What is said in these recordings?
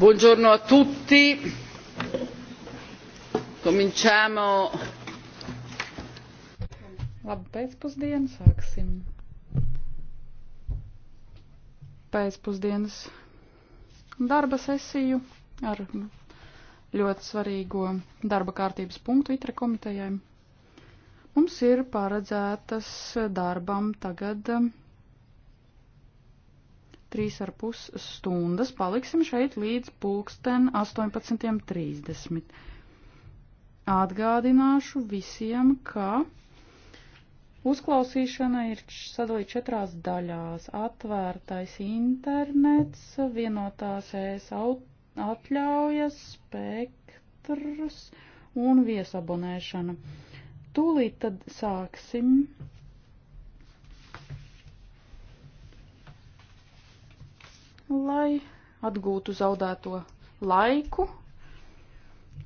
buongiorno a tutti cominciamo labu pēcpusdienu sāksim pēcpusdienas darba sesiju ar ļoti svarīgo darba kārtības punktu itra komitejai mums ir paredzētas darbam tagad trīs ar pus stundas. Paliksim šeit līdz pulksten 18.30. Atgādināšu visiem, ka uzklausīšana ir sadalīta četrās daļās. Atvērtais internets, vienotās ēs atļaujas, spektrs un viesabonēšana. Tūlīt tad sāksim lai atgūtu zaudēto laiku.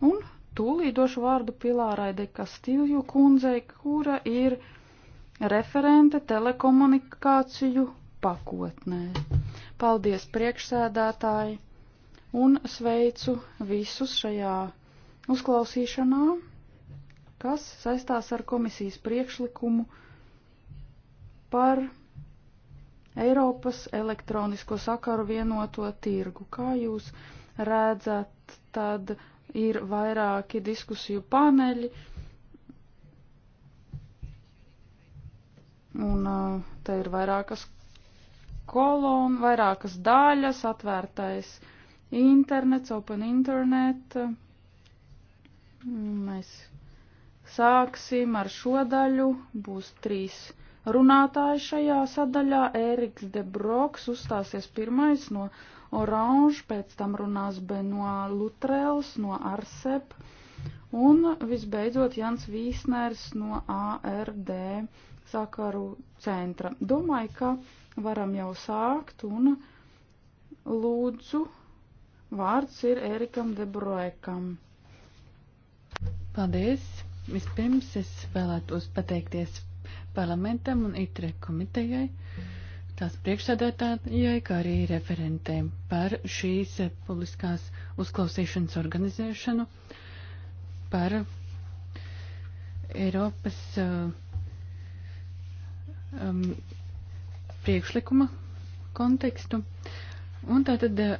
Un tūlīt došu vārdu Pilārai de Kastīlju kundzei, kura ir referente telekomunikāciju pakotnē. Paldies priekšsēdētāji un sveicu visus šajā uzklausīšanā, kas saistās ar komisijas priekšlikumu par Eiropas elektronisko sakaru vienoto tirgu. Kā jūs redzat, tad ir vairāki diskusiju paneļi. Un uh, te ir vairākas kolon, vairākas daļas, atvērtais internets, open internet. Mēs sāksim ar šo daļu, būs trīs runātāji šajā sadaļā. Ēriks de Broks uzstāsies pirmais no Orange, pēc tam runās Benoā Lutrēls no Arsep un visbeidzot Jans Vīsners no ARD sakaru centra. Domāju, ka varam jau sākt un lūdzu vārds ir Erikam Debroekam. Paldies! Vispirms es vēlētos pateikties parlamentam un ITRE komitejai, tās priekšsēdētājai, kā arī referentēm par šīs publiskās uzklausīšanas organizēšanu, par Eiropas uh, um, priekšlikuma kontekstu. Un tātad uh,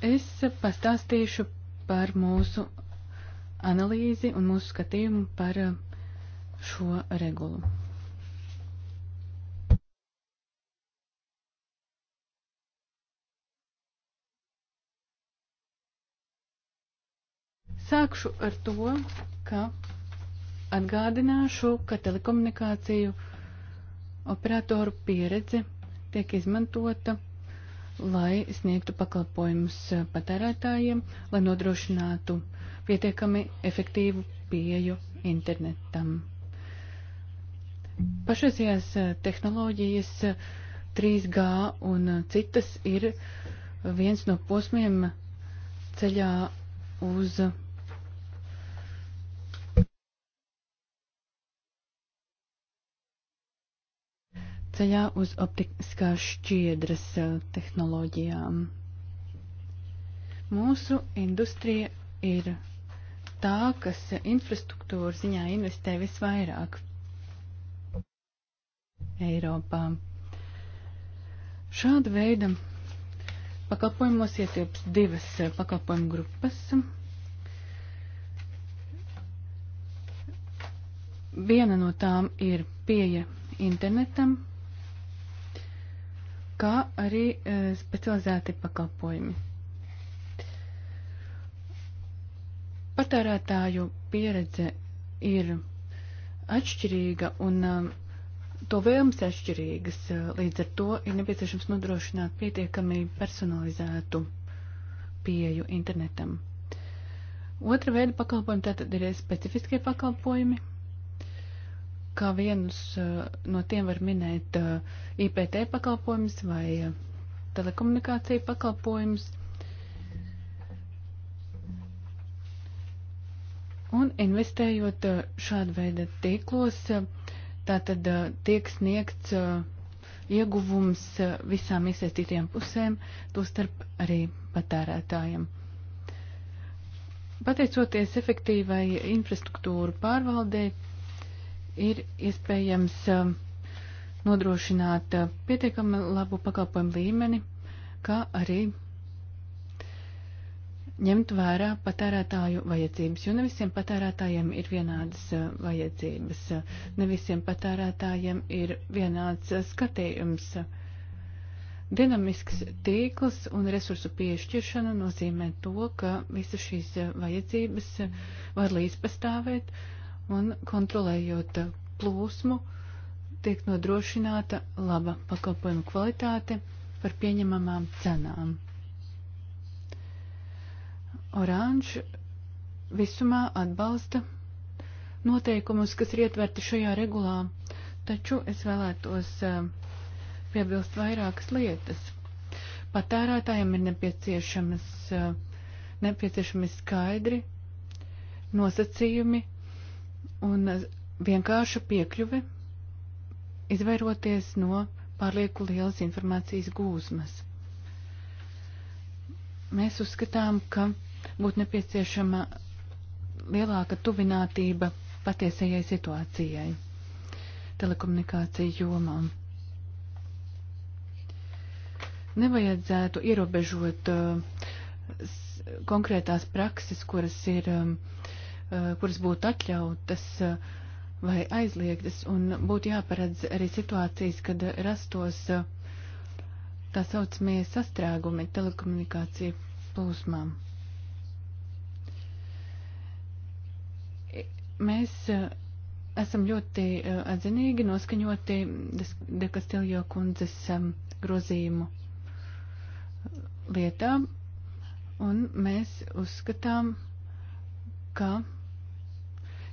es pastāstīšu par mūsu analīzi un mūsu skatījumu par uh, šo regulu. Sākšu ar to, ka atgādināšu, ka telekomunikāciju operatoru pieredze tiek izmantota, lai sniegtu pakalpojumus patērētājiem, lai nodrošinātu pietiekami efektīvu pieju internetam. Pašreizējās eh, tehnoloģijas 3G eh, un eh, citas ir viens no posmiem ceļā uz ceļā uz optiskās šķiedras eh, tehnoloģijām. Mūsu industrija ir tā, kas infrastruktūra ziņā investē visvairāk Eiropā. Šāda veida pakalpojumos ietilps divas eh, pakalpojumu grupas. Viena no tām ir pieeja internetam, kā arī e, specializēti pakalpojumi. Patērētāju pieredze ir atšķirīga un e, to vēlmes atšķirīgas, e, līdz ar to ir nepieciešams nodrošināt pietiekami personalizētu pieju internetam. Otra veida pakalpojumi tātad ir specifiskie pakalpojumi, Kā vienus eh, no tiem var minēt eh, IPT pakalpojumus vai eh, telekomunikāciju pakalpojumus. Un investējot šāda veida tīklos, tātad tiek sniegts ieguvums visām iesaistītajām pusēm, tostarp arī patērētājiem. Pateicoties efektīvai infrastruktūru pārvaldē, ir iespējams um, nodrošināt uh, pietiekami labu pakalpojumu līmeni, kā arī ņemt vērā patērētāju vajadzības, jo ne visiem patērētājiem ir vienādas uh, vajadzības, ne visiem patērētājiem ir vienāds uh, skatījums. Dinamisks tīkls un resursu piešķiršana nozīmē to, ka visas šīs vajadzības var līdzpastāvēt, uh, un kontrolējot plūsmu tiek nodrošināta laba pakalpojumu kvalitāte par pieņemamām cenām. Oranž visumā atbalsta noteikumus, kas ir ietverti šajā regulā, taču es vēlētos eh, piebilst vairākas lietas. Patērētājiem ir nepieciešamas, eh, nepieciešami skaidri nosacījumi un vienkārša piekļuve izvairoties no pārlieku lielas informācijas gūzmas. Mēs uzskatām, ka būtu nepieciešama lielāka tuvinātība patiesajai situācijai telekomunikāciju jomām. Nevajadzētu ierobežot uh, konkrētās prakses, kuras ir um, uh, Eh, kuras būtu atļautas eh, vai aizliegtas, un būtu jāparedz arī situācijas, kad rastos eh, tā saucamie sastrēgumi telekomunikāciju plūsmām. Mēs esam ļoti atzinīgi noskaņoti Dekastiljo kundzes grozījumu lietām, un mēs uzskatām, ka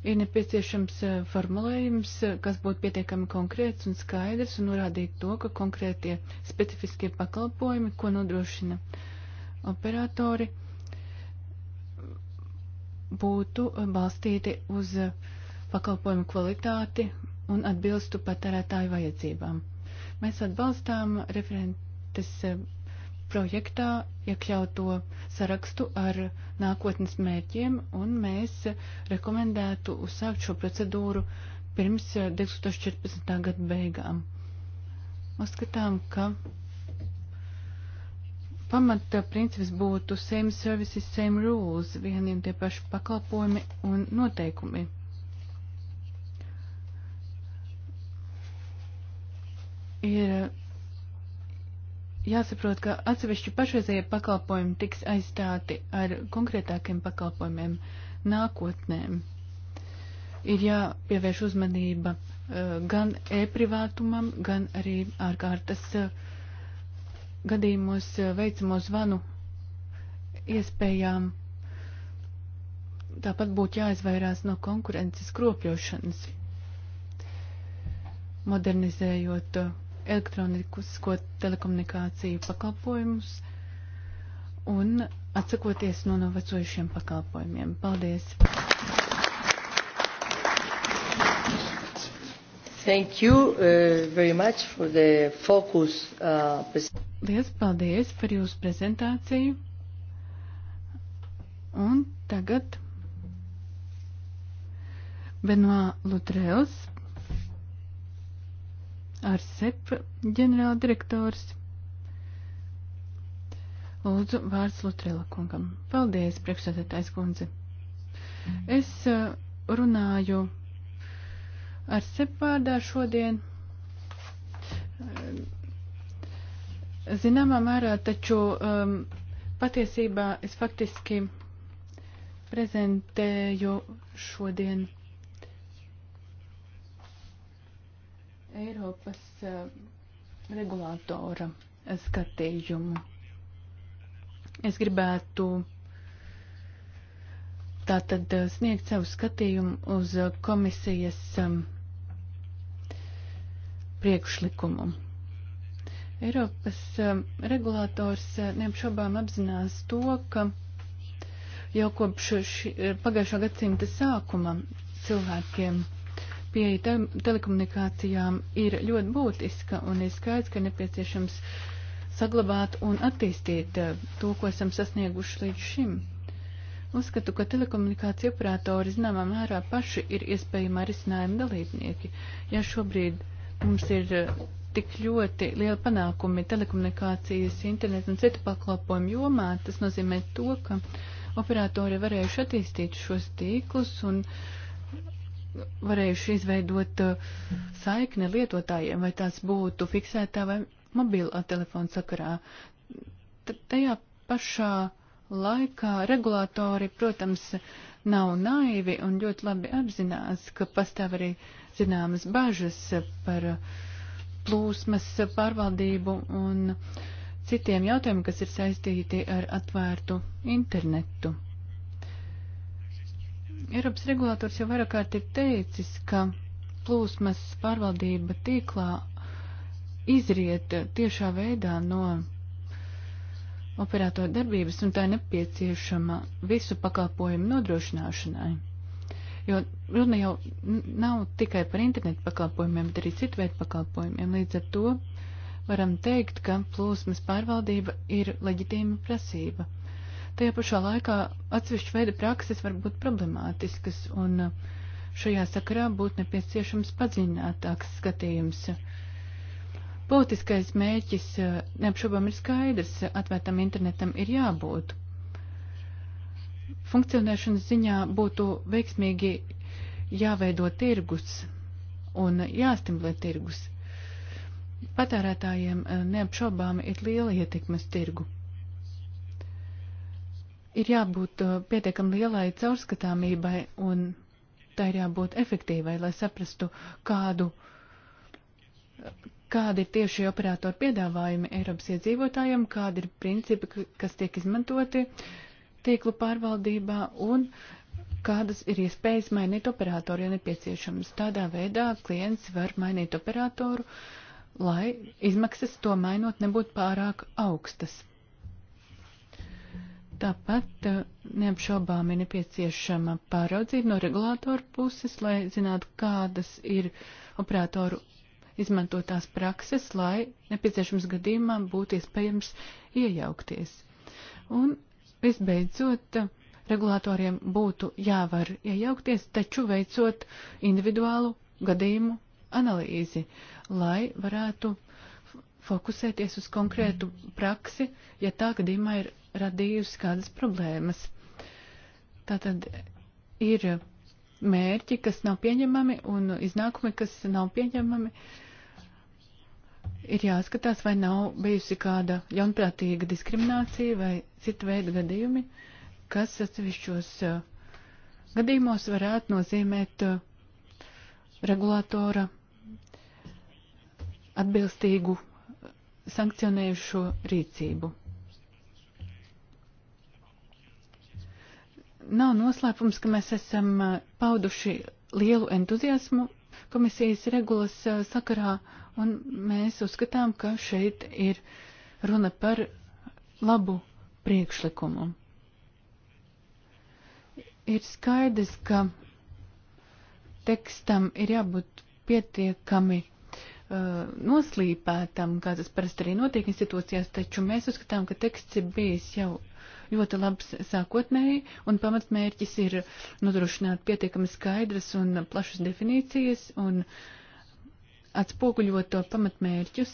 ir nepieciešams eh, formulējums, eh, kas būtu pietiekami konkrēts un skaidrs un norādīt to, ka konkrētie specifiskie pakalpojumi, ko nodrošina operatori, būtu eh, balstīti uz pakalpojumu kvalitāti un atbilstu patērētāju vajadzībām. Mēs atbalstām referentes projektā iekļauto sarakstu ar nākotnes mērķiem, un mēs rekomendētu uzsākt šo procedūru pirms 2014. Eh, gada beigām. Uzskatām, ka pamata princips būtu same services, same rules, vieni un tie paši pakalpojumi un noteikumi. Ir jāsaprot, ka atsevišķi pašreizējie pakalpojumi tiks aizstāti ar konkrētākiem pakalpojumiem nākotnēm. Ir jāpievērš uzmanība e, gan e-privātumam, gan arī ārkārtas e, gadījumos e, veicamo zvanu iespējām. Tāpat būtu jāizvairās no konkurences kropļošanas, modernizējot uh, elektronisko telekomunikāciju pakalpojumus un atsakoties no novecojušiem pakalpojumiem. Paldies! Thank you uh, very much for the focus. Uh, Liels paldies par jūsu prezentāciju. Un tagad Benoā Lutrēls ar SEP ģenerāldirektors. Lūdzu, vārds Lutrela kungam. Paldies, priekšsēdētājs kundze. Es runāju ar SEP vārdā šodien. Zināmā mērā, taču um, patiesībā es faktiski prezentēju šodien Eiropas eh, regulātora skatījumu. Es gribētu tātad eh, sniegt savu skatījumu uz eh, komisijas priekšlikumu. Eiropas regulators neapšaubām apzinās to, ka jau kopš šī, pagājušā gadsimta sākuma cilvēkiem pieeja te telekomunikācijām ir ļoti būtiska un ir skaidrs, ka nepieciešams saglabāt un attīstīt eh, to, ko esam sasnieguši līdz šim. Uzskatu, ka telekomunikācija operatori zināmā mērā paši ir iespējama risinājuma dalībnieki. Ja šobrīd mums ir eh, tik ļoti liela panākumi telekomunikācijas, internetu un citu pakalpojumu jomā, tas nozīmē to, ka operatori varējuši attīstīt šos tīklus un uh, varējuši izveidot uh, saikni lietotājiem, vai tās būtu fiksētā vai mobilā telefona sakarā. Tad tajā pašā laikā regulātori, protams, nav naivi un ļoti labi apzinās, ka pastāv arī zināmas bažas par plūsmas pārvaldību un citiem jautājumiem, kas ir saistīti ar atvērtu internetu. Eiropas regulators jau vairāk kārt ir teicis, ka plūsmas pārvaldība tīklā izriet tiešā veidā no operatora darbības, un tā ir nepieciešama visu pakalpojumu nodrošināšanai. Jo runa jau nav tikai par internetu pakalpojumiem, bet arī citu veidu pakalpojumiem. Līdz ar to varam teikt, ka plūsmas pārvaldība ir leģitīma prasība. Tajā pašā laikā atsevišķa veida prakses var būt problemātiskas, un uh, šajā sakarā būtu nepieciešams padziļinātāks skatījums. Politiskais mērķis uh, neapšaubām ir skaidrs, atvērtam internetam ir jābūt. Funkcionēšanas ziņā būtu veiksmīgi jāveido tirgus un jāstimulē tirgus. Patērētājiem uh, neapšaubām ir liela ietekmes tirgu ir jābūt uh, pietiekami lielai caurskatāmībai un tā ir jābūt efektīvai, lai saprastu, kādu, kādi ir tieši operātori piedāvājumi Eiropas iedzīvotājiem, kādi ir principi, kas tiek izmantoti tīklu pārvaldībā un kādas ir iespējas mainīt operātoru, ja nepieciešams. Tādā veidā klients var mainīt operātoru, lai izmaksas to mainot nebūtu pārāk augstas. Tāpat eh, neapšaubām ir nepieciešama pāraudzība no regulātoru puses, lai zinātu, kādas ir operatoru izmantotās prakses, lai nepieciešams gadījumā būtu iespējams iejaukties. Un visbeidzot, regulātoriem būtu jāvar iejaukties, taču veicot individuālu gadījumu analīzi, lai varētu fokusēties uz konkrētu praksi, ja tā gadījumā ir radījusi kādas problēmas. Tātad ir mērķi, kas nav pieņemami un iznākumi, kas nav pieņemami. Ir jāskatās, vai nav bijusi kāda ļaunprātīga diskriminācija vai cita veida gadījumi, kas atsevišķos uh, gadījumos varētu nozīmēt uh, regulātora atbilstīgu sankcionējušo rīcību. Nav noslēpums, ka mēs esam uh, pauduši lielu entuziasmu komisijas regulas uh, sakarā, un mēs uzskatām, ka šeit ir runa par labu priekšlikumu. Ir skaidrs, ka tekstam ir jābūt pietiekami uh, noslīpētam, kā tas parasti arī notiek institūcijās, taču mēs uzskatām, ka teksts ir bijis jau ļoti labs sākotnēji, un pamatmērķis ir nodrošināt pietiekami skaidras un plašas definīcijas un atspoguļot to pamatmērķus,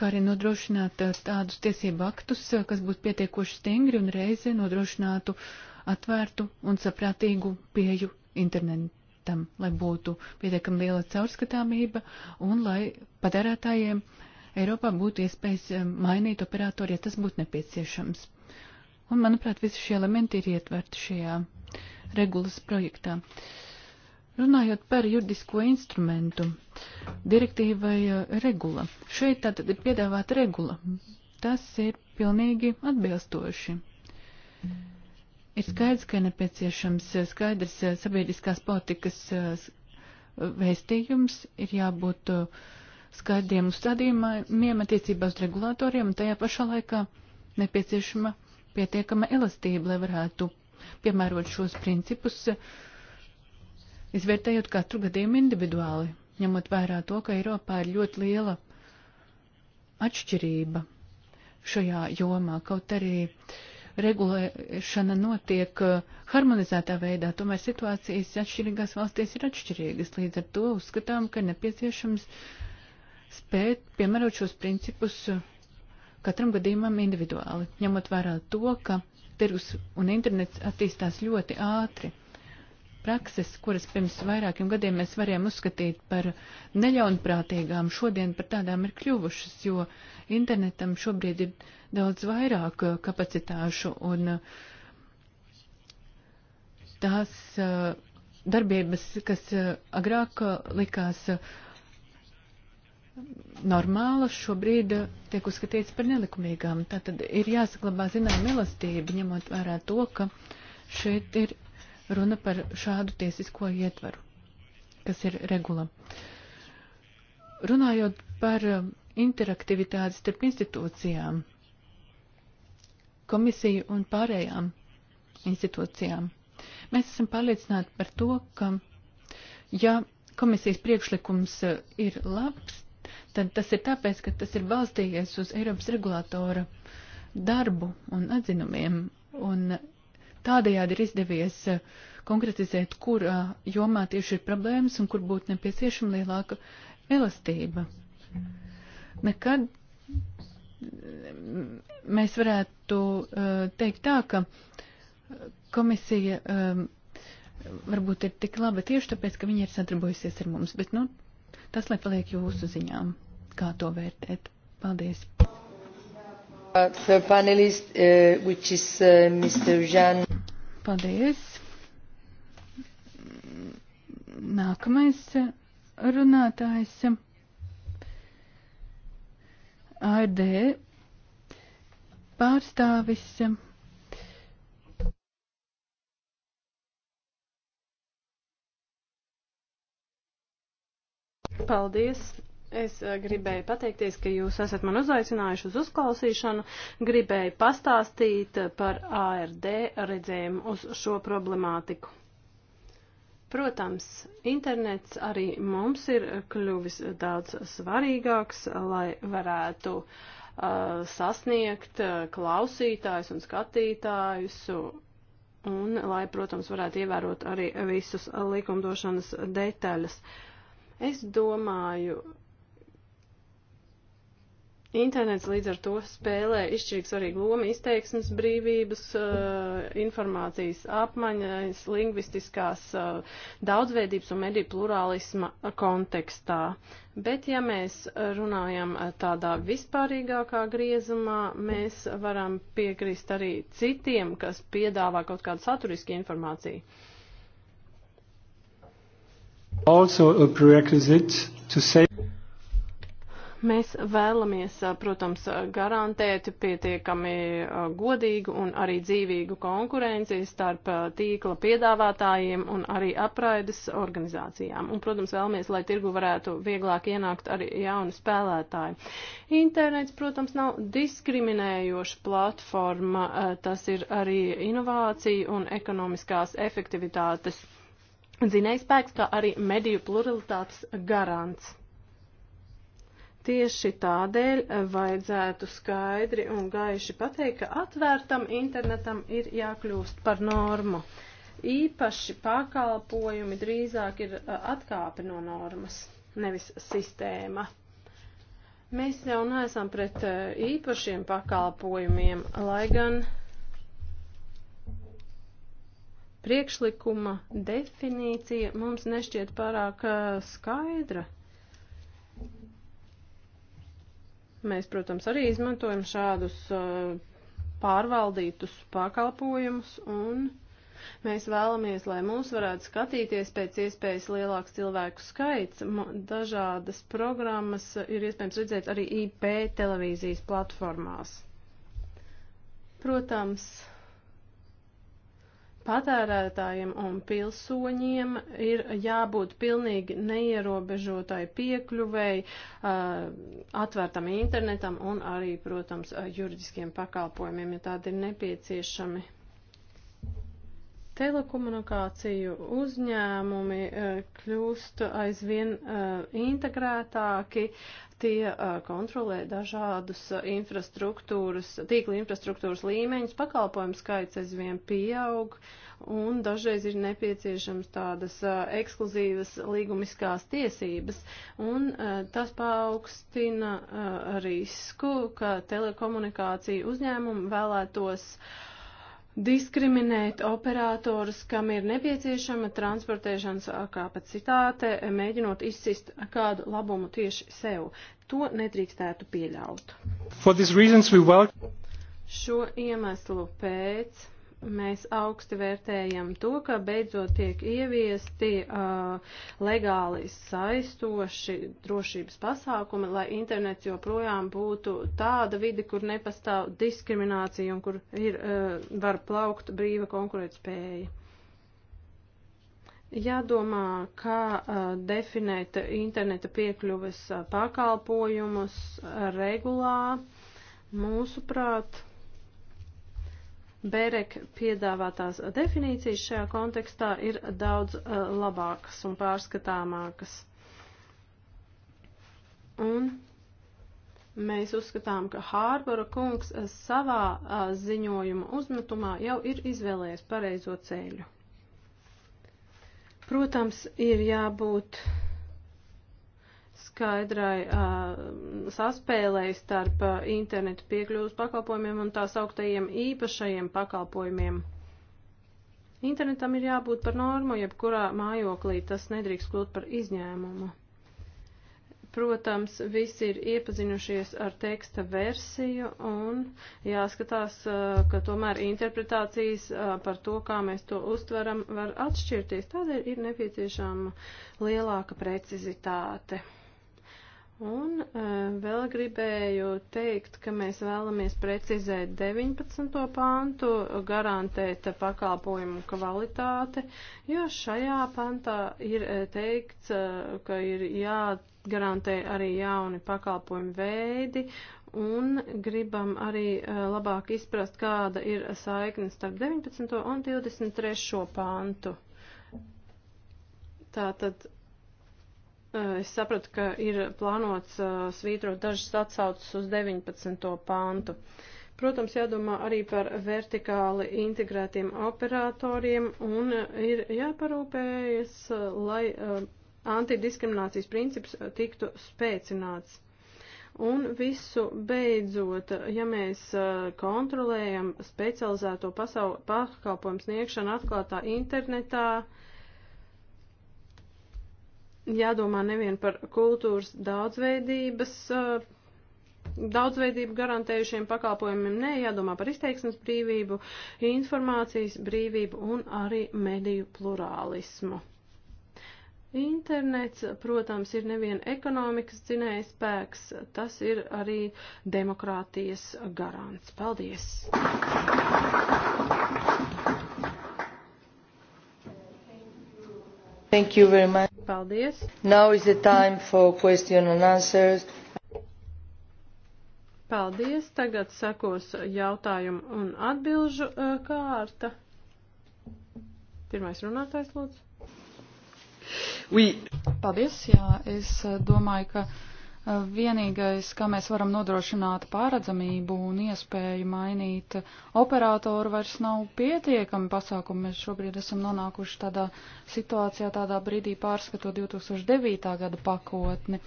kā arī nodrošināt tādus tiesību aktus, kas būtu pietiekoši stingri un reizē nodrošinātu atvērtu un saprātīgu pieju internetam, lai būtu pietiekami liela caurskatāmība un lai patērētājiem uh, Eiropā būtu iespējas eh, mainīt operātori, ja tas būtu nepieciešams. Un, manuprāt, visi šie elementi ir ietverti šajā regulas projektā. Runājot par juridisko instrumentu, direktīva vai eh, regula. Šeit tātad ir piedāvāta regula. Tas ir pilnīgi atbilstoši. Ir skaidrs, ka ir nepieciešams eh, skaidrs sabiedriskās politikas vēstījums, ir jābūt uh, skaidriem uzstādījumiem attiecībā uz regulātoriem un tajā pašā laikā nepieciešama pietiekama elastība, lai varētu piemērot šos principus, izvērtējot katru gadījumu individuāli, ņemot vērā to, ka Eiropā ir ļoti liela atšķirība šajā jomā, kaut arī regulēšana notiek uh, harmonizētā veidā, tomēr situācijas atšķirīgās valstīs ir atšķirīgas. Līdz ar to uzskatām, ka nepieciešams uh, spēt piemērot šos principus uh, katram gadījumam individuāli, ņemot vērā to, ka tirgus un internets attīstās ļoti ātri. Prakses, kuras pirms vairākiem gadiem mēs varējām uzskatīt par neļaunprātīgām, šodien par tādām ir kļuvušas, jo internetam šobrīd ir daudz vairāk uh, kapacitāšu un uh, tās darbības, kas agrāk likās normālas šobrīd tiek uzskatīts par nelikumīgām. Tātad ir jāsaglabā zinām elastība, ņemot vērā to, ka šeit ir runa par šādu tiesisko ietvaru, kas ir regula. Runājot par um, interaktivitāti starp institūcijām, komisiju un pārējām institūcijām, mēs esam pārliecināti par to, ka ja komisijas priekšlikums uh, ir labs, tad tas ir tāpēc, ka tas ir balstījies uz Eiropas regulātora darbu un atzinumiem, un tādējādi ir izdevies eh, konkretizēt, kur eh, jomā tieši ir problēmas un kur būtu nepieciešama lielāka elastība. Nekad mm, mēs varētu eh, teikt tā, ka komisija varbūt ir tik laba tieši tāpēc, ka viņi ir sadarbojusies ar mums, bet nu, tas lai paliek jūsu ziņām kā to vērtēt. Paldies! Uh, third panelist, uh, which is uh, Mr. Jean. Paldies. Nākamais runātājs ARD pārstāvis Paldies! Es eh, gribēju pateikties, ka jūs esat man uzaicinājuši uz uzklausīšanu, gribēju pastāstīt eh, par ARD redzējumu uz šo problemātiku. Protams, internets arī mums ir kļuvis daudz svarīgāks, lai varētu uh, sasniegt uh, klausītājus un skatītājus, un lai, protams, varētu ievērot arī visus likumdošanas detaļas. Es domāju, Internets līdz ar to spēlē izšķirīgi svarīgu lomu izteiksmes brīvības, eh, informācijas apmaiņas, lingvistiskās eh, daudzveidības un mediju plurālisma kontekstā. Bet, ja mēs runājam eh, tādā vispārīgākā griezumā, mēs varam piekrist arī citiem, kas piedāvā kaut kādu saturisku informāciju. Also a prerequisite to say Mēs vēlamies, protams, garantēt pietiekami godīgu un arī dzīvīgu konkurenci starp tīkla piedāvātājiem un arī apraides organizācijām. Un, protams, vēlamies, lai tirgu varētu vieglāk ienākt arī jauni spēlētāji. Internets, protams, nav diskriminējoša platforma, tas ir arī inovācija un ekonomiskās efektivitātes dzinējspēks, kā arī mediju pluralitātes garants. Tieši tādēļ eh, vajadzētu skaidri un gaiši pateikt, ka atvērtam internetam ir jākļūst par normu. Īpaši pakalpojumi drīzāk ir eh, atkāpi no normas, nevis sistēma. Mēs jau neesam pret eh, īpašiem pakalpojumiem, lai gan priekšlikuma definīcija mums nešķiet pārāk skaidra. Mēs, protams, arī izmantojam šādus uh, pārvaldītus pakalpojumus un mēs vēlamies, lai mūs varētu skatīties pēc iespējas lielāks cilvēku skaits. Dažādas programmas ir iespējams redzēt arī IP televīzijas platformās. Protams, Patērētājiem un pilsoņiem ir jābūt pilnīgi neierobežotai piekļuvēji, eh, atvērtam internetam un arī, protams, eh, juridiskiem pakalpojumiem, ja tādi ir nepieciešami. Telekomunikāciju uzņēmumi e, kļūst aizvien e, integrētāki, tie e, kontrolē dažādus infrastruktūras, tīkla infrastruktūras līmeņus, pakalpojumu skaits aizvien pieaug, un dažreiz ir nepieciešams tādas ekskluzīvas līgumiskās tiesības, un tas paaugstina risku, ka telekomunikāciju uzņēmumu vēlētos uh, diskriminēt operatorus, kam ir nepieciešama transportēšanas kapacitāte, mēģinot izsist kādu labumu tieši sev. To nedrīkstētu pieļaut. Šo iemeslu pēc Mēs augsti vērtējam to, ka beidzot tiek ieviesti uh, legāli saistoši drošības pasākumi, lai internets joprojām būtu tāda vide, kur nepastāv diskriminācija un kur ir, uh, var plaukt brīva konkurētspēja. Jādomā, kā uh, definēt interneta piekļuves uh, pakalpojumus uh, regulā, mūsuprāt. Uh, Berek piedāvātās definīcijas šajā kontekstā ir daudz uh, labākas un pārskatāmākas. Un mēs uzskatām, ka Hārbora kungs uh, savā uh, ziņojuma uzmetumā jau ir izvēlējies pareizo ceļu. Protams, ir jābūt. Uh, skaidrai uh, saspēlēji starp uh, internetu piekļuvas pakalpojumiem un tās augtajiem īpašajiem pakalpojumiem. Internetam ir jābūt par normu, jebkurā mājoklī tas nedrīkst kļūt par izņēmumu. Protams, visi ir iepazinušies ar teksta versiju un jāskatās, ka tomēr interpretācijas par to, kā mēs to uztveram, var atšķirties. Tādēļ ir nepieciešama lielāka precizitāte. Un uh, vēl gribēju teikt, ka mēs vēlamies precizēt 19. pantu, garantēt pakalpojumu kvalitāti, jo šajā pantā ir e, teikts, uh, ka ir jāgarantē arī jauni pakalpojumu veidi, un gribam arī uh, labāk izprast, kāda ir saikne starp 19. un 23. pantu. Tātad Eh, es sapratu, ka ir plānots eh, svītrot dažas atsaucas uz 19. pāntu. Protams, jādomā arī par vertikāli integrētiem operatoriem un eh, ir jāparūpējas, lai antidiskriminācijas princips tiktu spēcināts. Un visu beidzot, ja mēs kontrolējam specializēto pakalpojumu sniegšanu atklātā internetā, uh, jādomā nevien par kultūras daudzveidības, daudzveidību garantējušiem pakalpojumiem, nē, jādomā par izteiksmes brīvību, informācijas brīvību un arī mediju plurālismu. Internets, protams, ir nevien ekonomikas dzinējs spēks, tas ir arī demokrātijas garants. Paldies! Thank you very much. Paldies. Now is the time for question and answers. Paldies. Tagad sekos jautājumu un atbilžu e, kārta. Pirmais runātājs, lūdzu. Oui. Paldies. Jā, es e, domāju, ka Vienīgais, kā mēs varam nodrošināt pāredzamību un iespēju mainīt operātoru, vairs nav pietiekami pasākumi. Mēs šobrīd esam nonākuši tādā situācijā, tādā brīdī pārskatot 2009. gada pakotni.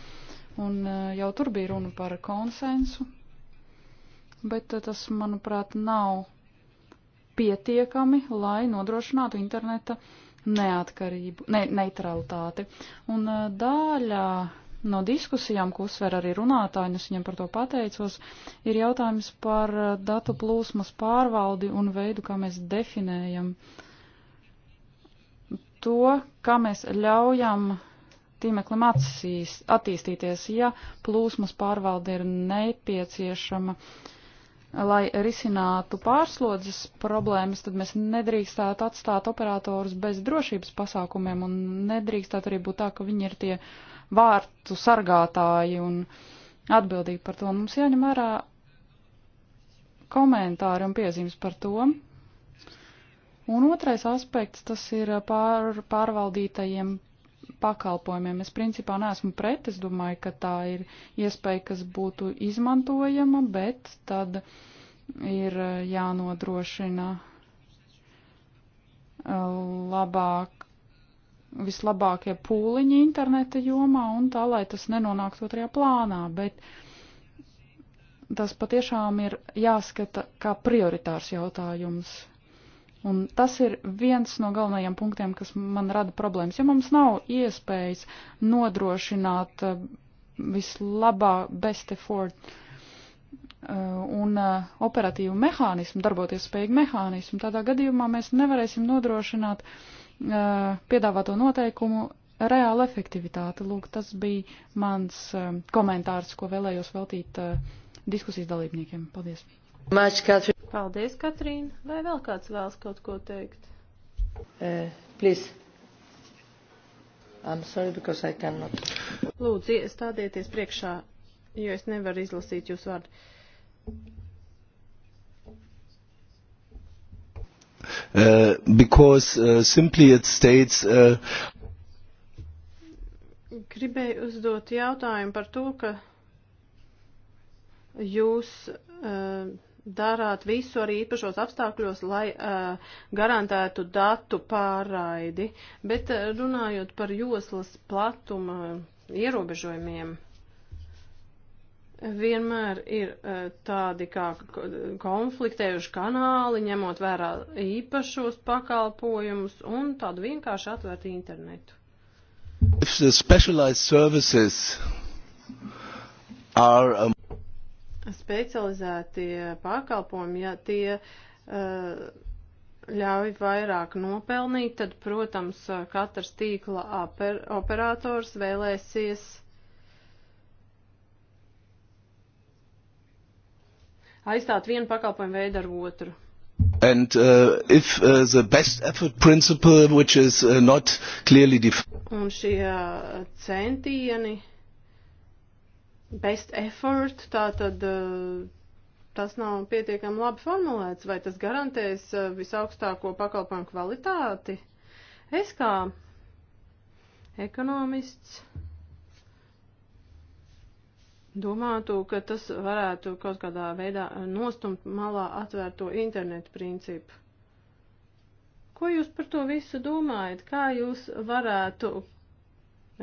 Un e, jau tur bija runa par konsensu, bet e, tas, manuprāt, nav pietiekami, lai nodrošinātu interneta neatkarību, ne, neutralitāti. Un e, daļā no diskusijām, ko uzsver arī runātāji, un es viņam par to pateicos, ir jautājums par eh, datu plūsmas pārvaldi un veidu, kā mēs definējam to, kā mēs ļaujam tīmeklim atsīs, attīstīties, ja plūsmas pārvalde ir nepieciešama. Lai risinātu pārslodzes problēmas, tad mēs nedrīkstētu atstāt operatorus bez drošības pasākumiem un nedrīkstētu arī būt tā, ka viņi ir tie uh, vārtu sargātāji un atbildīgi par to. Mums jāņem vērā komentāri un piezīmes par to. Un otrais aspekts, tas ir pār, pārvaldītajiem pakalpojumiem. Es principā neesmu pret, es domāju, ka tā ir iespēja, kas būtu izmantojama, bet tad ir jānodrošina uh, labāk vislabākie pūliņi interneta jomā un tā, lai tas nenonāktu otrajā plānā, bet tas patiešām ir jāskata kā prioritārs jautājums. Un tas ir viens no galvenajiem punktiem, kas man rada problēmas. Ja mums nav iespējas nodrošināt uh, vislabāk best effort uh, un uh, operatīvu mehānismu, darboties spējīgu mehānismu, tādā gadījumā mēs nevarēsim nodrošināt uh, piedāvāto noteikumu reāla efektivitāte. Lūk, tas bija mans komentārs, ko vēlējos veltīt diskusijas dalībniekiem. Paldies! Paldies, Katrīna! Vai vēl kāds vēlas kaut ko teikt? Uh, please. I'm sorry because I cannot. Lūdzu, stādieties priekšā, jo es nevaru izlasīt jūsu vārdu. uh, because uh, simply it states uh, Gribēju uzdot jautājumu par to, ka jūs uh, darāt visu arī īpašos apstākļos, lai uh, garantētu datu pārraidi, bet uh, runājot par joslas platuma ierobežojumiem vienmēr ir e, tādi kā konfliktējuši kanāli, ņemot vērā īpašos pakalpojumus un tādu vienkārši atvērt internetu. Are, um... Specializētie pakalpojumi, ja tie uh, ļauj vairāk nopelnīt, tad, protams, e, katrs tīkla oper operators vēlēsies uh, aizstāt vienu pakalpojumu veidu ar otru. And uh, if uh, the best effort principle, which is uh, not clearly defined. Un šie uh, centieni, best effort, tā tad uh, tas nav pietiekami labi formulēts, vai tas garantēs uh, visaugstāko pakalpojumu kvalitāti. Es kā ekonomists domātu, ka tas varētu kaut kādā veidā nostumt malā atvērto internetu principu. Ko jūs par to visu domājat? Kā jūs varētu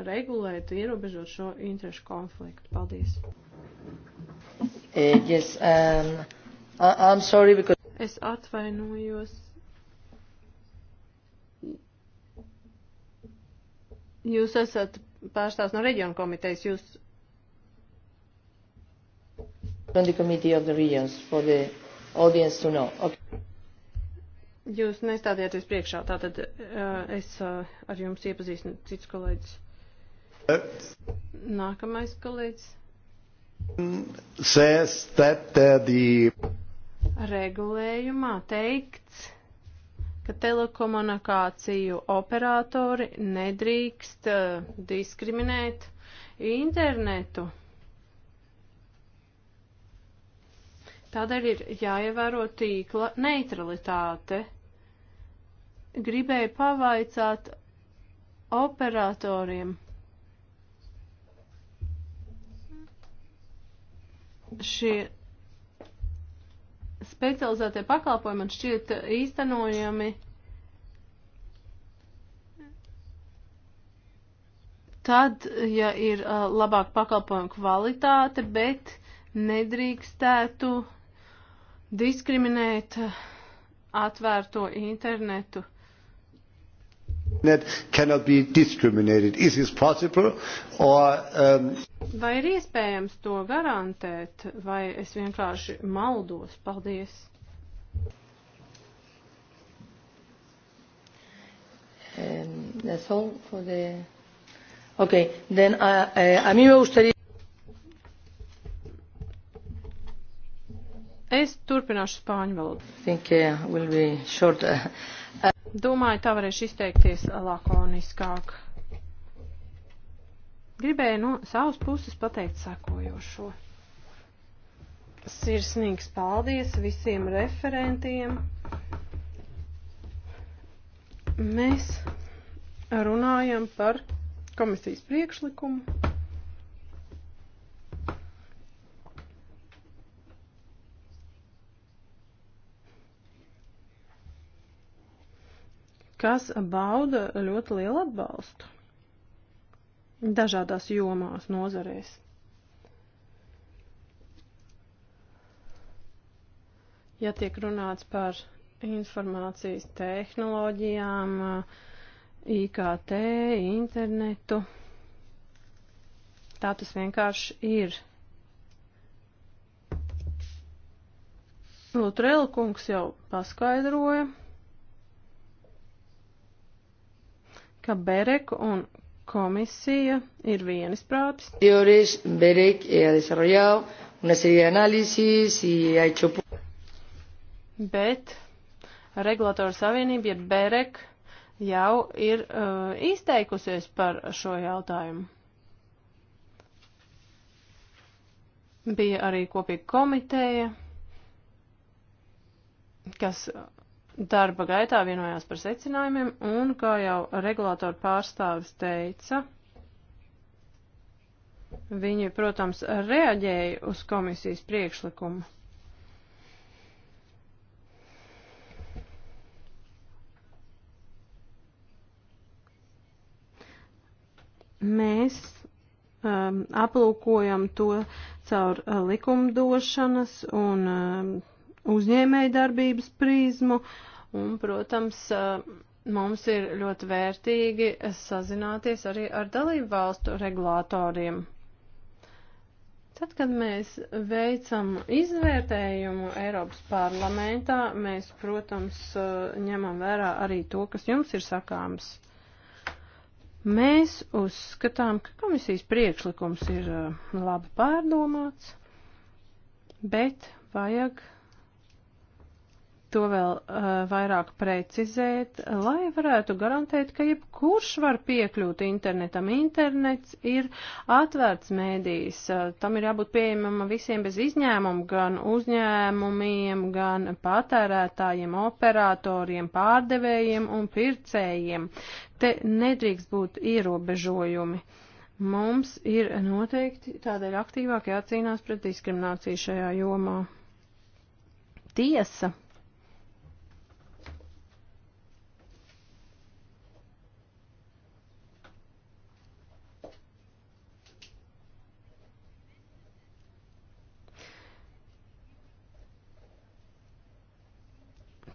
regulēt, ierobežot šo interešu konfliktu? Paldies! Eh, yes, um, I'm sorry because... Es atvainojos. Jūs esat pārstāvs no reģiona komitejas, jūs Okay. Jūs nestādījāties priekšā, tātad uh, es uh, ar jums iepazīstinu cits kolēģis. Nākamais kolēģis. Says that uh, the... Regulējumā teikts, ka telekomunikāciju operatori nedrīkst uh, diskriminēt internetu. Tādēļ ir jāievēro tīkla neutralitāte. Gribēju pavaicāt operatoriem. Šie specializētie pakalpojumi man šķiet īstenojami tad, ja ir uh, labāk pakalpojumu kvalitāte, bet nedrīkstētu diskriminēt eh, atvērto internetu. Net cannot be discriminated. Is this possible? Or, um... Vai ir iespējams to garantēt, vai es vienkārši maldos? Paldies! Um, that's all for the... Okay, then uh, uh, a mí me gustaría... Es turpināšu spāņu valodu. Uh, uh, uh. Domāju, tā varēšu izteikties lakoniskāk. Gribēju no savas puses pateikt sakojošo. Sirsnīgs paldies visiem referentiem. Mēs runājam par komisijas priekšlikumu. kas bauda ļoti lielu atbalstu dažādās jomās, nozarēs. Ja tiek runāts par informācijas tehnoloģijām, IKT, internetu, tā tas vienkārši ir. Lūtrēla kungs jau paskaidroja. ka Berek un komisija ir vienisprātis. Berek ha desarrollado una serie de análisis y ha hecho. Bet regulatora savienība, ja Berek, jau ir uh, izteikusies par šo jautājumu. Bija arī kopīga komiteja, kas darba gaitā vienojās par secinājumiem, un, kā jau regulātoru pārstāvis teica, viņi, protams, reaģēja uz komisijas priekšlikumu. Mēs um, aplūkojam to caur uh, likumdošanas un uh, um, uzņēmēju darbības prizmu, un, protams, mums ir ļoti vērtīgi sazināties arī ar dalību valstu regulātoriem. Tad, kad mēs veicam izvērtējumu Eiropas parlamentā, mēs, protams, ņemam vērā arī to, kas jums ir sakāms. Mēs uzskatām, ka komisijas priekšlikums ir eh, labi pārdomāts, bet vajag to vēl uh, vairāk precizēt, lai varētu garantēt, ka jebkurš var piekļūt internetam. Internets ir atvērts mēdījis, uh, tam ir jābūt pieejamam visiem bez izņēmumu, gan uzņēmumiem, gan patērētājiem, operatoriem, pārdevējiem un pircējiem. Te nedrīkst būt ierobežojumi. Mums ir noteikti tādēļ aktīvāk jācīnās pret diskrimināciju šajā jomā. Tiesa,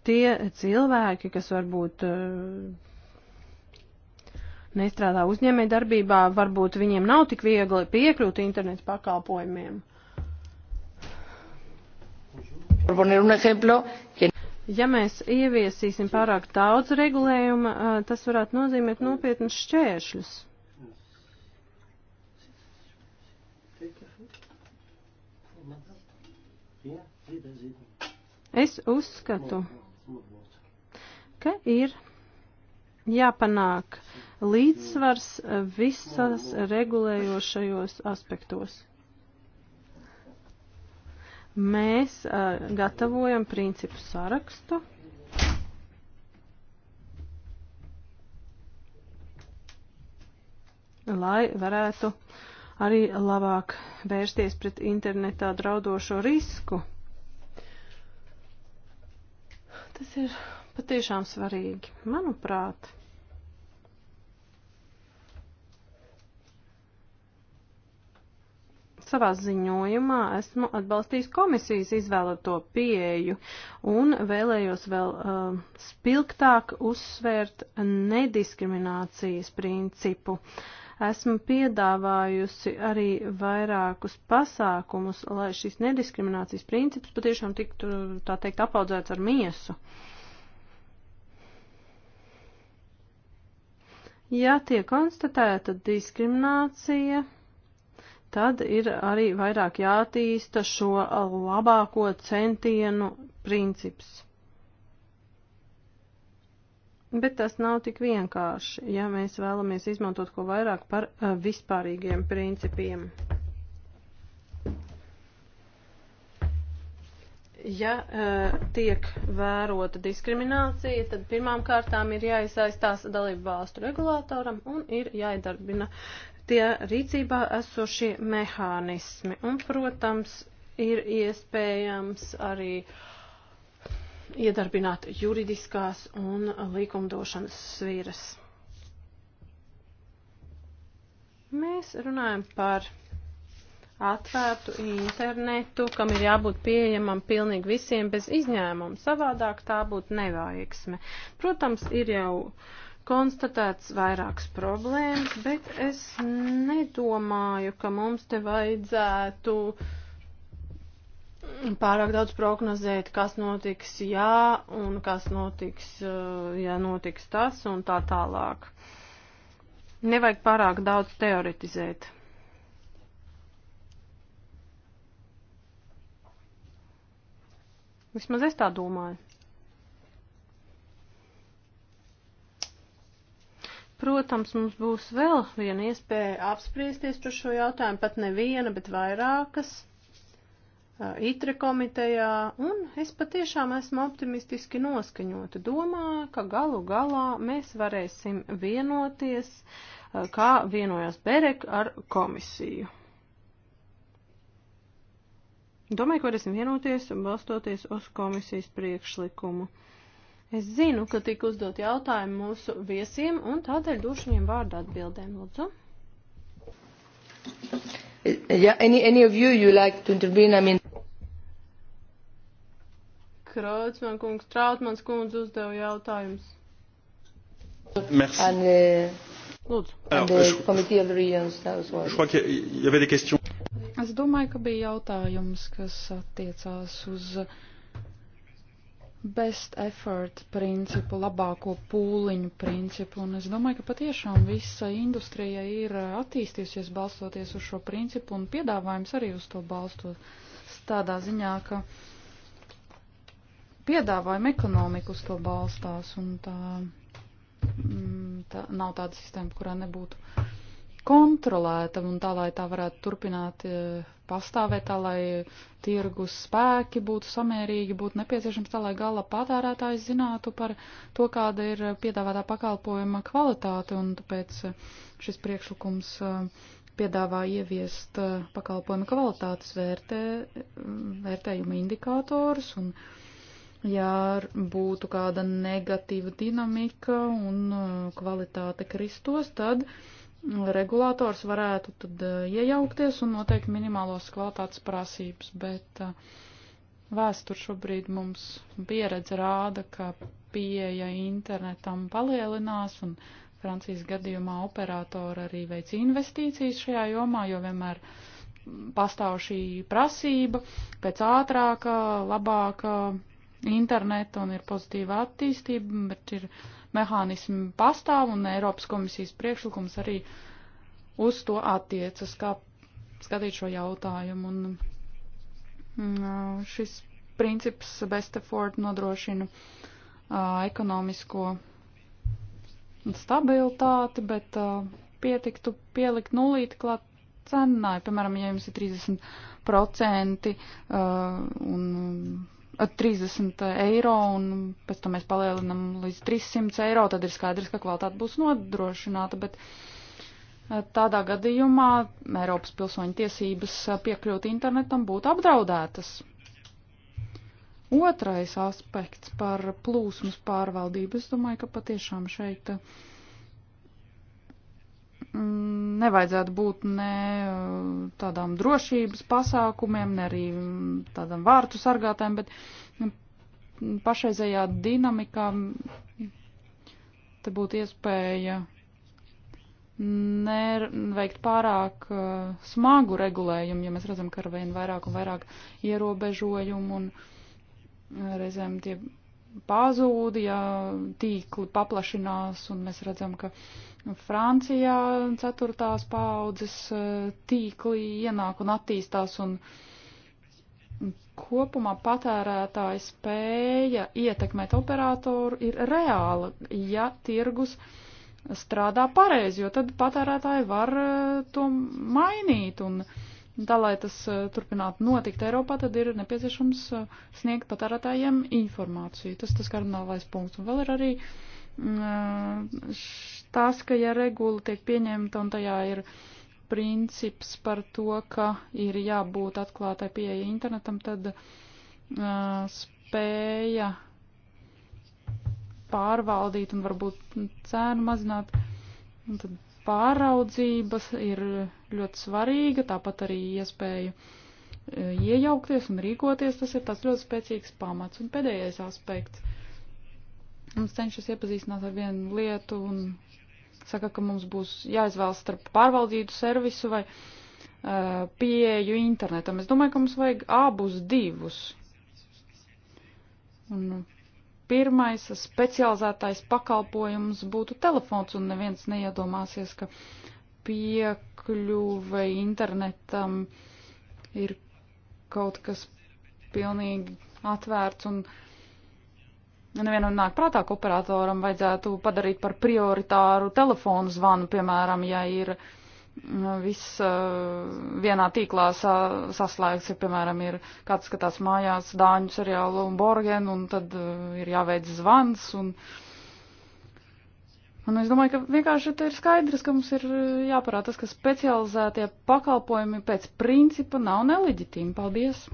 tie cilvēki, kas varbūt eh, nestrādā uzņēmē darbībā, varbūt viņiem nav tik viegli piekļūt internetu pakalpojumiem. Ja mēs ieviesīsim pārāk daudz regulējuma, eh, tas varētu nozīmēt nopietnas šķēršļus. Es uzskatu. No ka ir jāpanāk līdzsvars visas regulējošajos aspektos mēs uh, gatavojam principu sarakstu. lai varētu arī labāk vērsties pret internetā draudošo risku. Tas ir patiešām svarīgi. Manuprāt, savā ziņojumā esmu atbalstījis komisijas izvēlēto pieeju un vēlējos vēl uh, spilgtāk uzsvērt nediskriminācijas principu. Esmu piedāvājusi arī vairākus pasākumus, lai šis nediskriminācijas princips patiešām tiktu, tā teikt, apaudzēts ar miesu. Uh, Ja tiek konstatēta diskriminācija, tad ir arī vairāk jātīsta šo labāko centienu princips. Bet tas nav tik vienkārši, ja mēs vēlamies izmantot ko vairāk par eh, vispārīgiem principiem. ja uh, tiek vērota diskriminācija, tad pirmām kārtām ir jāiesaistās dalību valstu regulātoram un ir jāiedarbina tie rīcībā esošie mehānismi. Un, protams, ir iespējams arī iedarbināt juridiskās un likumdošanas svīras. Mēs runājam par atvērtu internetu, kam ir jābūt pieejamam pilnīgi visiem bez izņēmuma. Savādāk tā būtu neveiksme. Protams, ir jau konstatēts vairākas problēmas, bet es nedomāju, ka mums te vajadzētu pārāk daudz prognozēt, kas notiks jā un kas notiks, eh, ja notiks tas un tā tālāk. Nevajag pārāk daudz teoretizēt. Vismaz es tā domāju. Protams, mums būs vēl viena iespēja apspriesties par šo jautājumu, pat neviena, bet vairākas itre komitejā, un es patiešām esmu optimistiski noskaņota. Domāju, ka galu galā mēs varēsim vienoties, kā vienojās Berek ar komisiju. Domāju, ka varēsim vienoties un balstoties uz komisijas priekšlikumu. Es zinu, ka tika uzdot jautājumi mūsu viesiem, un tādēļ došu viņiem vārdu atbildēm, lūdzu. Yeah, any, any of you you like to intervene? I mean... Krautsman kungs, Trautmans kungs uzdeva jautājumus. Merci. And, uh, Lūdzu. Alors, and the je, Committee of the Regions, that was one. Je crois qu'il y avait des questions. Es domāju, ka bija jautājums, kas attiecās uz best effort principu, labāko pūliņu principu, un es domāju, ka patiešām visa industrija ir attīstījusies balstoties uz šo principu, un piedāvājums arī uz to balstos tādā ziņā, ka piedāvājuma ekonomika uz to balstās, un tā, mm, tā nav tāda sistēma, kurā nebūtu kontrolēta un tā, lai tā varētu turpināt e, pastāvēt, tā, lai tirgus spēki būtu samērīgi, būtu nepieciešams tā, lai gala patērētājs zinātu par to, kāda ir piedāvātā pakalpojuma kvalitāte, un tāpēc e, šis priekšlikums e, piedāvā ieviest pakalpojuma kvalitātes vērtē, vērtējuma indikātors, un ja būtu kāda negatīva dinamika un kvalitāte kristos, tad uh, regulators varētu tad eh, iejaukties un noteikt minimālos kvalitātes prasības, bet eh, vēstur šobrīd mums pieredze rāda, ka pieeja internetam palielinās un Francijas gadījumā operātori arī veic investīcijas šajā jomā, jo vienmēr mm, pastāv šī prasība pēc ātrāka, labāka interneta un ir pozitīva attīstība, bet ir mehānismi pastāv, un Eiropas komisijas priekšlikums arī uz to attiecas, kā skatīt šo jautājumu. Un mm, šis princips Besteford nodrošina ekonomisko stabilitāti, bet uh, pietiktu pielikt nulīti klāt cenai. Piemēram, ja jums ir 30% uh, un 30 eiro un pēc tam mēs palielinam līdz 300 eiro, tad ir skaidrs, ka kvalitāte būs nodrošināta, bet eh, tādā gadījumā Eiropas pilsoņu tiesības eh, piekļūt internetam būtu apdraudētas. Otrais aspekts par plūsmas pārvaldību. Es domāju, ka patiešām šeit uh, Mm, nevajadzētu būt ne eh, tādām drošības pasākumiem, ne arī mm, tādām vārtu sargātājiem, bet mm, pašreizējā dinamikā te būtu iespēja neveikt pārāk eh, smagu regulējumu, ja mēs redzam, ka ar vien vairāk un vairāk ierobežojumu un reizēm tie pazūd, ja tīkli paplašinās, un mēs redzam, ka Francijā ceturtās paudzes e, tīkli ienāk un attīstās, un kopumā patērētāja spēja ietekmēt operatoru ir reāla, ja tirgus strādā pareizi, jo tad patērētāji var e, to mainīt, un Tā, lai tas eh, turpinātu notikt Eiropā, tad ir nepieciešams eh, sniegt patērētājiem informāciju. Tas tas kardinālais punkts. Un vēl ir arī mm, eh, tas, ka ja regula tiek pieņemta un tajā ir princips par to, ka ir jābūt atklātai pieeja internetam, tad uh, spēja pārvaldīt un varbūt cēnu mazināt. Un tad pāraudzības ir ļoti svarīga, tāpat arī iespēja e, iejaukties un rīkoties, tas ir tas ļoti spēcīgs pamats. Un pēdējais aspekts. Mums cenšas iepazīstināt ar vienu lietu un saka, ka mums būs jāizvēlas starp pārvaldītu servisu vai uh, pieeju internetam. Es domāju, ka mums vajag abus divus. Un pirmais specializētais pakalpojums būtu telefons, un neviens neiedomāsies, ka piekļuve internetam ir kaut kas pilnīgi atvērts, un nevienam nāk prātā, ka operatoram vajadzētu padarīt par prioritāru telefonu zvanu, piemēram, ja ir uh, viss vienā tīklā sa, saslēgts, ja, piemēram, ir kāds skatās mājās dāņu seriālu un borgenu, un tad ir jāveic zvans, un, un es domāju, ka vienkārši te ir skaidrs, ka mums ir jāparāda tas, ka specializētie pakalpojumi pēc principa nav neleģitīmi. Paldies!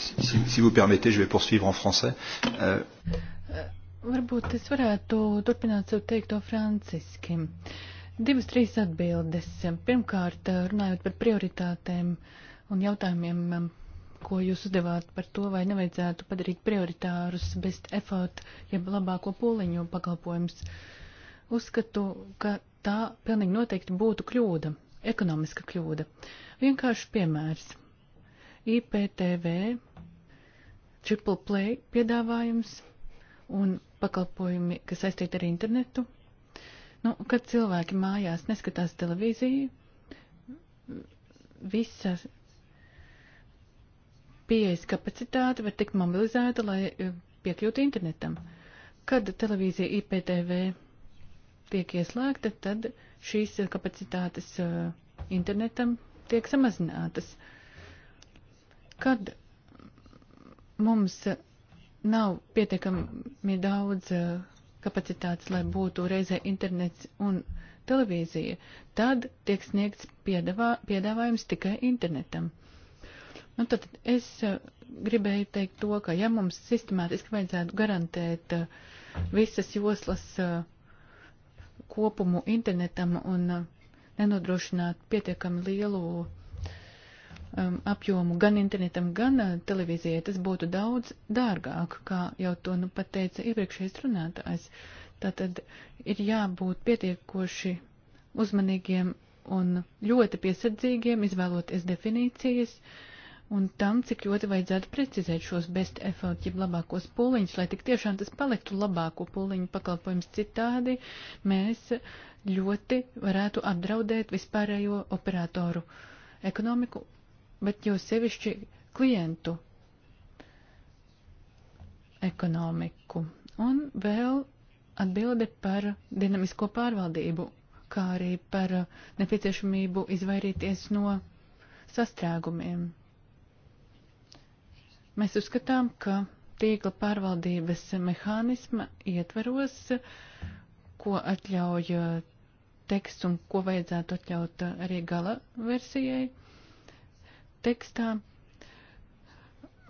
Si, si vous permettez, je vais poursuivre en français. Euh... euh Varbūt es varētu turpināt sev teikto franciski. Divas, trīs atbildes. Pirmkārt, runājot par prioritātēm un jautājumiem, ko jūs uzdevāt par to, vai nevajadzētu padarīt prioritārus best effort, jeb labāko pūliņu pakalpojums. Uzskatu, ka tā pilnīgi noteikti būtu kļūda, ekonomiska kļūda. Vienkārši piemērs. IPTV, Triple Play piedāvājums un pakalpojumi, kas saistīti ar internetu. Nu, kad cilvēki mājās neskatās televīziju, visas pieejas kapacitāte var tikt mobilizēta, lai eh, piekļūtu internetam. Kad televīzija IPTV tiek ieslēgta, tad šīs kapacitātes eh, internetam tiek samazinātas. Kad mums nav pietiekami daudz eh, kapacitātes, lai būtu reizē internets un televīzija, tad tiek sniegts piedāvā, piedāvājums tikai internetam. Nu, tad es eh, gribēju teikt to, ka ja mums sistemātiski vajadzētu garantēt eh, visas joslas kopumu internetam un nenodrošināt pietiekami lielu uh, um, apjomu gan internetam, gan uh, televīzijai, tas būtu daudz dārgāk, kā jau to nu pat teica iepriekšējais runātājs. Tātad ir jābūt pietiekoši uzmanīgiem un ļoti piesardzīgiem, izvēloties definīcijas un tam, cik ļoti vajadzētu precizēt šos best effort, jeb labākos pūliņus, lai tik tiešām tas paliktu labāko pūliņu pakalpojums citādi, mēs ļoti varētu apdraudēt vispārējo operatoru ekonomiku bet jo sevišķi klientu ekonomiku. Un vēl atbilde par dinamisko pārvaldību, kā arī par nepieciešamību izvairīties no sastrēgumiem. Mēs uzskatām, ka tīkla pārvaldības mehānisma ietvaros, ko atļauj teksts un ko vajadzētu atļaut arī gala versijai tekstā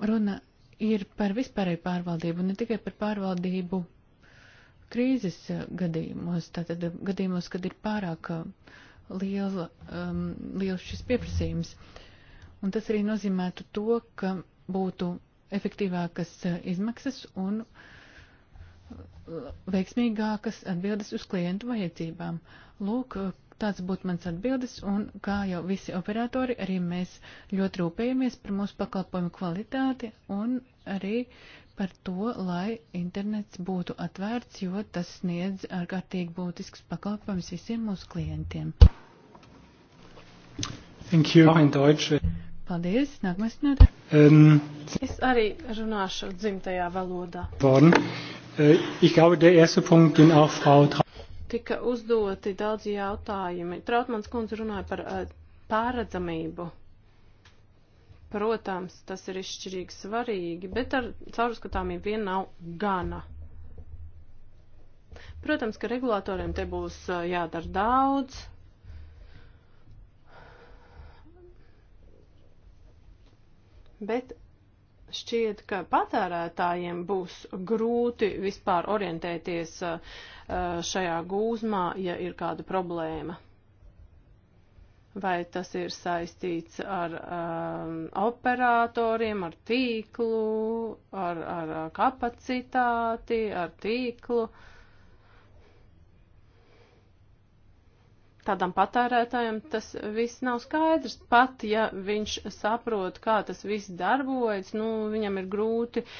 runa ir par vispārēju pārvaldību, ne tikai par pārvaldību krīzes eh, gadījumos, tātad eh, gadījumos, kad ir pārāk eh, liela, um, liels šis pieprasījums. Un tas arī nozīmētu to, ka būtu efektīvākas izmaksas un veiksmīgākas atbildes uz klientu vajadzībām. Lūk, Tāds būtu mans atbildes, un kā jau visi operatori, arī mēs ļoti rūpējamies par mūsu pakalpojumu kvalitāti un arī par to, lai internets būtu atvērts, jo tas sniedz ārkārtīgi būtisks pakalpojums visiem mūsu klientiem. Thank you, mein Deutsch. Paldies, nākamais runātājs. Um, es arī runāšu dzimtajā valodā. Worden. Äh, ich glaube, der erste Punkt, den auch Frau Tika uzdoti daudzi jautājumi. Trautmans kundze runāja par uh, pārredzamību. Protams, tas ir izšķirīgi svarīgi, bet ar caurskatāmību vien nav gana. Protams, ka regulātoriem te būs eh, jādara daudz. Bet šķiet, ka patērētājiem būs grūti vispār orientēties eh, šajā gūzmā, ja ir kāda problēma. Vai tas ir saistīts ar um, operatoriem, ar tīklu, ar, ar eh, kapacitāti, ar tīklu. Uh, tādam patērētājam tas viss nav skaidrs. Pat ja viņš saprot, kā tas viss darbojas, nu, viņam ir grūti uh,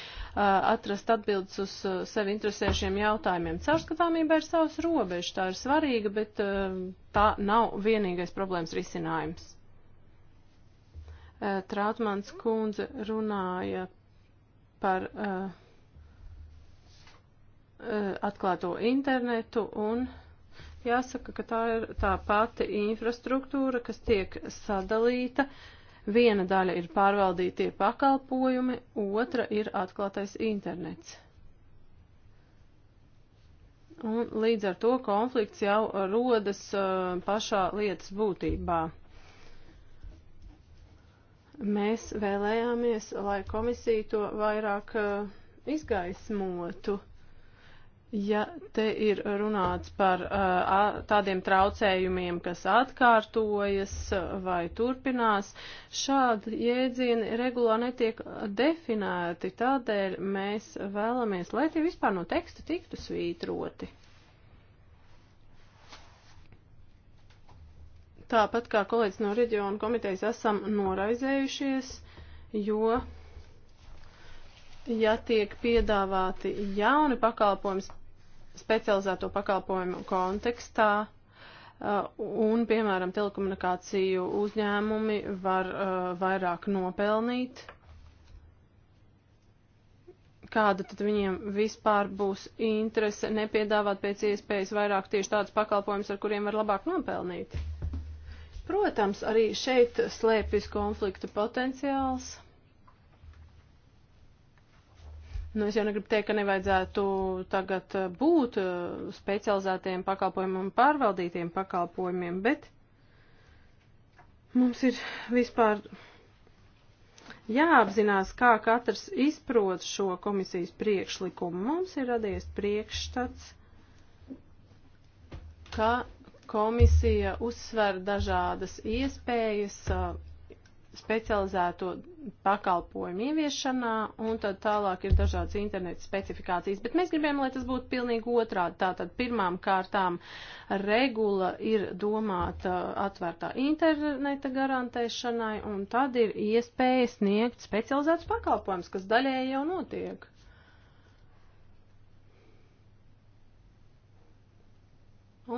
atrast atbildes uz uh, sevi interesēšiem jautājumiem. Caurskatāmība ir savas robežas, tā ir svarīga, bet uh, tā nav vienīgais problēmas risinājums. Uh, Trautmans kundze runāja par uh, uh, atklāto internetu un. Uh, Jāsaka, ka tā ir tā pati infrastruktūra, kas tiek sadalīta. Viena daļa ir pārvaldītie pakalpojumi, otra ir atklātais internets. Un līdz ar to konflikts jau rodas uh, pašā lietas būtībā. Mēs vēlējāmies, lai komisija to vairāk uh, izgaismotu. Ja te ir runāts par uh, tādiem traucējumiem, kas atkārtojas uh, vai turpinās, šādi jēdzieni regulāri netiek definēti, tādēļ mēs vēlamies, lai tie vispār no teksta tiktu svītroti. Tāpat kā kolēģis no reģiona komitejas esam noraizējušies, jo ja tiek piedāvāti jauni pakalpojumi specializēto pakalpojumu kontekstā, uh, un, piemēram, telekomunikāciju uzņēmumi var uh, vairāk nopelnīt, kāda tad viņiem vispār būs interese nepiedāvāt pēc iespējas vairāk tieši tādus pakalpojumus, ar kuriem var labāk nopelnīt. Protams, arī šeit slēpjas konflikta potenciāls. Nu, es jau negribu teikt, ka nevajadzētu tagad uh, būt uh, specializētiem pakalpojumiem un pārvaldītiem pakalpojumiem, bet mums ir vispār jāapzinās, kā katrs izprot šo komisijas priekšlikumu. Mums ir radies priekšstats, ka komisija uzsver dažādas iespējas uh, specializēto pakalpojumu ieviešanā, un tad tālāk ir dažādas interneta specifikācijas. Bet mēs gribējām, lai tas būtu pilnīgi otrādi. Tātad pirmām kārtām regula ir domāta atvērtā interneta garantēšanai, un tad ir iespēja sniegt specializētus pakalpojumus, kas daļēji jau notiek.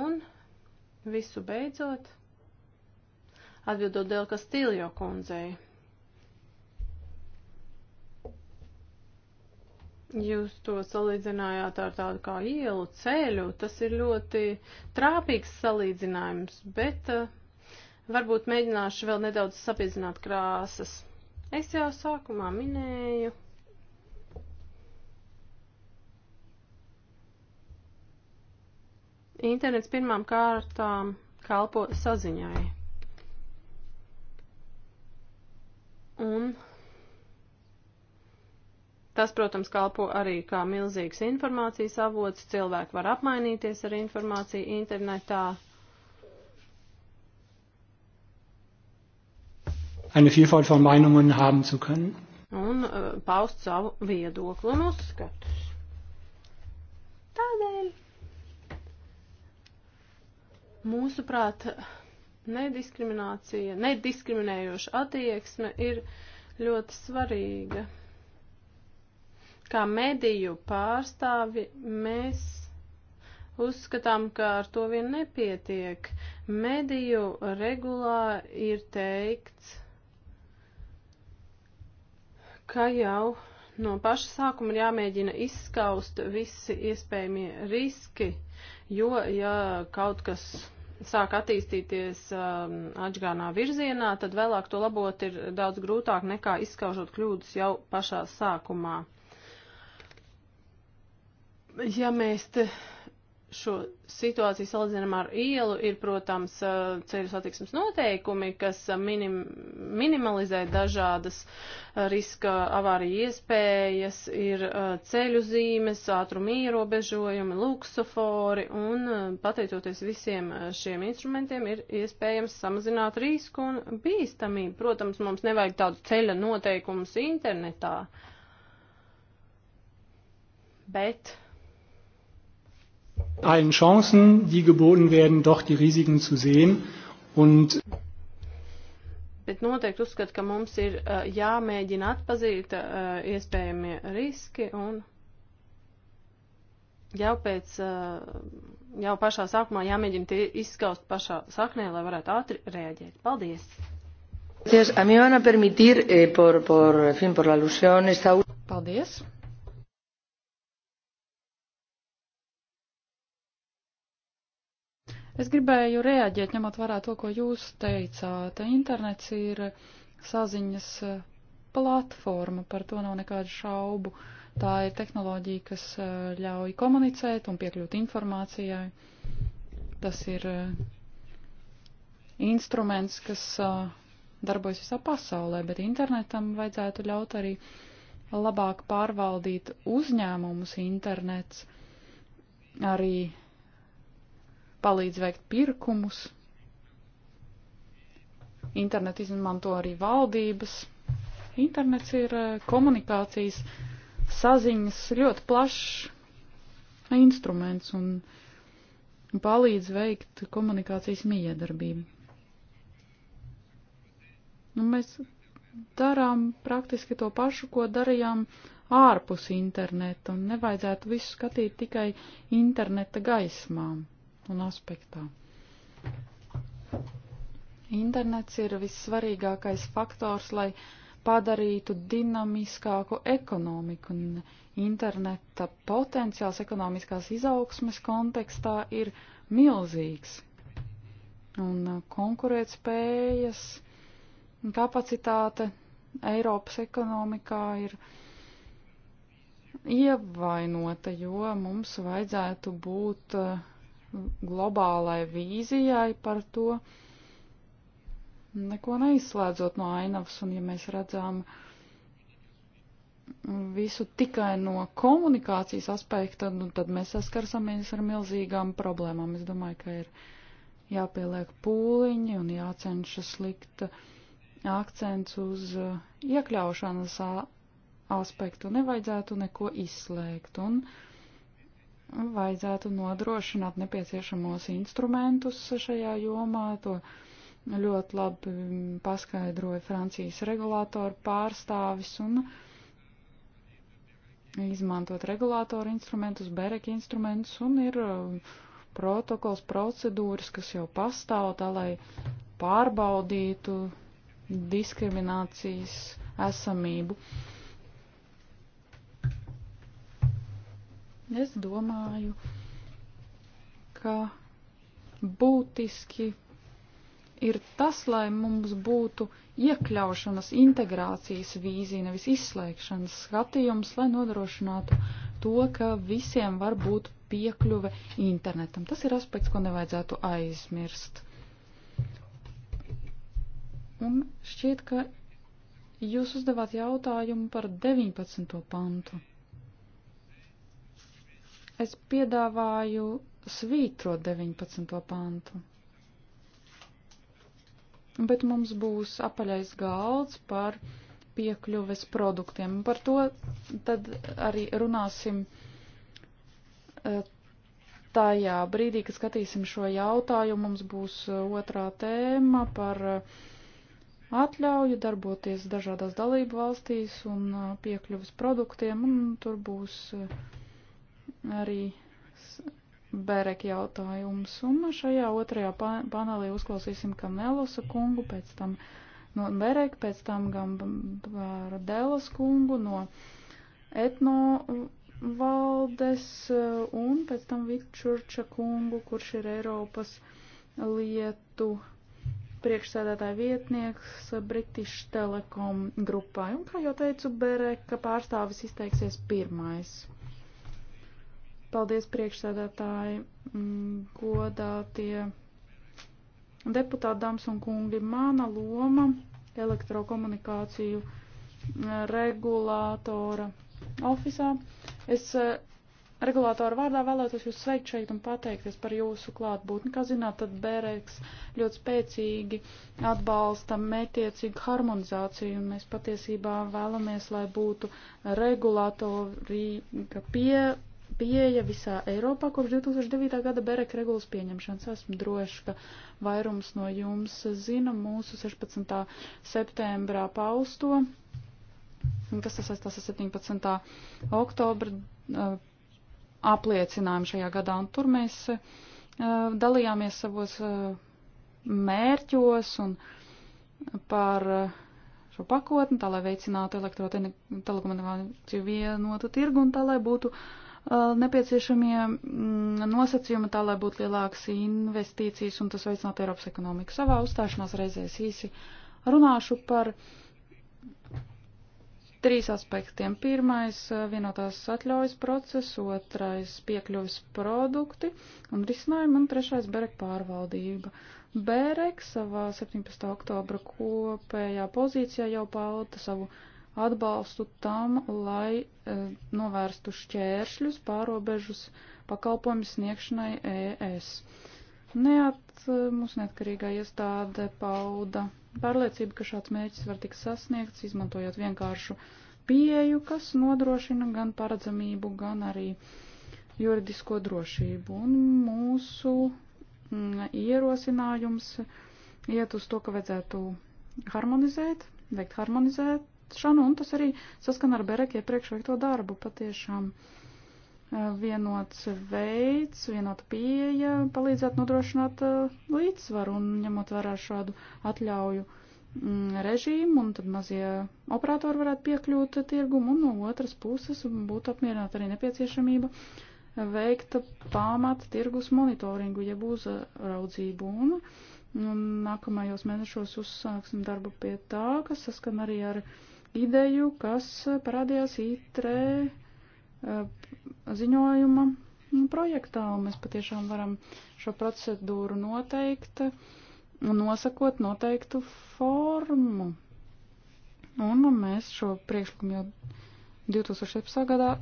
Un visu beidzot atbildot Delka Stīljo kundzei. Jūs to salīdzinājāt ar tādu kā ielu ceļu, tas ir ļoti trāpīgs salīdzinājums, bet uh, varbūt mēģināšu vēl nedaudz sapiezināt krāsas. Es jau sākumā minēju. Internets pirmām kārtām kalpo saziņai. Un tas, protams, kalpo arī kā milzīgs informācijas avots. Cilvēki var apmainīties ar informāciju internetā. Eine Vielfalt von Meinungen haben zu können. Un uh, paust savu viedokli un uzskatus. Tādēļ. Mūsuprāt, uh, Nediskriminācija, nediskriminējoša attieksme ir ļoti svarīga. Kā mediju pārstāvi mēs uzskatām, ka ar to vien nepietiek. Mediju regulā ir teikts, ka jau no paša sākuma ir jāmēģina izskaust visi iespējamie riski, jo ja kaut kas sāk attīstīties um, atžgānā virzienā, tad vēlāk to labot ir daudz grūtāk nekā izskaužot kļūdas jau pašā sākumā. Ja mēs te šo situāciju salīdzinām ar ielu, ir, protams, ceļu satiksmes noteikumi, kas minim, minimalizē dažādas riska avāriju iespējas, ir ceļu zīmes, ātruma ierobežojumi, luksofori, un pateicoties visiem šiem instrumentiem ir iespējams samazināt risku un bīstamību. Protams, mums nevajag tādu ceļa noteikumus internetā. Bet allen Chancen, die geboten werden, doch die Risiken zu sehen und Bet noteikti uzskatu, ka mums ir uh, jāmēģina atpazīt uh, iespējamie riski un jau pēc, uh, jau pašā sākumā jāmēģina tie izskaust pašā saknē, lai varētu ātri reaģēt. Paldies! Paldies! Es gribēju reaģēt, ņemot vērā to, ko jūs teicāt. Internets ir saziņas eh, platforma, par to nav nekādu šaubu. Tā ir tehnoloģija, kas eh, ļauj komunicēt un piekļūt informācijai. Tas ir eh, instruments, kas darbojas visā pasaulē, bet internetam vajadzētu ļaut arī labāk pārvaldīt uzņēmumus internets, arī palīdz veikt pirkumus. Internet izmanto arī valdības. Internets ir eh, komunikācijas, saziņas ļoti plašs instruments un palīdz veikt komunikācijas miedarbību. Nu, mēs darām praktiski to pašu, ko darījām ārpus interneta, un nevajadzētu visu skatīt tikai interneta gaismām un aspektā. Internets ir vissvarīgākais faktors, lai padarītu dinamiskāku ekonomiku, un interneta potenciāls ekonomiskās izaugsmes kontekstā ir milzīgs. Un uh, konkurētspējas kapacitāte Eiropas ekonomikā ir ievainota, jo mums vajadzētu būt uh, globālai vīzijai par to, neko neizslēdzot no ainavas, un ja mēs redzam visu tikai no komunikācijas aspekta, nu, tad mēs saskarsamies ar milzīgām problēmām. Es domāju, ka ir jāpieliek pūliņi un jācenšas likt akcents uz uh, iekļaušanas aspektu, nevajadzētu neko izslēgt. Un, uh, vajadzētu nodrošināt nepieciešamos instrumentus šajā jomā. To ļoti labi paskaidroja Francijas regulātora pārstāvis un izmantot regulātoru instrumentus, bereka instrumentus un ir uh, protokols, procedūras, kas jau pastāv, tā lai pārbaudītu diskriminācijas esamību. Uh, Es domāju, ka būtiski ir tas, lai mums būtu iekļaušanas, integrācijas vīzija, nevis izslēgšanas skatījums, lai nodrošinātu to, ka visiem var būt piekļuve internetam. Tas ir aspekts, ko nevajadzētu aizmirst. Un šķiet, ka jūs uzdevāt jautājumu par 19. pantu. Es piedāvāju svītrot 19. pantu. Bet mums būs apaļais galds par piekļuves produktiem. Par to tad arī runāsim e, tajā brīdī, kad skatīsim šo jautājumu. Mums būs e, otrā tēma par e, atļauju darboties dažādās dalību valstīs un piekļuves produktiem, un tur būs arī Berek jautājums. Un šajā otrajā panelī uzklausīsim Kamelusa kungu, pēc tam no Berek, pēc tam Gambardelas kungu no etno valdes un pēc tam Vikčurča kungu, kurš ir Eiropas lietu priekšsēdētāja vietnieks British Telecom grupai. Un, kā jau teicu, Bereka pārstāvis izteiksies pirmais. Paldies priekšsēdētāji, mm, godātie deputāti, dāmas un kungi. Mana loma elektrokomunikāciju mm, regulātora ofisā. Es e, regulātora vārdā vēlētos jūs sveikt šeit un pateikties par jūsu klātbūtni. Kā zināt, tad Bērēks ļoti spēcīgi atbalsta mētiecīgu harmonizāciju, un mēs patiesībā vēlamies, lai būtu regulātori pie pieeja visā Eiropā kopš 2009. gada Bereka regulas pieņemšanas. Esmu droši, ka vairums no jums zina mūsu 16. septembrā pausto, kas tas aizstās 17. oktobra apliecinājumu šajā gadā, un tur mēs dalījāmies savos mērķos un par šo pakotni, tā lai veicinātu elektrotelekomunikāciju vienotu tirgu un tā lai būtu uh, Uh, nepieciešamie mm, nosacījumi tā, lai būtu lielākas investīcijas un tas veicinātu Eiropas ekonomiku. Savā uzstāšanās reizēs īsi runāšu par trīs aspektiem. Pirmais uh, - vienotās atļaujas process, otrais - piekļuvis produkti un risinājumi, un trešais - berek pārvaldība. Berek savā 17. oktobra kopējā pozīcijā jau pauta savu atbalstu tam, lai e, novērstu šķēršļus pārobežus pakalpojumu sniegšanai ES. Neat, e, mūsu neatkarīgā iestāde pauda pārliecību, ka šāds mērķis var tikt sasniegts, izmantojot vienkāršu pieeju, kas nodrošina gan paredzamību, gan arī juridisko drošību. Un mūsu mm, ierosinājums iet uz to, ka vajadzētu harmonizēt, veikt harmonizēt ieviešanu, un tas arī saskan ar Berek iepriekš veikto darbu. Patiešām eh, vienots veids, vienota pieeja palīdzētu nodrošināt eh, līdzsvaru un ņemot vērā šādu atļauju mm, režīmu, un tad mazie operatori varētu piekļūt tirgumu, un no otras puses būtu apmierināta arī nepieciešamība veikta pamata tirgus monitoringu, jeb uzraudzību. Un, un nākamajos mēnešos uzsāksim darbu pie tā, kas saskan arī ar ideju, kas parādījās ITRE eh, ziņojuma projektā, un mēs patiešām varam šo procedūru noteikt, nosakot noteiktu formu. Un mēs šo priekšlikumu jau 2016. gadā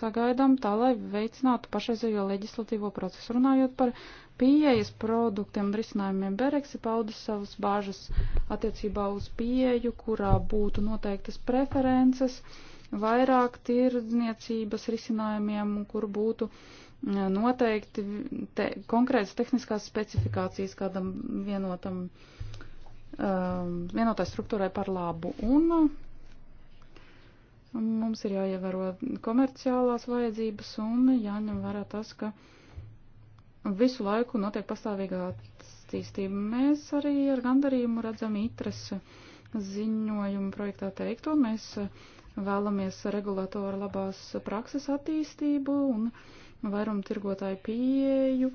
sagaidām tā, lai veicinātu pašreizējo leģislatīvo procesu. Runājot par pieejas produktiem un risinājumiem, Bereksi paudis savas bāžas attiecībā uz pieeju, kurā būtu noteiktas preferences, vairāk tirdzniecības risinājumiem, kur būtu eh, noteikti te, konkrētas tehniskās specifikācijas kādam vienotam, um, vienotai struktūrai par labu. Un Mums ir jāievēro komerciālās vajadzības un jāņem vērā tas, ka visu laiku notiek pastāvīgā attīstība. Mēs arī ar gandarījumu redzam itres ziņojumu projektā teikto. Mēs vēlamies regulātoru labās prakses attīstību un uh, vairumu tirgotāju pieeju.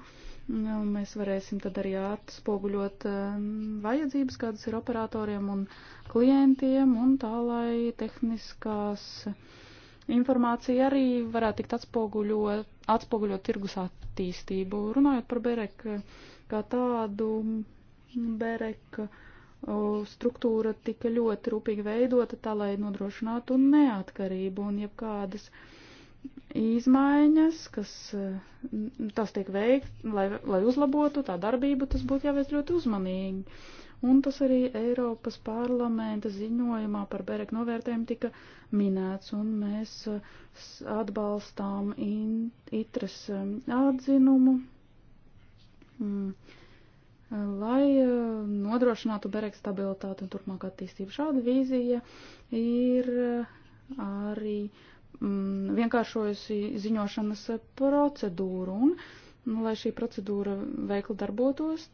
Nu, mēs varēsim tad arī atspoguļot eh, vajadzības, kādas ir operatoriem un klientiem, un tā, lai tehniskās informācija arī varētu tikt atspoguļot, atspoguļot tirgus attīstību. Runājot par Bereku kā tādu, Bereka struktūra tika ļoti rūpīgi veidota tā, lai nodrošinātu neatkarību un jebkādas ja izmaiņas, kas eh, tas tiek veikt, lai, lai uzlabotu tā darbību, tas būtu jāveic ļoti uzmanīgi. Un tas arī Eiropas parlamenta ziņojumā par Berek novērtējumu tika minēts, un mēs eh, atbalstām in, itras eh, atzinumu, mm, lai nodrošinātu Berek stabilitāti un turpmāk attīstību. Šāda vīzija ir arī uh, Mm, vienkāršojusi ziņošanas procedūru un, nu, lai šī procedūra veikli darbotos,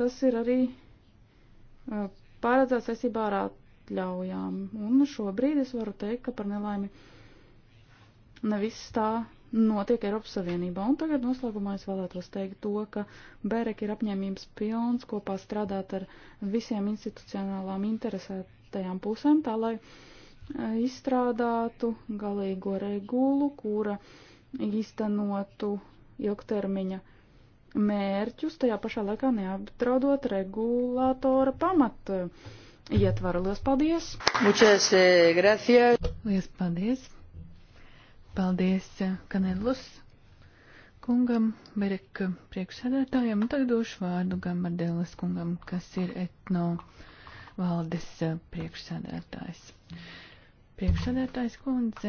tas ir arī paredzēts saistībā ar atļaujām. Un šobrīd es varu teikt, ka par nelaimi neviss tā notiek Eiropas Savienībā. Un tagad noslēgumā es vēlētos teikt to, ka Bērek ir apņēmības pilns kopā strādāt ar visiem institucionālām interesētajām pusēm, tā lai uh, izstrādātu galīgo regulu, kura īstenotu ilgtermiņa mērķus, tajā pašā laikā neapdraudot regulātora pamat ietvaru. Lielas paldies! Muchas eh, gracias! Lielas paldies! Paldies eh, Kanelus kungam, Berek priekšsēdētājiem, un tagad došu vārdu Gamardelas kungam, kas ir etno valdes eh, priekšsēdētājs. Mm. Priekšsēdētājs kundze.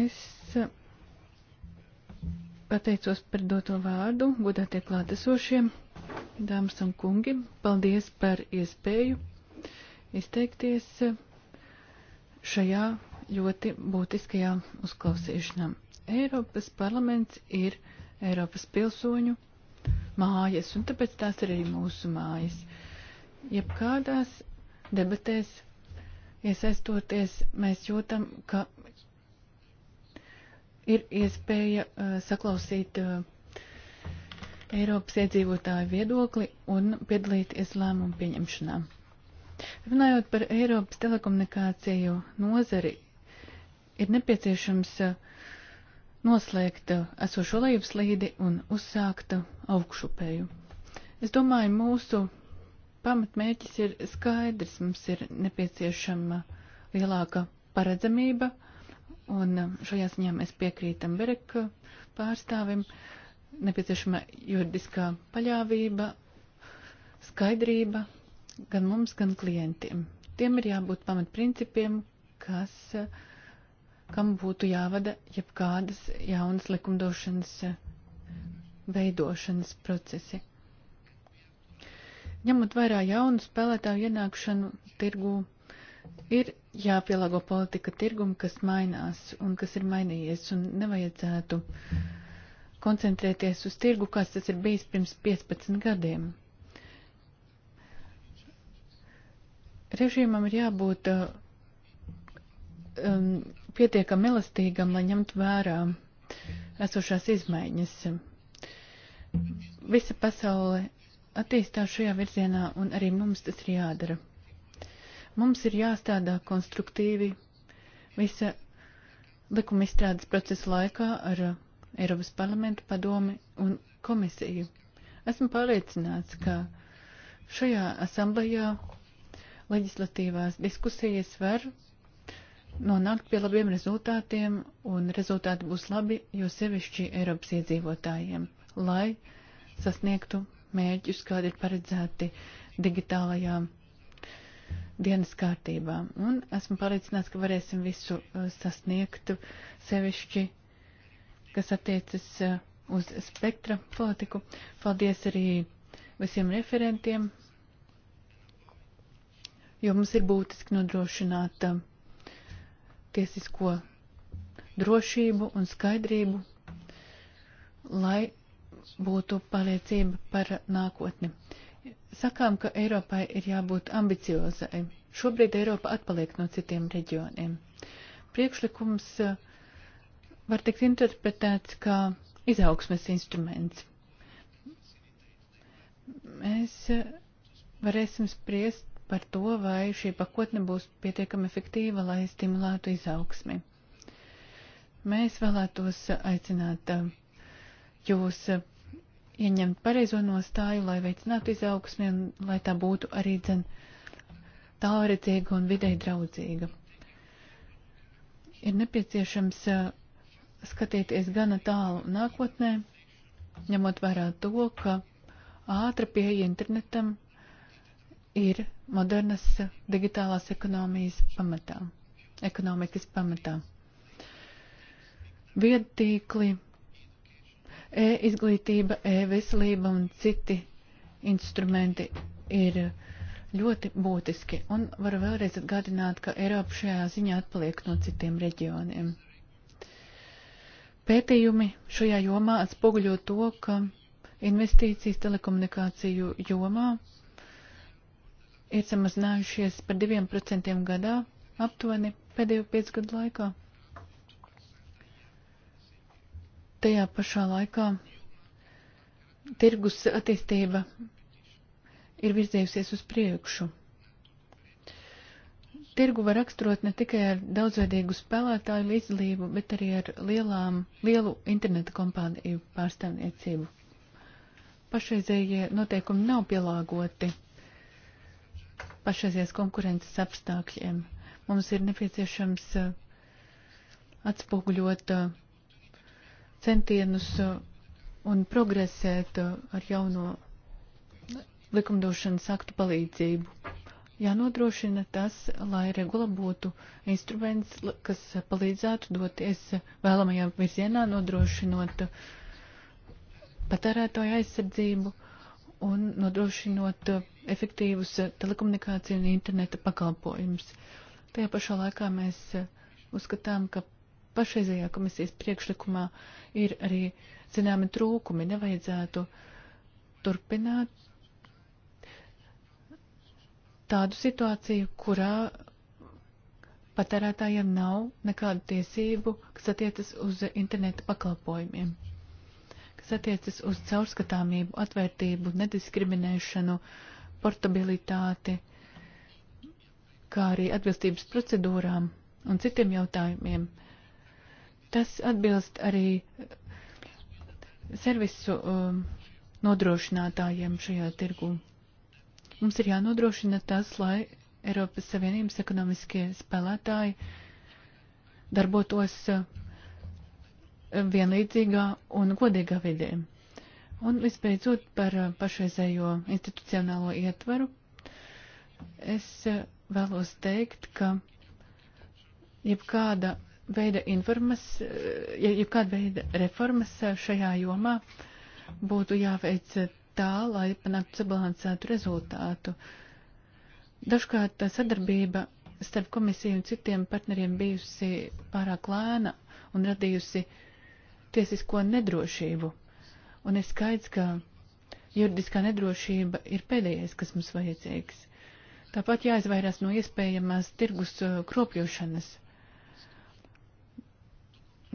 Es pateicos par doto vārdu, godātie klātesošiem, dāmas un kungi. Paldies par iespēju izteikties šajā ļoti būtiskajā uzklausīšanā. Eiropas parlaments ir Eiropas pilsoņu mājas, un tāpēc tās ir arī mūsu mājas. Uh, jebkādās debatēs iesaistoties, mēs jūtam, ka ir iespēja uh, saklausīt uh, Eiropas iedzīvotāju viedokli un piedalīties lēmumu pieņemšanā. Runājot par Eiropas telekomunikāciju nozari, ir nepieciešams uh, noslēgt uh, esošo lejupslīdi un uzsākt uh, augšupēju. Es domāju, mūsu pamatmērķis ir skaidrs. Mums ir nepieciešama lielāka paredzamība, un šajā ziņā mēs piekrītam Berek pārstāvim. Nepieciešama juridiskā paļāvība, skaidrība gan mums, gan klientiem. Tiem ir jābūt pamatprincipiem, kas, kam būtu jāvada jebkādas jaunas likumdošanas veidošanas procesi ņemot vērā jaunu spēlētāju ienākšanu tirgū, ir jāpielāgo politika tirgumu, kas mainās un kas ir mainījies, un nevajadzētu koncentrēties uz tirgu, kāds tas ir bijis pirms 15 gadiem. Režīmam ir jābūt um, pietiekam elastīgam, lai ņemtu vērā esošās izmaiņas. Visa pasaule attīstās šajā virzienā, un arī mums tas ir jādara. Mums ir jāstrādā konstruktīvi visa likuma izstrādes procesa laikā ar Eiropas parlamentu padomi un komisiju. Esmu pārliecināts, ka šajā asamblējā leģislatīvās diskusijas var nonākt pie labiem rezultātiem, un rezultāti būs labi, jo sevišķi Eiropas iedzīvotājiem, lai sasniegtu mērķus, kādi ir paredzēti digitālajā dienas kārtībā. Un esmu pārliecināts, ka varēsim visu uh, sasniegt sevišķi, kas attiecas uh, uz spektra politiku. Paldies arī visiem referentiem, jo mums ir būtiski nodrošināt uh, tiesisko drošību un skaidrību, lai būtu pārliecība par nākotni. Sakām, ka Eiropai ir jābūt ambiciozai. Šobrīd Eiropa atpaliek no citiem reģioniem. Priekšlikums eh, var tikt interpretēts kā izaugsmes instruments. Mēs eh, varēsim spriest par to, vai šī pakotne būs pietiekami efektīva, lai stimulētu izaugsmi. Mēs vēlētos aicināt eh, jūs ieņemt pareizo nostāju, lai veicinātu izaugsmi un lai tā būtu arī dzen tālredzīga un videi draudzīga. Ir nepieciešams skatīties gana tālu nākotnē, ņemot vērā to, ka ātra pieeja internetam ir modernas digitālās ekonomijas pamatā, ekonomikas pamatā. Viedtīkli E-izglītība, e-veselība un citi instrumenti ir ļoti būtiski, un varu vēlreiz atgādināt, ka Eiropa šajā ziņā atpaliek no citiem reģioniem. Pētījumi šajā jomā atspoguļo to, ka investīcijas telekomunikāciju jomā ir samazinājušies par 2% gadā aptuveni pēdējo 5 gadu laikā. tajā pašā laikā tirgus attīstība ir virzījusies uz priekšu. Tirgu var raksturot ne tikai ar daudzveidīgu spēlētāju līdzdalību, bet arī ar lielām, lielu interneta kompāniju pārstāvniecību. Pašreizējie noteikumi nav pielāgoti pašreizies konkurences apstākļiem. Mums ir nepieciešams eh, atspoguļot uh, centienus uh, un progresēt uh, ar jauno likumdošanas aktu palīdzību. Jānodrošina tas, lai regula būtu instruments, kas palīdzētu doties vēlamajā virzienā, nodrošinot uh, patērētāju aizsardzību un nodrošinot efektīvus telekomunikāciju un interneta pakalpojumus. Tajā pašā laikā mēs uzskatām, ka pašreizējā komisijas priekšlikumā ir arī zināmi trūkumi. Nevajadzētu turpināt tādu situāciju, kurā patērētājiem nav nekādu tiesību, kas attiecas uz interneta pakalpojumiem, kas attiecas uz caurskatāmību, atvērtību, nediskriminēšanu, portabilitāti, kā arī atbilstības procedūrām un citiem jautājumiem. Uh, Tas atbilst arī eh, servisu um, nodrošinātājiem šajā tirgu. Mums ir jānodrošina tas, lai Eiropas Savienības ekonomiskie spēlētāji darbotos uh, vienlīdzīgā un godīgā vidē. Un visbeidzot par uh, pašreizējo institucionālo ietvaru, es uh, vēlos teikt, ka jebkāda veida informas, ja, ja kāda veida reformas šajā jomā būtu jāveic tā, lai panāktu sabalansētu rezultātu. Dažkārt sadarbība starp komisiju un citiem partneriem bijusi pārāk lēna un radījusi tiesisko nedrošību. Un ir skaidrs, ka juridiskā nedrošība ir pēdējais, kas mums vajadzīgs. Tāpat jāizvairās no iespējamās tirgus uh, kropļošanas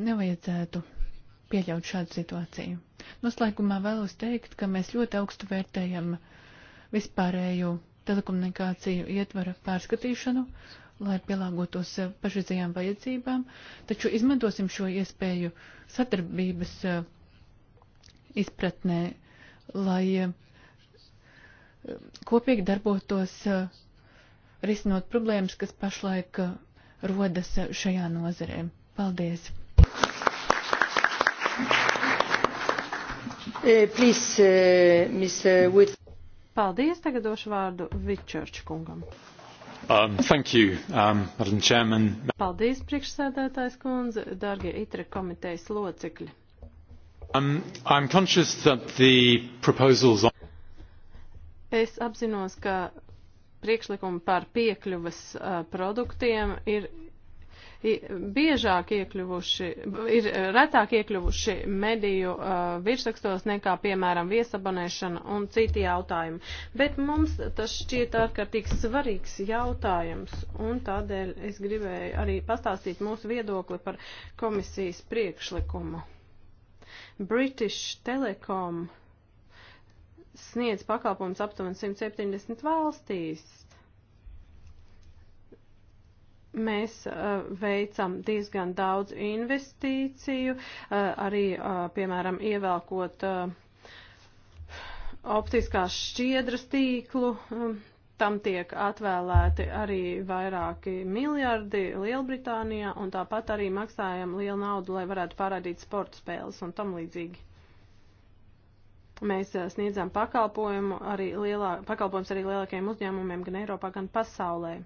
nevajadzētu pieļaut šādu situāciju. Noslēgumā vēlos teikt, ka mēs ļoti augstu vērtējam vispārēju telekomunikāciju ietvara pārskatīšanu, lai pielāgotos pašreizējām vajadzībām, taču izmantosim šo iespēju sadarbības eh, izpratnē, lai eh, kopīgi darbotos eh, risinot problēmas, kas pašlaik rodas šajā nozarē. Paldies! Eh, please, eh, Mr. Paldies, tagad došu vārdu Vičerču kungam. Um, thank you, um, Madam Chairman. Paldies, priekšsēdētājs kundze, dargie itre komitejas locekļi. Um, I'm conscious that the proposals on... Es apzinos, ka priekšlikumi par piekļuvas uh, produktiem ir biežāk iekļuvuši, ir e, retāk iekļuvuši mediju uh, virsrakstos nekā, piemēram, viesabonēšana un citi jautājumi. Bet mums tas šķiet ārkārtīgi svarīgs jautājums, un tādēļ es gribēju arī pastāstīt mūsu viedokli par komisijas priekšlikumu. British Telecom sniedz pakalpojums aptuveni 170 valstīs Mēs uh, veicam diezgan daudz investīciju, uh, arī, uh, piemēram, ievelkot uh, optiskās šķiedras tīklu. Uh, tam tiek atvēlēti arī vairāki miljardi Lielbritānijā, un tāpat arī maksājam lielu naudu, lai varētu parādīt sporta spēles un tam līdzīgi. Mēs uh, sniedzam pakalpojumu arī lielā, pakalpojums arī lielākajiem uzņēmumiem gan Eiropā, gan pasaulē.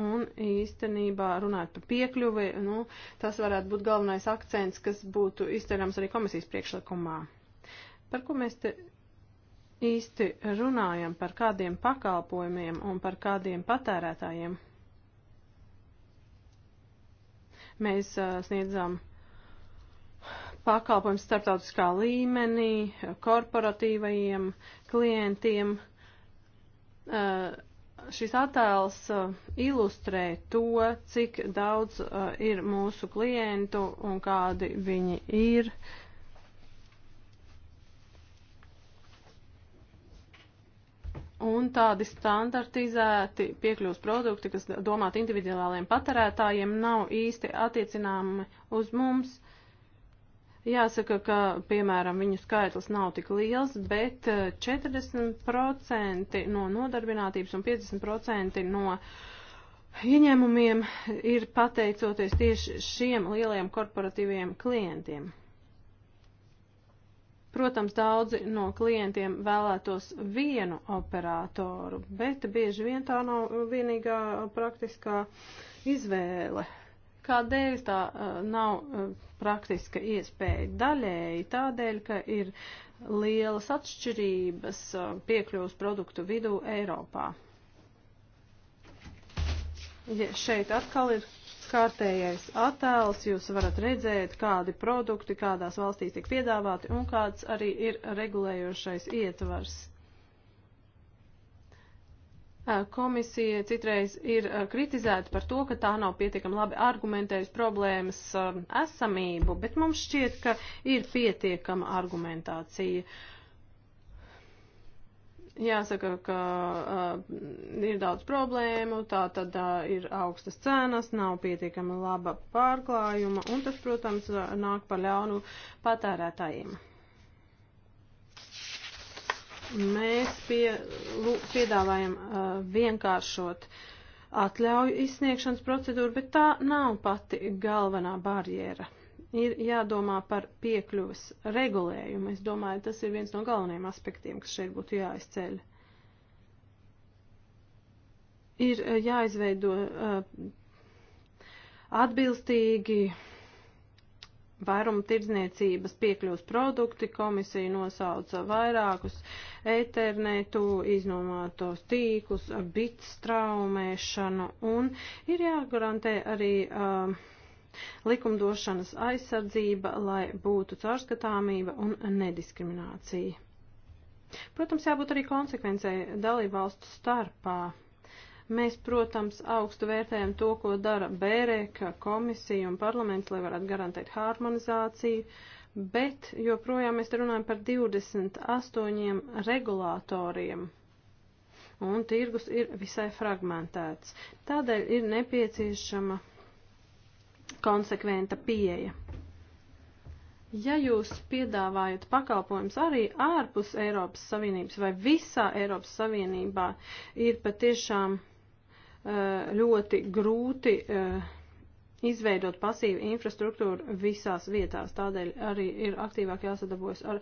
Un īstenībā runāt par piekļuvi, nu, tas varētu būt galvenais akcents, kas būtu izceļams arī komisijas priekšlikumā. Par ko mēs te īsti runājam, par kādiem pakalpojumiem un par kādiem patērētājiem? Mēs uh, sniedzam pakalpojums starptautiskā līmenī, korporatīvajiem klientiem. Uh, šis attēls uh, ilustrē to, cik daudz uh, ir mūsu klientu un kādi viņi ir. Un tādi standartizēti piekļuvs produkti, kas domāti individuāliem patērētājiem, nav īsti attiecināmi uz mums. Uh, Jāsaka, ka, piemēram, viņu skaitlis nav tik liels, bet 40% eh, no nodarbinātības un 50% no ieņēmumiem ir pateicoties tieši šiem lielajiem korporatīviem klientiem. Protams, daudzi no klientiem vēlētos vienu operatoru, bet bieži vien tā nav vienīgā praktiskā izvēle. Kādēļ tā uh, nav uh, praktiska iespēja? Daļēji tādēļ, ka ir lielas atšķirības uh, piekļuvas produktu vidū Eiropā. Ja šeit atkal ir kārtējais attēls, jūs varat redzēt, kādi produkti kādās valstīs tiek piedāvāti un kāds arī ir regulējošais ietvars. Komisija citreiz ir kritizēta par to, ka tā nav pietiekami labi argumentējusi problēmas esamību, bet mums šķiet, ka ir pietiekama argumentācija. Jāsaka, ka uh, ir daudz problēmu, tā tad uh, ir augstas cenas, nav pietiekami laba pārklājuma, un tas, protams, nāk par ļaunu patērētājiem. Mēs pie, lū, piedāvājam uh, vienkāršot atļauju izsniegšanas procedūru, bet tā nav pati galvenā barjera. Ir jādomā par piekļuvas regulējumu. Es domāju, tas ir viens no galvenajiem aspektiem, kas šeit būtu jāizceļ. Ir uh, jāizveido uh, atbilstīgi vairuma tirdzniecības piekļūs produkti, komisija nosauca vairākus eternetu, iznomātos tīklus, bits traumēšanu un ir jāgarantē arī uh, likumdošanas aizsardzība, lai būtu caurskatāmība un nediskriminācija. Protams, jābūt arī konsekvencei dalībvalstu starpā. Mēs, protams, augstu vērtējam to, ko dara Bērēka komisija un parlaments, lai varētu garantēt harmonizāciju, bet joprojām mēs runājam par 28 regulātoriem. Un tirgus ir visai fragmentēts. Tādēļ ir nepieciešama konsekventa pieeja. Ja jūs piedāvājat pakalpojums arī ārpus Eiropas Savienības vai visā Eiropas Savienībā, ir patiešām Eh, ļoti grūti eh, izveidot pasīvu infrastruktūru visās vietās. Tādēļ arī ir aktīvāk jāsadarbojas ar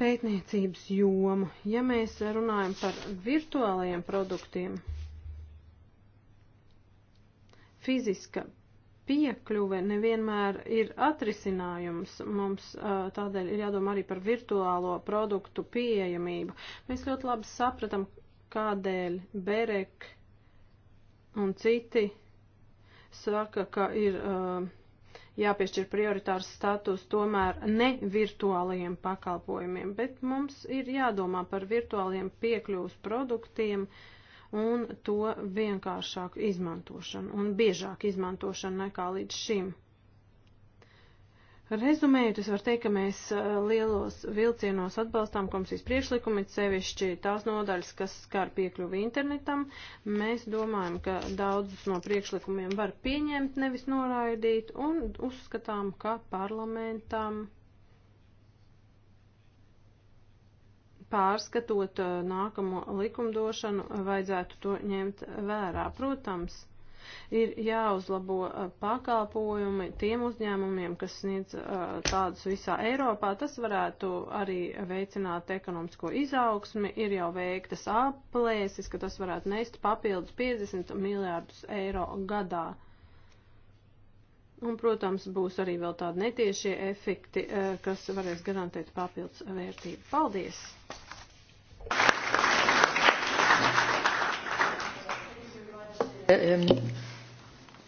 pētniecības jomu. Ja mēs runājam par virtuālajiem produktiem, fiziska piekļuve nevienmēr ir atrisinājums. Mums eh, tādēļ ir jādomā arī par virtuālo produktu pieejamību. Mēs ļoti labi sapratam, kādēļ Berek un citi saka, ka ir uh, jāpiešķir prioritārs status tomēr ne virtuālajiem pakalpojumiem, bet mums ir jādomā par virtuāliem piekļuvus produktiem un to vienkāršāku izmantošanu un biežāku izmantošanu nekā līdz šim. Rezumējot, es varu teikt, ka mēs eh, lielos vilcienos atbalstām komisijas priekšlikumu, it sevišķi tās nodaļas, kas skar piekļuvi internetam. Mēs domājam, ka daudzus no priekšlikumiem var pieņemt, nevis noraidīt, un uzskatām, ka parlamentam pārskatot eh, nākamo likumdošanu vajadzētu to ņemt vērā. Protams, Ir jāuzlabo pakalpojumi tiem uzņēmumiem, kas sniedz tādus visā Eiropā. Tas varētu arī veicināt ekonomisko izaugsmi. Ir jau veiktas aplēses, ka tas varētu nest papildus 50 miljārdus eiro gadā. Un, protams, būs arī vēl tādi netiešie efekti, kas varēs garantēt papildus vērtību. Paldies! Eh,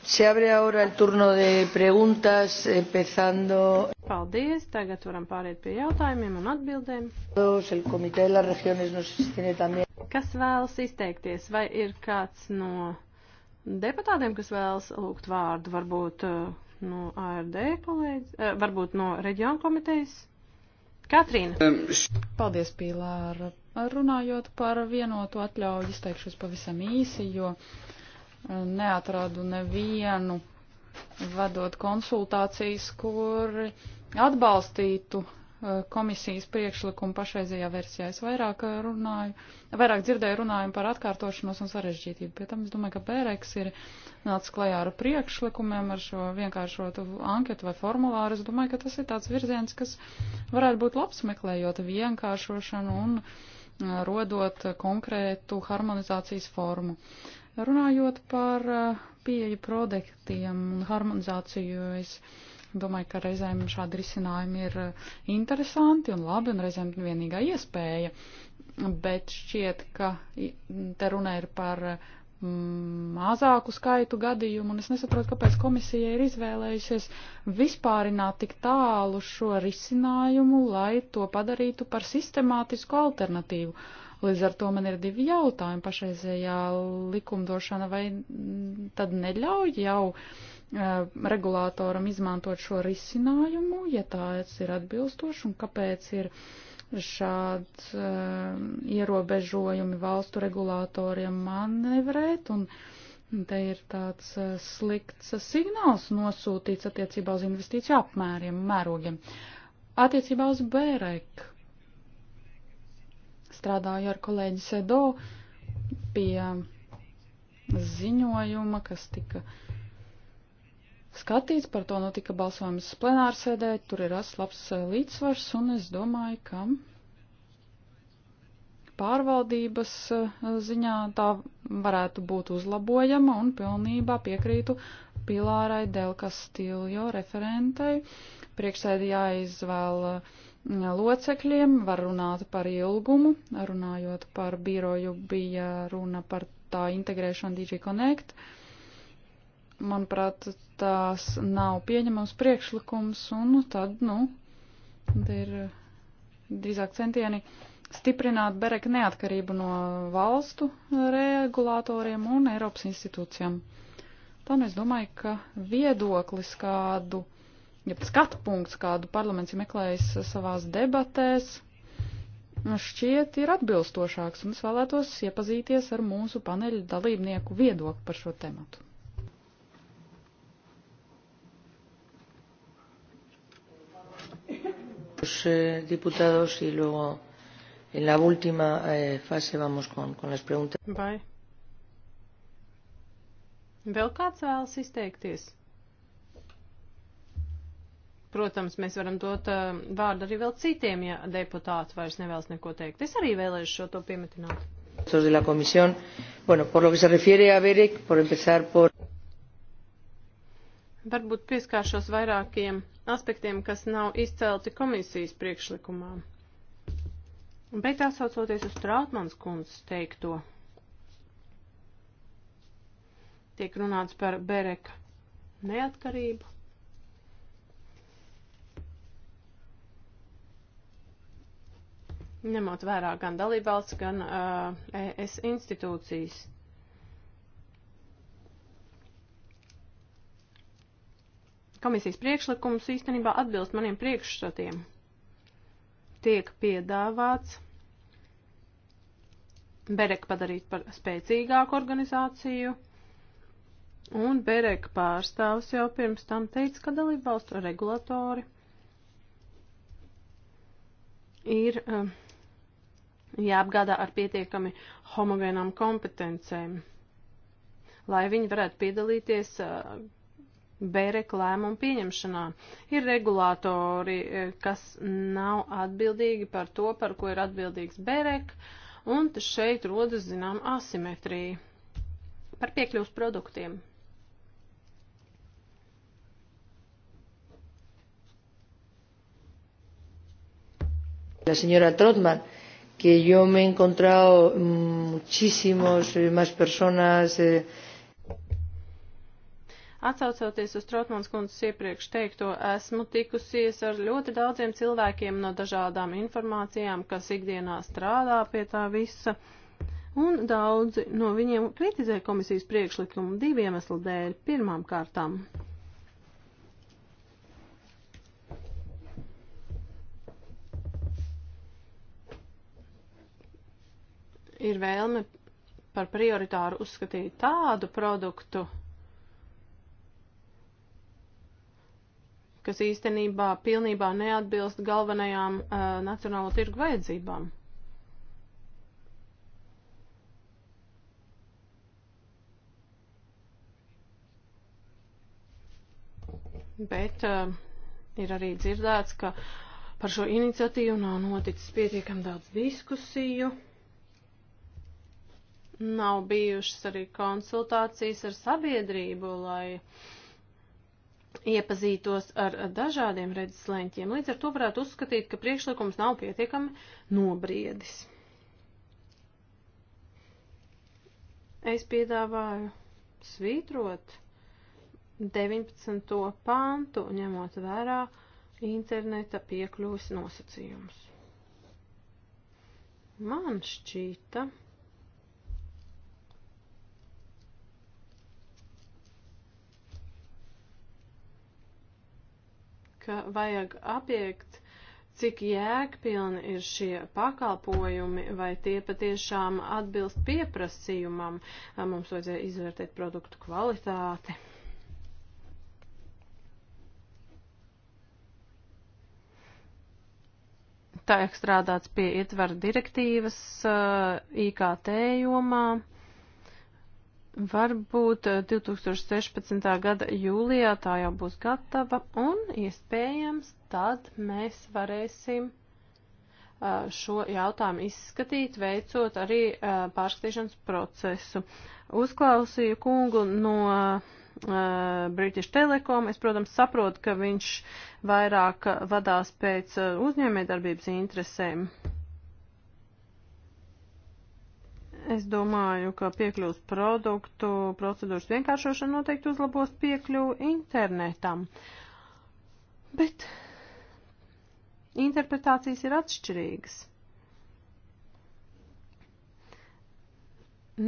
se abre ahora el turno de preguntas, empezando. Paldies, tagad varam pāriet pie jautājumiem un atbildēm. El comité de las regiones nos tiene también. Kas vēlas izteikties? Vai ir kāds no deputātiem, kas vēlas lūgt vārdu? Varbūt eh, no ARD kolēģis, eh, varbūt no reģionu komitejas? Katrīna. Paldies, Pīlāra. Runājot par vienotu atļauju, izteikšos pavisam īsi, jo. Uh, neatradu nevienu, vadot konsultācijas, kuri atbalstītu komisijas priekšlikumu pašreizajā versijā. Es vairāk eh, runāju, vairāk dzirdēju runājumu par atkārtošanos un sarežģītību. Pie tam es domāju, ka Bēreks ir nācis klajā ar priekšlikumiem, ar šo vienkāršotu anketu vai formulāru. Es domāju, ka tas ir tāds virziens, kas varētu būt labs meklējot vienkāršošanu un eh, rodot konkrētu harmonizācijas formu. Runājot par eh, pieeju produktiem un harmonizāciju, es Domāju, ka reizēm šādi risinājumi ir eh, interesanti un labi un reizēm vienīgā iespēja, bet šķiet, ka te runa ir par mazāku skaitu gadījumu, un es nesaprotu, kāpēc komisija ir izvēlējusies vispārināt tik tālu šo risinājumu, lai to padarītu par sistemātisku alternatīvu. Līdz ar to man ir divi jautājumi pašreizējā likumdošana, vai tad neļauj jau eh, regulātoram izmantot šo risinājumu, ja tāds ir atbilstošs, un kāpēc ir šāds uh, ierobežojumi valstu regulātoriem manevrēt, un te ir tāds uh, slikts signāls nosūtīts attiecībā uz investīciju apmēriem, mērogiem. Attiecībā uz BEREK strādāju ar kolēģi Sedo pie ziņojuma, kas tika skatīts, par to notika balsojums plenārsēdē, tur ir rasts labs eh, līdzsvars, un es domāju, ka pārvaldības eh, ziņā tā varētu būt uzlabojama un pilnībā piekrītu Pilārai Delkastiljo referentai. Priekšsēdījā izvēla uh, locekļiem, var runāt par ilgumu, runājot par biroju bija runa par tā integrēšanu DJ Connect. Manuprāt, tās nav pieņemams priekšlikums, un tad, nu, te ir drīzāk centieni stiprināt bereka neatkarību no valstu regulātoriem un Eiropas institūcijām. Tā nu es domāju, ka viedoklis kādu ja skatu punkts, kādu parlaments ir meklējis savās debatēs, šķiet ir atbilstošāks, un es vēlētos iepazīties ar mūsu paneļa dalībnieku viedokli par šo tematu. Eh, diputados y luego en la última eh, fase vamos con, con las preguntas. Vai. Vēl kāds vēlas izteikties? Protams, mēs varam dot uh, vārdu arī vēl citiem, ja deputāti vairs nevēlas neko teikt. Es arī vēlēšu šo to piemetināt. De la comisión. Bueno, por lo que se refiere a BEREC, por empezar por. Varbūt pieskāršos vairākiem aspektiem, kas nav izcelti komisijas priekšlikumā. Bet atsaucoties uz Trautmans kundzes teikto, tiek runāts par Bereka neatkarību. ņemot vērā gan dalībvalsts, gan uh, ES institūcijas. Komisijas priekšlikums īstenībā atbilst maniem priekšstatiem. Tiek piedāvāts Berek padarīt par spēcīgāku organizāciju, un Berek pārstāvs jau pirms tam teica, ka dalībvalstu regulatori ir uh, jāapgādā ar pietiekami homogēnām kompetencēm, lai viņi varētu piedalīties uh, bērek lēmumu pieņemšanā. Ir regulātori, uh, kas nav atbildīgi par to, par ko ir atbildīgs bērek, un šeit rodas, zinām, asimetrija par piekļuvs produktiem. La señora Trotman que yo me he encontrado muchísimas eh, más personas. Eh. Atsaucoties uz Trotmans kundzes iepriekš teikto, esmu tikusies ar ļoti daudziem cilvēkiem no dažādām informācijām, kas ikdienā strādā pie tā visa, un daudzi no viņiem kritizē komisijas priekšlikumu diviem eslu dēļ pirmām kārtām. ir vēlme par prioritāru uzskatīt tādu produktu, kas īstenībā pilnībā neatbilst galvenajām uh, nacionālo tirgu vajadzībām. Bet uh, ir arī dzirdēts, ka par šo iniciatīvu nav noticis pietiekam daudz diskusiju. Nav bijušas arī konsultācijas ar sabiedrību, lai iepazītos ar dažādiem redzes leņķiem. Līdz ar to varētu uzskatīt, ka priekšlikums nav pietiekami nobriedis. Es piedāvāju svītrot 19. pantu, ņemot vērā interneta piekļuvis nosacījumus. Man šķīta. ka vajag apiekt, cik jēgpilni ir šie pakalpojumi, vai tie patiešām atbilst pieprasījumam. Mums vajadzēja izvērtēt produktu kvalitāti. tiek strādāts pie ietvara direktīvas IKT jomā. Varbūt 2016. Eh, gada jūlijā tā jau būs gatava un iespējams tad mēs varēsim eh, šo jautājumu izskatīt, veicot arī eh, pārskatīšanas procesu. Uzklausīju kungu no British Telecom. Es, protams, saprotu, ka viņš vairāk vadās pēc uzņēmējdarbības interesēm. Es domāju, ka piekļuvs produktu procedūras vienkāršošana noteikti uzlabos piekļuvu internetam. Bet interpretācijas ir atšķirīgas.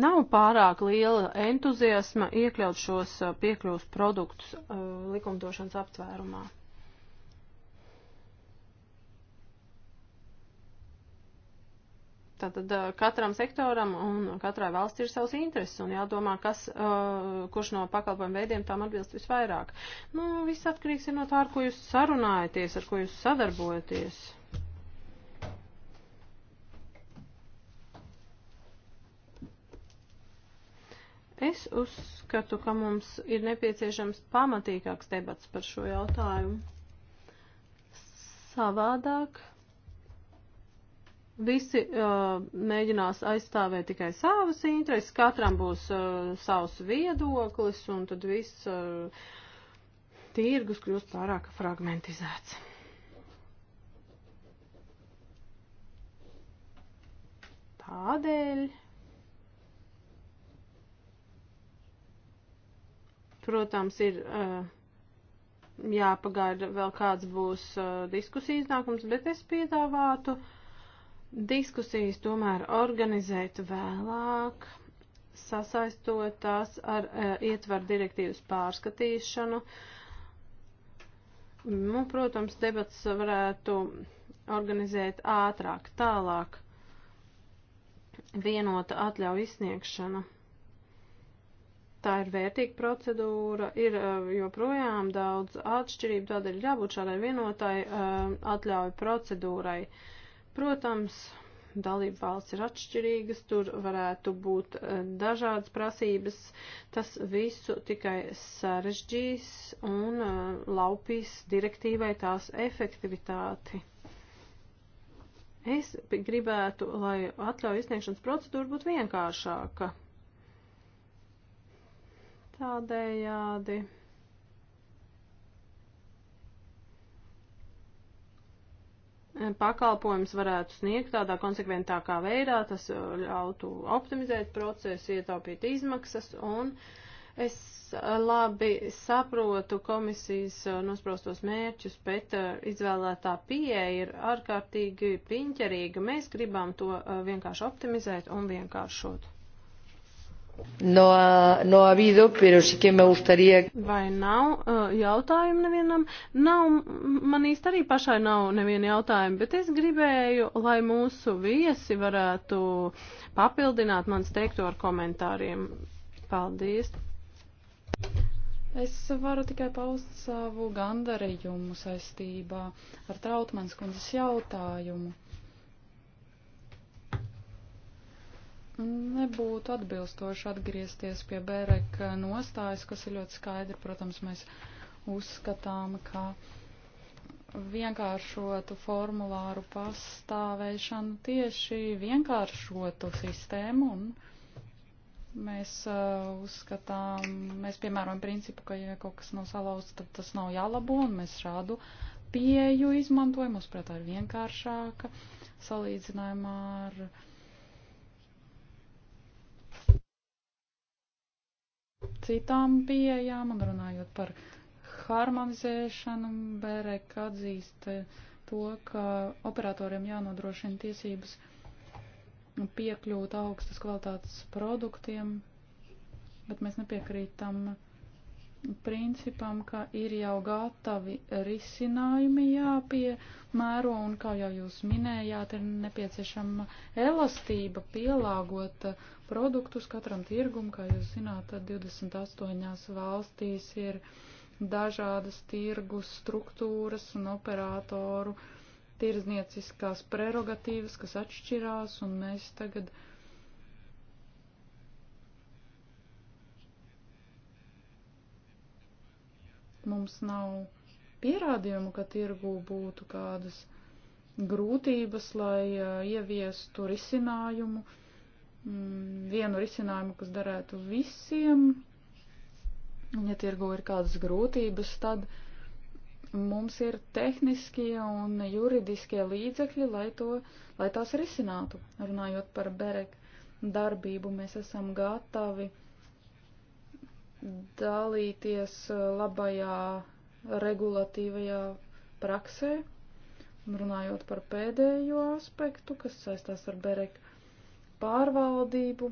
Nav pārāk liela entuziasma iekļaut šos uh, piekļuvs produktus uh, likumdošanas aptvērumā. Tātad katram sektoram un katrai valsts ir savs intereses un jādomā, kas, uh, kurš no pakalpojumu veidiem tam atbilst visvairāk. Nu, viss atkarīgs ir no tā, ar ko jūs sarunājaties, ar ko jūs sadarbojaties. Es uzskatu, ka mums ir nepieciešams pamatīgāks debats par šo jautājumu. Savādāk Visi uh, mēģinās aizstāvēt tikai savas intereses, katram būs uh, savs viedoklis, un tad viss uh, tirgus kļūst pārāk fragmentizēts. Tādēļ, protams, ir uh, jāpagaida vēl kāds būs uh, diskusijas nākums, bet es piedāvātu uh, Diskusijas tomēr organizēt vēlāk, sasaistot tās ar uh, e, ietvaru direktīvas pārskatīšanu. Nu, protams, debats varētu organizēt ātrāk, tālāk vienota atļauja izsniegšana. Tā ir vērtīga procedūra, ir e, joprojām daudz atšķirību, tādēļ jābūt šādai vienotai e, atļauju procedūrai. Uh, Protams, dalību valsts ir atšķirīgas, tur varētu būt e, dažādas prasības. Tas visu tikai sarežģīs un e, laupīs direktīvai tās efektivitāti. Es gribētu, lai atļauju izsniegšanas procedūra būtu vienkāršāka. Tādējādi E, pakalpojums varētu sniegt tādā konsekventākā veidā, tas e, ļautu optimizēt procesu, ietaupīt izmaksas un es e, labi saprotu komisijas nospraustos mērķus, bet izvēlētā pieeja ir ārkārtīgi piņķerīga. Mēs gribam to vienkārši optimizēt un vienkāršot. No, no habido, pero sí que me gustaría. Vai nav uh, jautājumu nevienam? Nav, man īsti arī pašai nav neviena jautājuma, bet es gribēju, lai mūsu viesi varētu papildināt mans teikto ar komentāriem. Paldies! Es varu tikai paust savu gandarījumu saistībā ar Trautmanskundzes jautājumu. Nebūtu atbilstoši atgriezties pie Bereka nostājas, kas ir ļoti skaidri. Protams, mēs uzskatām, ka vienkāršotu formulāru pastāvēšanu tieši vienkāršotu sistēmu un mēs uh, uzskatām, mēs piemērojam principu, ka ja kaut kas nav salauzts, tad tas nav jālabo un mēs šādu pieju izmantojam, uzpratā ir vienkāršāka salīdzinājumā ar. Uh, citām pieejām un runājot par harmonizēšanu, Bērek atzīst to, ka operatoriem jānodrošina tiesības piekļūt augstas kvalitātes produktiem, bet mēs nepiekrītam principam, ka ir jau gatavi risinājumi jāpiemēro, un kā jau jūs minējāt, ir nepieciešama elastība pielāgot produktus katram tirgum, kā jūs zināt, 28 valstīs ir dažādas tirgus struktūras un operātoru tirznieciskās prerogatīvas, kas atšķirās, un mēs tagad uh, mums nav pierādījumu, ka tirgū būtu kādas grūtības, lai ieviestu risinājumu, mm, vienu risinājumu, kas darētu visiem. Un, ja tirgū ir kādas grūtības, tad mums ir tehniskie un juridiskie līdzekļi, lai, to, lai tās risinātu. Runājot par Berek darbību, mēs esam gatavi uh, dalīties eh, labajā regulatīvajā praksē. Un runājot par pēdējo aspektu, kas saistās ar Bereka pārvaldību,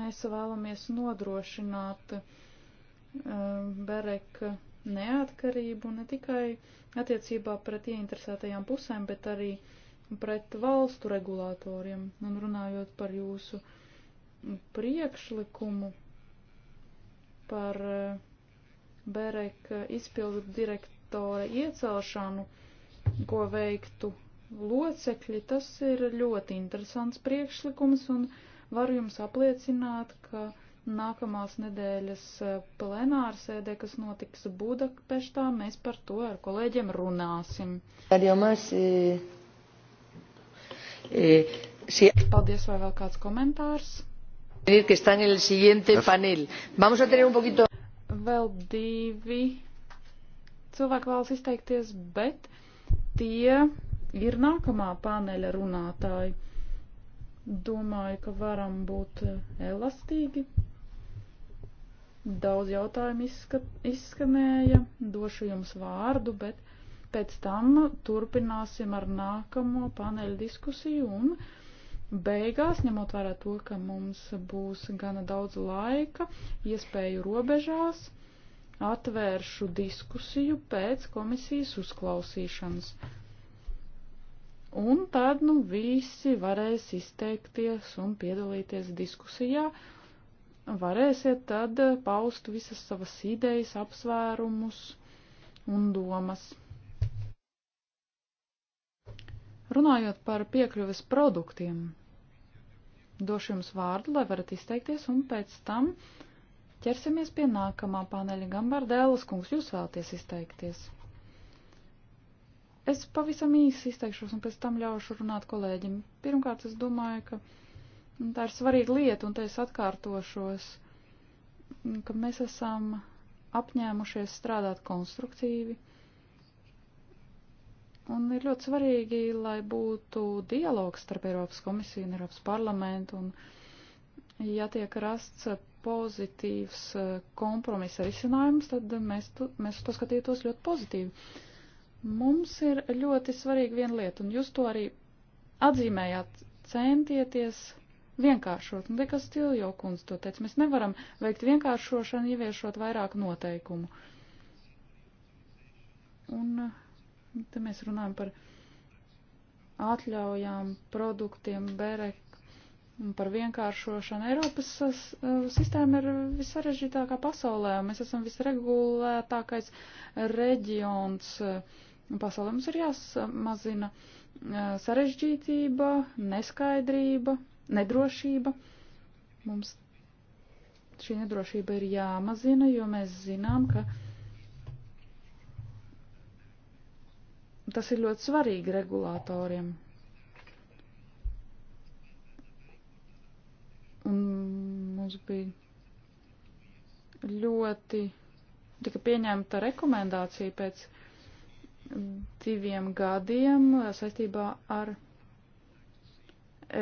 mēs vēlamies nodrošināt eh, Bereka neatkarību ne tikai attiecībā pret ieinteresētajām pusēm, bet arī pret valstu regulātoriem. Un runājot par jūsu uh, priekšlikumu par eh, Bereka eh, izpildu direktora iecelšanu, ko veiktu locekļi, tas ir ļoti interesants priekšlikums un varu jums apliecināt, ka nākamās nedēļas eh, plenārsēdē, kas notiks Budapeštā, mēs par to ar kolēģiem runāsim. Paldies, vai vēl kāds komentārs? que está en el siguiente panel. Vamos a tener un poquito. Vēl divi cilvēki vēlas izteikties, bet tie ir nākamā paneļa runātāji. Domāju, ka varam būt elastīgi. Daudz jautājumu izskat, izskanēja, došu jums vārdu, bet pēc tam turpināsim ar nākamo paneļa diskusiju un beigās, ņemot vērā to, ka mums būs gana daudz laika, iespēju robežās, atvēršu diskusiju pēc komisijas uzklausīšanas. Un tad, nu, visi varēs izteikties un piedalīties diskusijā. Varēsiet tad paust visas savas idejas, apsvērumus un domas. Runājot par piekļuves produktiem, došu jums vārdu, lai varat izteikties, un pēc tam ķersimies pie nākamā paneļa. Gambardēlas kungs, jūs vēlaties izteikties? Es pavisam īsi izteikšos, un pēc tam ļaušu runāt kolēģim. Pirmkārt, es domāju, ka tā ir svarīga lieta, un te es atkārtošos, ka mēs esam apņēmušies strādāt konstruktīvi Un ir ļoti svarīgi, lai būtu dialogs starp Eiropas komisiju un Eiropas parlamentu, un ja tiek rasts pozitīvs e, kompromisa risinājums, tad mēs, tu, mēs to skatītos ļoti pozitīvi. Mums ir ļoti svarīga viena lieta, un jūs to arī atzīmējāt, centieties vienkāršot, un tikai Stiljo kundze to teica, mēs nevaram veikt vienkāršošanu, ieviešot vairāk noteikumu. Un, uh, Te mēs runājam par atļaujām, produktiem, bērek un par vienkāršošanu. Eiropas e, sistēma ir visarežģītākā pasaulē, un mēs esam visregulētākais reģions e, pasaulē. Mums ir jāsamazina e, sarežģītība, neskaidrība, nedrošība. Mums šī nedrošība ir jāmazina, jo mēs zinām, ka tas ir ļoti svarīgi regulātoriem. Un mums bija ļoti, tika pieņemta rekomendācija pēc diviem gadiem saistībā ar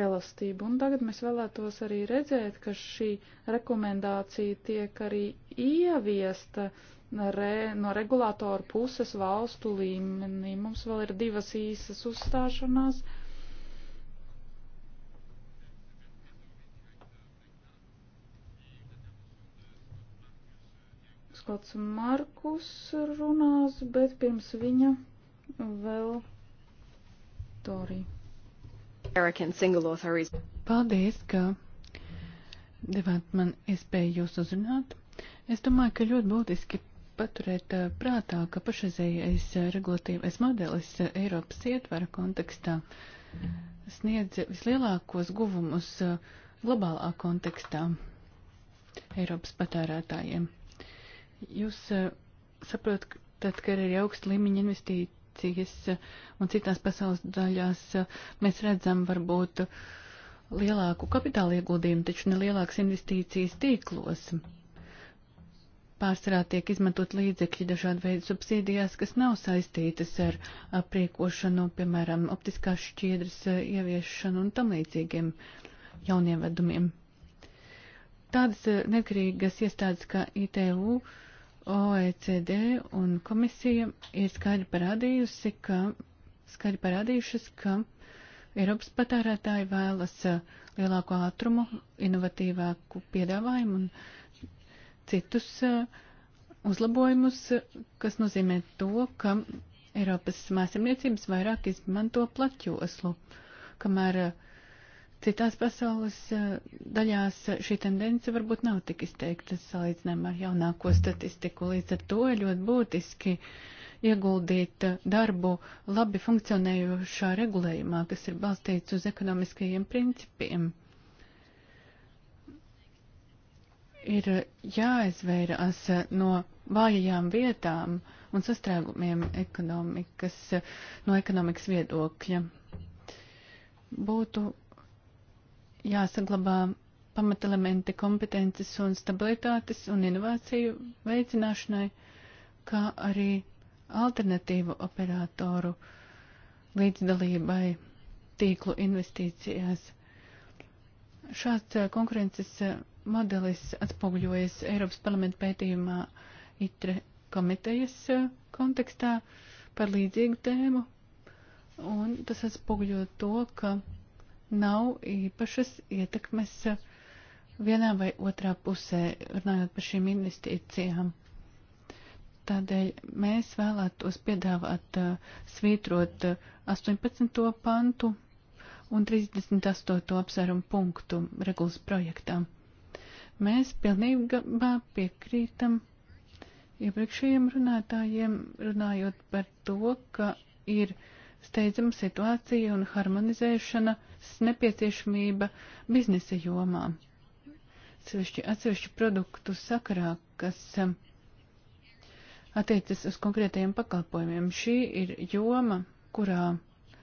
elastību. Un tagad mēs vēlētos arī redzēt, ka šī rekomendācija tiek arī ieviesta uh, re, no regulātoru puses valstu līmenī. Mums vēl ir divas īsas uzstāšanās. Skots Markus runās, bet pirms viņa vēl Torija. Paldies, ka devāt man iespēju jūs uzrunāt. Es domāju, ka ļoti būtiski paturēt eh, prātā, ka pašreizējais eh, regulatīvais modelis eh, Eiropas ietvara kontekstā sniedz vislielākos guvumus globālā kontekstā Eiropas patērētājiem. Jūs saprotat, ka ir arī augsta līmeņa investīcijas un citās pasaules daļās mēs redzam varbūt lielāku kapitāla ieguldījumu, taču ne lielākas investīcijas tīklos pārsvarā tiek izmantot līdzekļi dažādu veidu subsīdijās, kas nav saistītas ar apriekošanu, piemēram, optiskās šķiedras eh, ieviešanu un tam līdzīgiem jauniem vedumiem. Tādas eh, neatkarīgas iestādes kā ITU, OECD un komisija ir skaidri parādījusi, ka, skaidri parādījušas, ka Eiropas patērētāji vēlas eh, lielāku ātrumu, inovatīvāku piedāvājumu un citus eh, uzlabojumus, kas nozīmē to, ka Eiropas mājasemniecības vairāk izmanto plaķoslu, kamēr eh, citās pasaules eh, daļās šī tendence varbūt nav tik izteikta salīdzinājumā ar jaunāko statistiku. Līdz ar to ir ļoti būtiski ieguldīt darbu labi funkcionējošā regulējumā, kas ir balstīts uz ekonomiskajiem principiem. ir jāizvairās no vājajām vietām un sastrēgumiem ekonomikas, no ekonomikas viedokļa. Būtu jāsaglabā pamatelementi kompetences un stabilitātes un inovāciju veicināšanai, kā arī alternatīvu operatoru līdzdalībai tīklu investīcijās. Šāds konkurences modelis atspoguļojas Eiropas parlamenta pētījumā ITRE komitejas eh, kontekstā par līdzīgu tēmu, un tas atspoguļo to, ka nav īpašas ietekmes eh, vienā vai otrā pusē, runājot par šīm investīcijām. Tādēļ mēs vēlētos piedāvāt eh, svītrot 18. pantu un 38. apsvērumu punktu regulas projektām. Mēs pilnībā piekrītam iepriekšējiem runātājiem, runājot par to, ka ir steidzama situācija un harmonizēšanas nepieciešamība biznesa jomā. Sevišķi atsevišķu produktu sakarā, kas attiecas uz konkrētajiem pakalpojumiem. Šī ir joma, kurā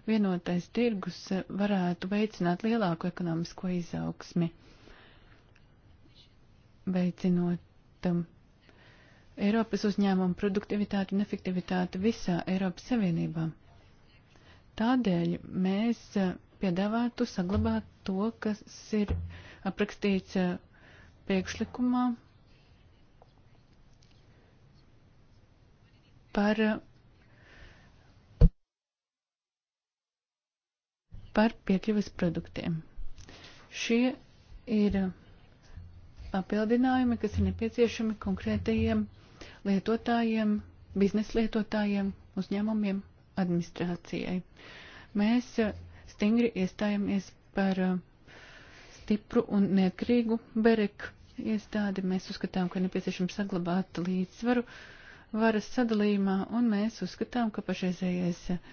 vienotais tirgus varētu veicināt lielāku ekonomisko izaugsmi veicinot um, Eiropas uzņēmumu produktivitāti un efektivitāti visā Eiropas Savienībā. Tādēļ mēs uh, piedāvātu saglabāt to, kas ir aprakstīts uh, priekšlikumā par, uh, par piekļuves produktiem. Šie ir uh, papildinājumi, kas ir nepieciešami konkrētajiem lietotājiem, bizneslietotājiem, uzņēmumiem, administrācijai. Mēs eh, stingri iestājamies par eh, stipru un neatkarīgu bereku iestādi. Mēs uzskatām, ka nepieciešams saglabāt līdzsvaru varas sadalījumā, un mēs uzskatām, ka pašreizējais eh,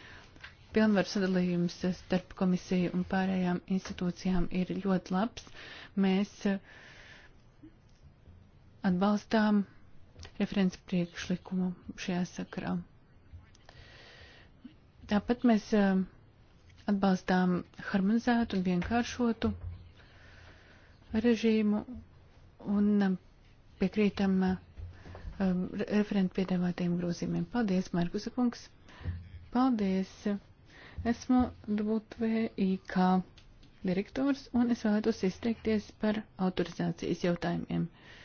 pilnvaru sadalījums starp komisiju un pārējām institūcijām ir ļoti labs. Mēs uh, atbalstām referents priekšlikumu šajā sakarā. Tāpat mēs atbalstām harmonizētu un vienkāršotu režīmu un piekrītam referentu piedāvātiem grozījumiem. Paldies, Markusa kungs! Paldies! Esmu WIK direktors un es vēlētos izteikties par autorizācijas jautājumiem. Uh,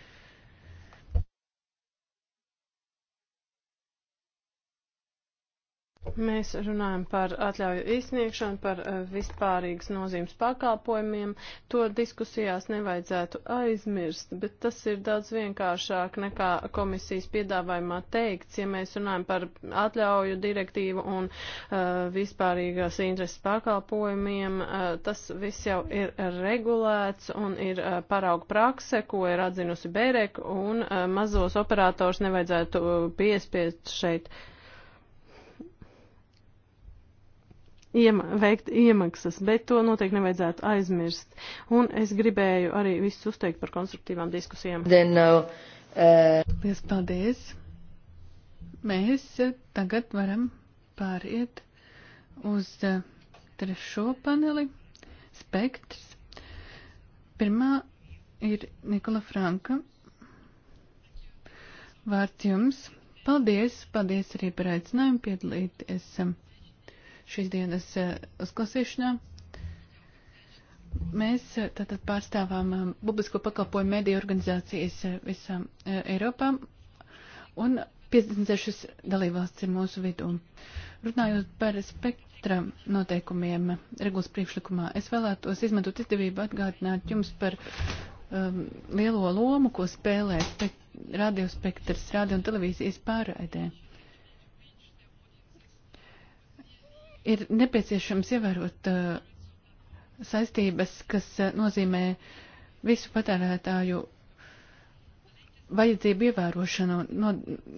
Mēs runājam par atļauju izsniegšanu, par eh, vispārīgas nozīmes pakalpojumiem. To diskusijās nevajadzētu aizmirst, bet tas ir daudz vienkāršāk nekā komisijas piedāvājumā teikts. Ja mēs runājam par atļauju direktīvu un uh, vispārīgās intereses pakalpojumiem, uh, tas viss jau ir regulēts un ir uh, parauga prakse, ko ir atzinusi Bērek, un uh, mazos operators nevajadzētu uh, piespiest šeit. Uh, iema veikt iemaksas, bet to noteikti nevajadzētu aizmirst. Un es gribēju arī visus uzteikt par konstruktīvām diskusijām. Then, no, uh... uh Lies paldies! Mēs tagad varam pāriet uz uh, trešo paneli - spektrs. Pirmā ir Nikola Franka. Vārds jums. Paldies, paldies arī par aicinājumu piedalīties. Um, šīs dienas eh, uzklausīšanā. Mēs eh, tātad pārstāvām eh, publisko pakalpojumu mediju organizācijas visā Eiropā un 56 dalībvalsts ir mūsu vidū. Runājot par spektra noteikumiem regulas priekšlikumā, es vēlētos izmantot izdevību atgādināt jums par um, lielo lomu, ko spēlē spekt radio spektrs radio un televīzijas pārraidē. Uh, Ir nepieciešams ievērot uh, saistības, kas uh, nozīmē visu patērētāju vajadzību ievērošanu,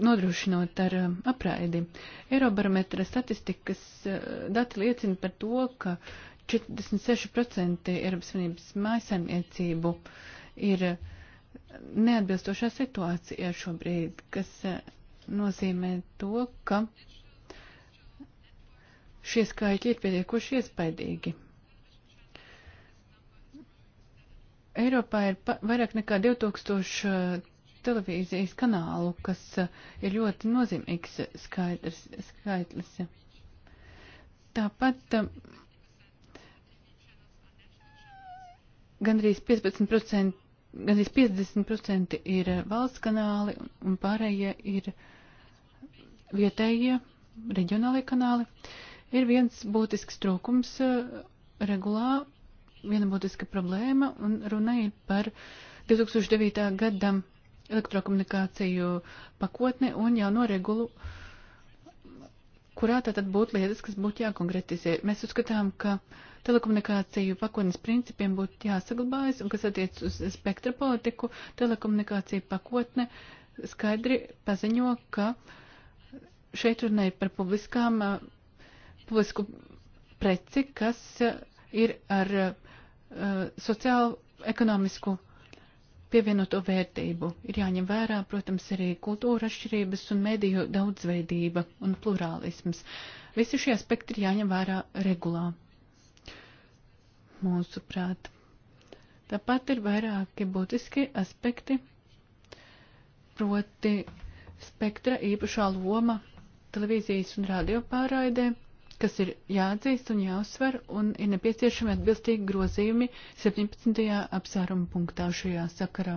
nodrošinot ar um, apraidi. Eirobarometra statistikas uh, dati liecina par to, ka 46% Eiropas Savienības mājasemniecību ir neatbilstošā situācijā šobrīd, kas nozīmē to, ka Šie skaitļi ir pietiekoši iespaidīgi. Eiropā ir vairāk nekā 2000 uh, televīzijas kanālu, kas uh, ir ļoti nozīmīgs skaidrs, skaitlis. Tāpat um, gandrīz 15%, gandrīz 50% ir uh, valsts kanāli un pārējie ir vietējie reģionālie kanāli. Uh, Ir viens būtisks trūkums eh, regulā, viena būtiska problēma, un runa ir par 2009. gada elektrokomunikāciju pakotni un jauno regulu, kurā tātad būtu lietas, kas būtu jākonkretizē. Mēs uzskatām, ka telekomunikāciju pakotnes principiem būtu jāsaglabājas, un kas attiec uz spektra politiku, telekomunikācija pakotne skaidri paziņo, ka šeit runa ir par publiskām eh, publisku preci, kas uh, ir ar uh, sociālu ekonomisku pievienoto vērtību. Ir jāņem vērā, protams, arī kultūra atšķirības un mediju daudzveidība un plurālisms. Visi šie aspekti ir jāņem vērā regulā. Mūsuprāt. Tāpat ir vairāki būtiski aspekti, proti spektra īpašā loma televīzijas un radio pārraidē, kas ir jāatzīst un jāuzsver, un ir nepieciešami atbilstīgi grozījumi 17. apsāruma punktā šajā sakarā.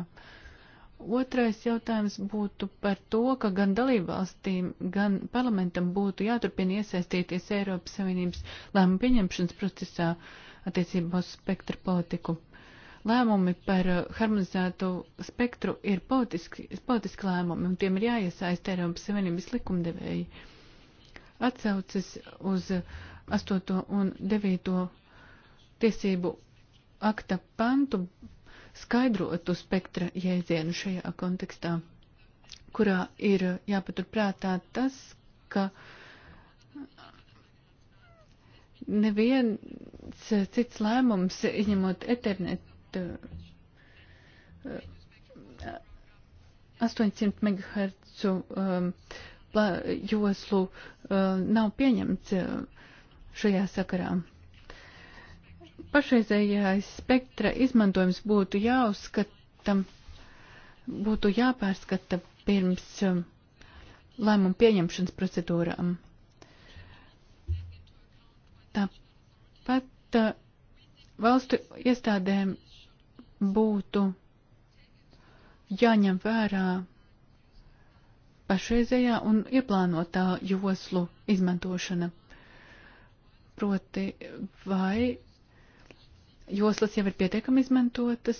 Otrais jautājums būtu par to, ka gan dalībvalstīm, gan parlamentam būtu jāturpina iesaistīties Eiropas Savienības lēmumu pieņemšanas procesā attiecībā uz spektra politiku. Lēmumi par uh, harmonizētu spektru ir politiski, politiski lēmumi, un tiem ir jāiesaist Eiropas Savienības likumdevēji. Uh, atsaucas uz 8. un 9. tiesību akta pantu skaidrotu spektra jēdzienu šajā kontekstā, kurā ir jāpaturprātā tas, ka neviens cits lēmums, izņemot Ethernet 800 MHz um, joslu uh, nav pieņemts uh, šajā sakarā. Pašreizējais spektra izmantojums būtu jāuzskata, būtu jāpārskata pirms uh, lēmumu pieņemšanas procedūrām. Tāpat valstu iestādēm būtu jāņem vērā pašreizējā un ieplānotā joslu izmantošana. Proti, vai joslas jau ir pietiekami izmantotas,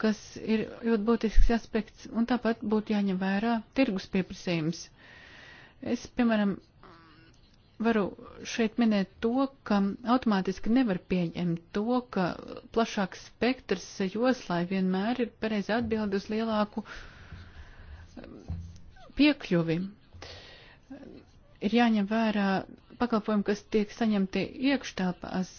kas ir ļoti būtisks aspekts, un tāpat būtu jāņem vērā tirgus pieprasījums. Es, piemēram, varu šeit minēt to, ka automātiski nevar pieņemt to, ka plašāks spektrs joslai vienmēr ir pareizi atbildi uz lielāku uh, piekļuvi, ir jāņem vērā pakalpojumi, kas tiek saņemti iekštāpās,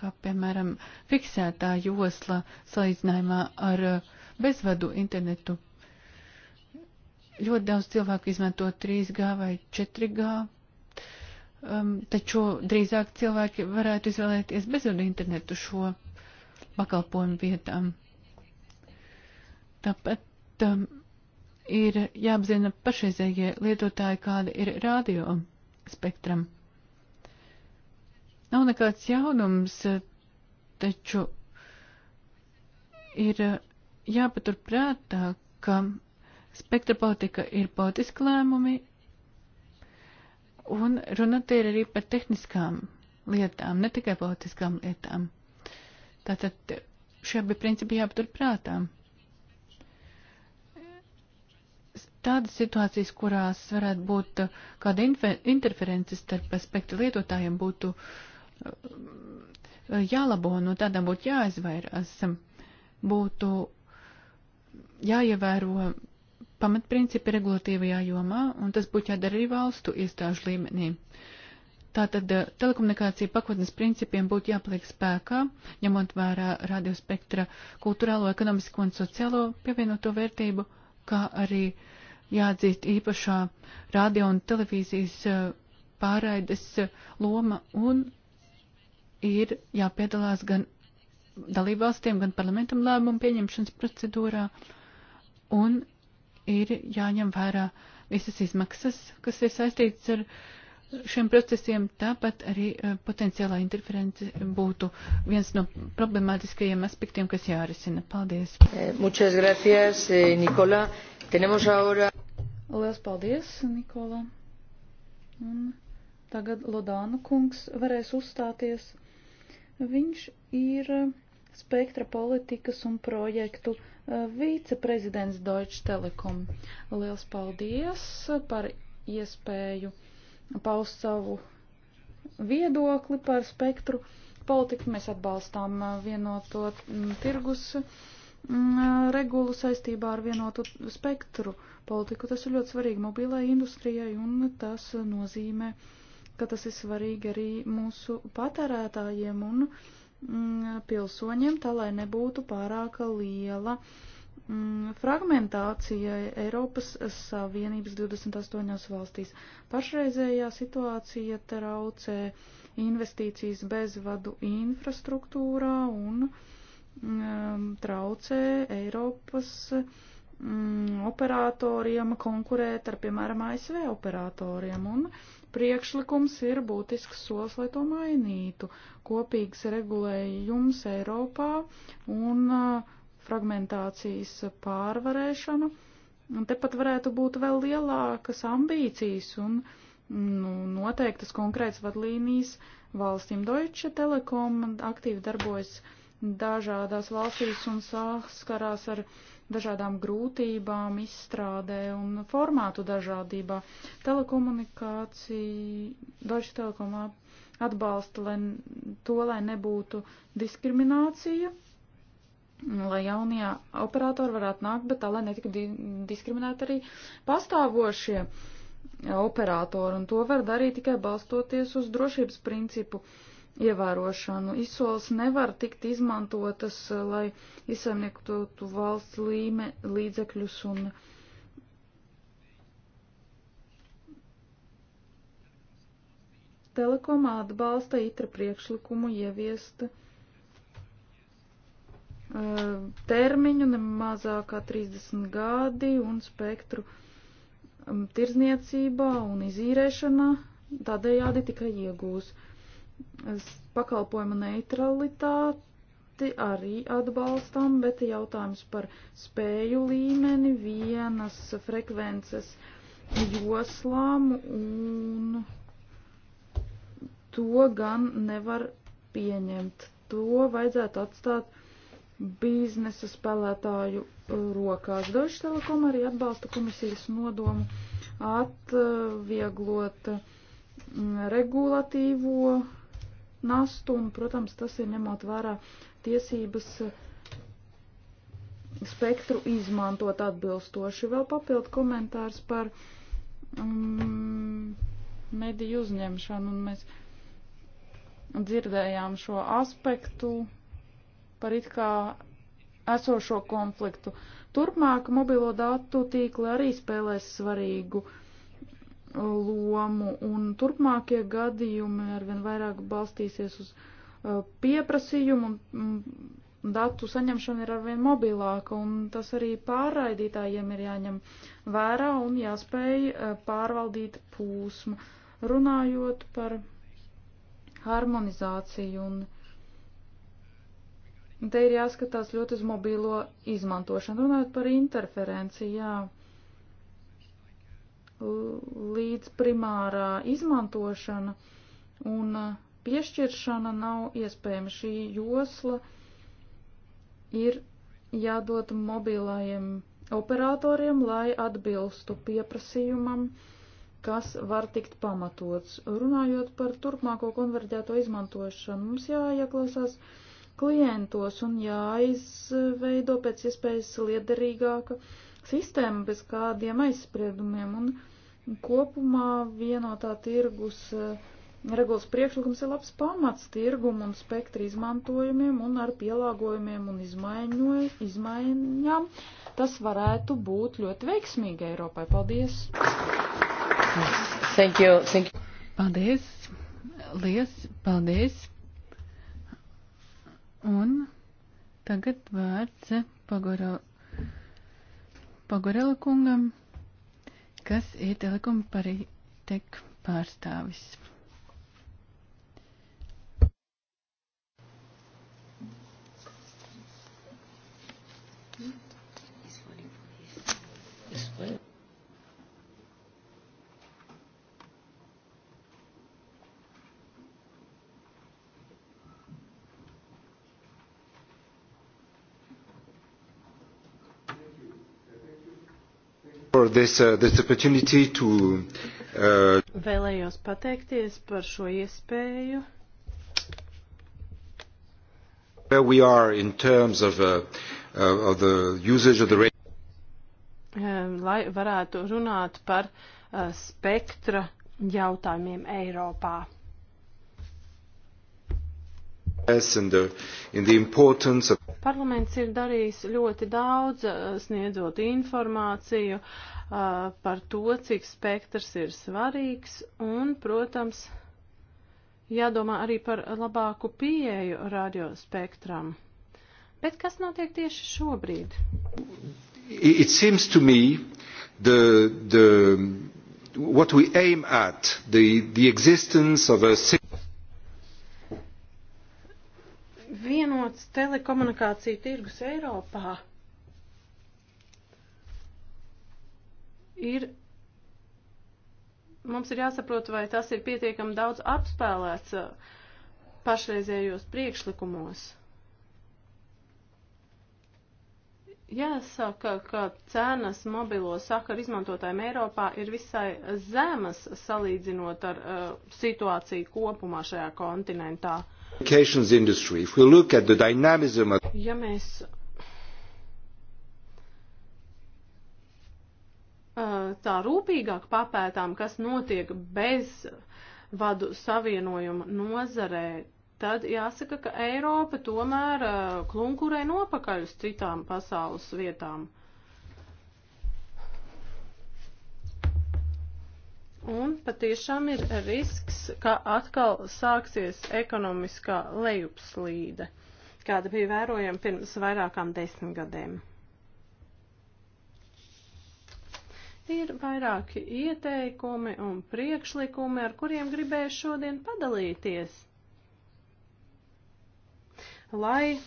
kā piemēram fiksētā josla salīdzinājumā ar uh, bezvadu internetu. Ļoti daudz cilvēku izmanto 3G vai 4G, um, taču drīzāk cilvēki varētu izvēlēties bezvadu internetu šo pakalpojumu vietām. Tāpat um, ir jāapzina pašreizējie lietotāji, kāda ir radio spektram. Nav nekāds jaunums, taču ir jāpaturprātā, ka spektra politika ir politiski lēmumi, un runa te ir arī par tehniskām lietām, ne tikai politiskām lietām. Tātad šie abi principi jāpatur prātām. tādas situācijas, kurās varētu būt uh, kāda interferences starp spektra lietotājiem būtu uh, jālabo, no tādām būtu jāizvairās, būtu jāievēro pamatprincipi regulatīvajā jomā, un tas būtu jādara arī valstu iestāžu līmenī. Tātad uh, telekomunikācija pakotnes principiem būtu jāpaliek spēkā, ņemot vērā radiospektra kultūrālo, ekonomisko un sociālo pievienoto vērtību, kā arī uh, jāatzīst īpašā radio un televīzijas eh, pārraides eh, loma un ir jāpiedalās gan dalībvalstiem, gan parlamentam lēmumu pieņemšanas procedūrā un ir jāņem vērā visas izmaksas, kas ir saistītas ar uh, šiem procesiem, tāpat arī eh, potenciālā interference būtu viens no problemātiskajiem aspektiem, kas jārisina. Paldies. Eh, muchas gracias, eh, Nikola. Tenemos ahora. Lielas paldies, Nikola. Un tagad Lodānu kungs varēs uzstāties. Viņš ir spektra politikas un projektu viceprezidents Deutsche Telekom. Lielas paldies par iespēju paust savu viedokli par spektru politiku. Mēs atbalstām vienoto tirgus regulu saistībā ar vienotu spektru politiku. Tas ir ļoti svarīgi mobilai industrijai un tas nozīmē, ka tas ir svarīgi arī mūsu patērētājiem un pilsoņiem, tā lai nebūtu pārāk liela uh, Mm, fragmentācija Eiropas Savienības 28 valstīs. Pašreizējā situācija traucē investīcijas bezvadu infrastruktūrā un um, traucē Eiropas um, operatoriem konkurēt ar, piemēram, ASV operatoriem. Un priekšlikums ir būtisks solis, lai to mainītu. Kopīgs regulējums Eiropā un uh, fragmentācijas pārvarēšanu. Un tepat varētu būt vēl lielākas ambīcijas un nu, noteiktas konkrētas vadlīnijas valstīm. Deutsche Telekom aktīvi darbojas dažādās valstīs un saskarās ar dažādām grūtībām, izstrādē un formātu dažādībā. Telekomunikācija, Deutsche Telekom atbalsta, lai to, lai nebūtu diskriminācija lai jaunie operatori varētu nākt, bet tā, lai netika di diskriminēti arī pastāvošie operatori, un to var darīt tikai balstoties uz drošības principu ievērošanu. Izsoles nevar tikt izmantotas, eh, lai izsaimniekotu valsts līme līdzekļus un. Telekomā atbalsta itra priekšlikumu ieviest. Ja Eh, termiņu, ne mazākā 30 gadi un spektru mm, tirzniecībā un izīrēšanā, tādējādi tikai iegūs. Pakalpojuma neutralitāti arī atbalstam, bet jautājums par spēju līmeni vienas frekvences joslām un to gan nevar pieņemt. To vajadzētu atstāt biznesa spēlētāju uh, rokās. Deutsche Telekom arī atbalsta komisijas nodomu atvieglot mm, regulatīvo nastu, un, protams, tas ir ņemot vērā tiesības spektru izmantot atbilstoši. Vēl papildu komentārs par mm, mediju uzņemšanu, un mēs dzirdējām šo aspektu par it kā esošo konfliktu. Turpmāk mobilo datu tīkli arī spēlēs svarīgu lomu, un turpmākie gadījumi arvien vairāk balstīsies uz uh, pieprasījumu, un datu saņemšana ir arvien mobilāka, un tas arī pārraidītājiem ir jāņem vērā un jāspēj uh, pārvaldīt plūsmu. Runājot par harmonizāciju un Un te ir jāskatās ļoti uz mobīlo izmantošanu. Runājot par interferenci, jā, līdz primārā izmantošana un uh, piešķiršana nav iespējama. Šī josla ir jādod mobilajiem operatoriem, lai atbilstu pieprasījumam, kas var tikt pamatots. Runājot par turpmāko konverģēto izmantošanu, mums jāieklausās. Ja klientos un jāizveido pēc iespējas liederīgāka sistēma bez kādiem aizspriedumiem. Un kopumā vienotā tirgus eh, regulas priekšlikums ir labs pamats tirgumu un spektra izmantojumiem un ar pielāgojumiem un izmaiņām. Tas varētu būt ļoti veiksmīgi Eiropai. Paldies! Thank you, thank you. Paldies! Lies, paldies! Un tagad vārds Pagoro, Pagorela kungam, kas ir Telekom Paritek pārstāvis. This, uh, this to, uh... Vēlējos pateikties par šo iespēju. Where we are in terms of, uh, uh, of the usage of the radio. Um, lai varētu runāt par uh, spektra jautājumiem Eiropā. Uh, Parlaments ir darījis ļoti daudz, uh, sniedzot informāciju uh, par to, cik spektrs ir svarīgs un, protams, jādomā arī par labāku pieeju radiospektram. Bet kas notiek tieši šobrīd? It seems to me the, the, what we aim at, the, the existence of a vienots telekomunikāciju tirgus Eiropā ir mums ir jāsaprot, vai tas ir pietiekami daudz apspēlēts uh, pašreizējos priekšlikumos. Jāsaka, ka cenas mobilo sakaru izmantotājiem Eiropā ir visai zemas salīdzinot ar uh, situāciju kopumā šajā kontinentā. Uh, Ja mēs uh, tā rūpīgāk papētām, kas notiek bez vadu savienojuma nozarē, tad jāsaka, ka Eiropa tomēr uh, klunkurē nopakaļ uz citām pasaules vietām. Un patiešām ir risks, ka atkal sāksies ekonomiskā lejupslīde, kāda bija vērojama pirms vairākām desmitgadēm. ir vairāki ieteikumi un priekšlikumi, ar kuriem gribēju šodien padalīties. Lai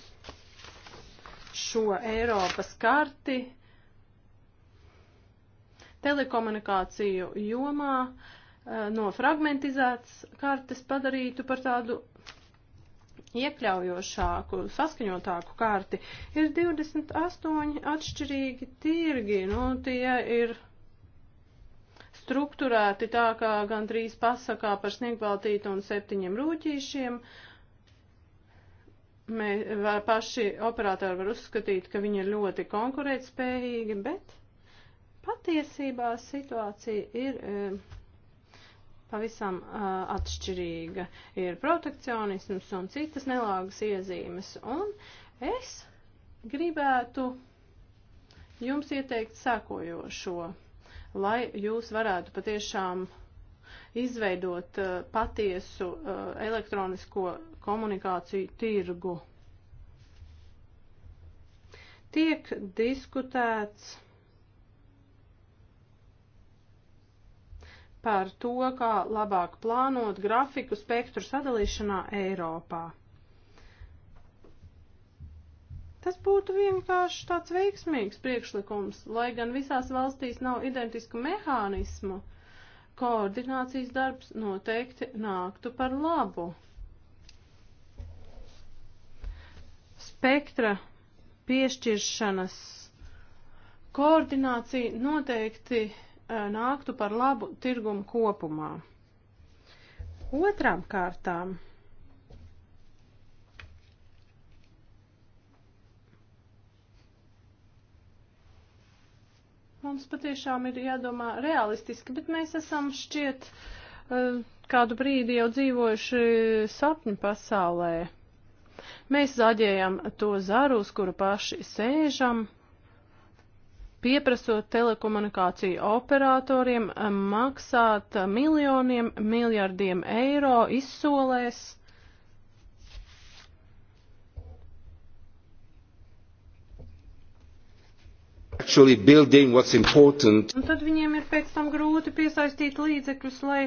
šo Eiropas karti telekomunikāciju jomā eh, no fragmentizētas kartes padarītu par tādu iekļaujošāku, saskaņotāku karti. Ir 28 atšķirīgi tirgi, nu tie ir strukturēti tā kā gandrīz pasakā par sniegbaltītu un septiņiem rūķīšiem. Mēs paši operatori var uzskatīt, ka viņi ir ļoti konkurētspējīgi, bet Patiesībā situācija ir eh, pavisam uh, atšķirīga. Ir protekcionisms un citas nelāgas iezīmes. Un es gribētu jums ieteikt sekojošo, lai jūs varētu patiešām izveidot uh, patiesu uh, elektronisko komunikāciju tirgu. Tiek diskutēts par to, kā labāk plānot grafiku spektru sadalīšanā Eiropā. Tas būtu vienkārši tāds veiksmīgs priekšlikums, lai gan visās valstīs nav identisku mehānismu, koordinācijas darbs noteikti nāktu par labu. Spektra piešķiršanas koordinācija noteikti Eh, nāktu par labu tirgumu kopumā. Otrām kārtām. Mums patiešām ir jādomā realistiski, bet mēs esam šķiet eh, kādu brīdi jau dzīvojuši sapņu pasaulē. Mēs zaģējam to zaru, uz kuru paši sēžam pieprasot telekomunikāciju operatoriem eh, maksāt eh, miljoniem, miljardiem eiro izsolēs. Actually building what's important. Un tad viņiem ir pēc tam grūti piesaistīt līdzekļus, lai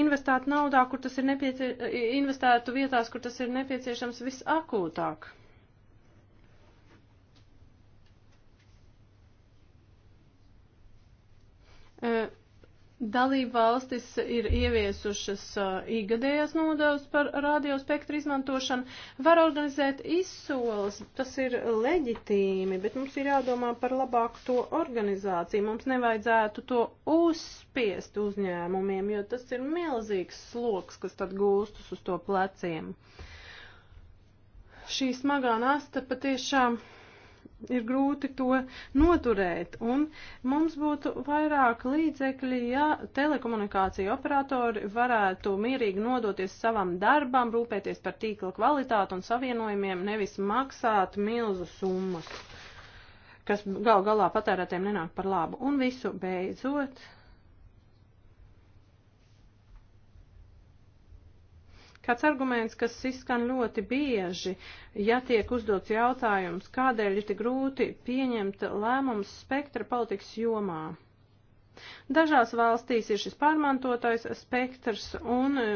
investētu naudā, kur tas ir nepiecie... investētu vietās, kur tas ir nepieciešams visakūtāk. Dalība valstis ir ieviesušas ikgadējās nodevas par radiospektru izmantošanu. Var organizēt izsoles, tas ir leģitīmi, bet mums ir jādomā par labāku to organizāciju. Mums nevajadzētu to uzspiest uzņēmumiem, jo tas ir milzīgs sloks, kas tad gūstas uz to pleciem. Šī smagā nasta patiešām. Uh, ir grūti to noturēt. Un mums būtu vairāk līdzekļi, ja telekomunikācija operatori varētu mierīgi nodoties savam darbam, rūpēties par tīkla kvalitātu un savienojumiem, nevis maksāt milzu summas, kas gal galā patērētiem nenāk par labu. Un visu beidzot Kāds arguments, kas izskan ļoti bieži, ja tiek uzdots jautājums, kādēļ ir tik grūti pieņemt lēmumus spektra politikas jomā. Dažās valstīs ir šis pārmantotais spektrs un, e,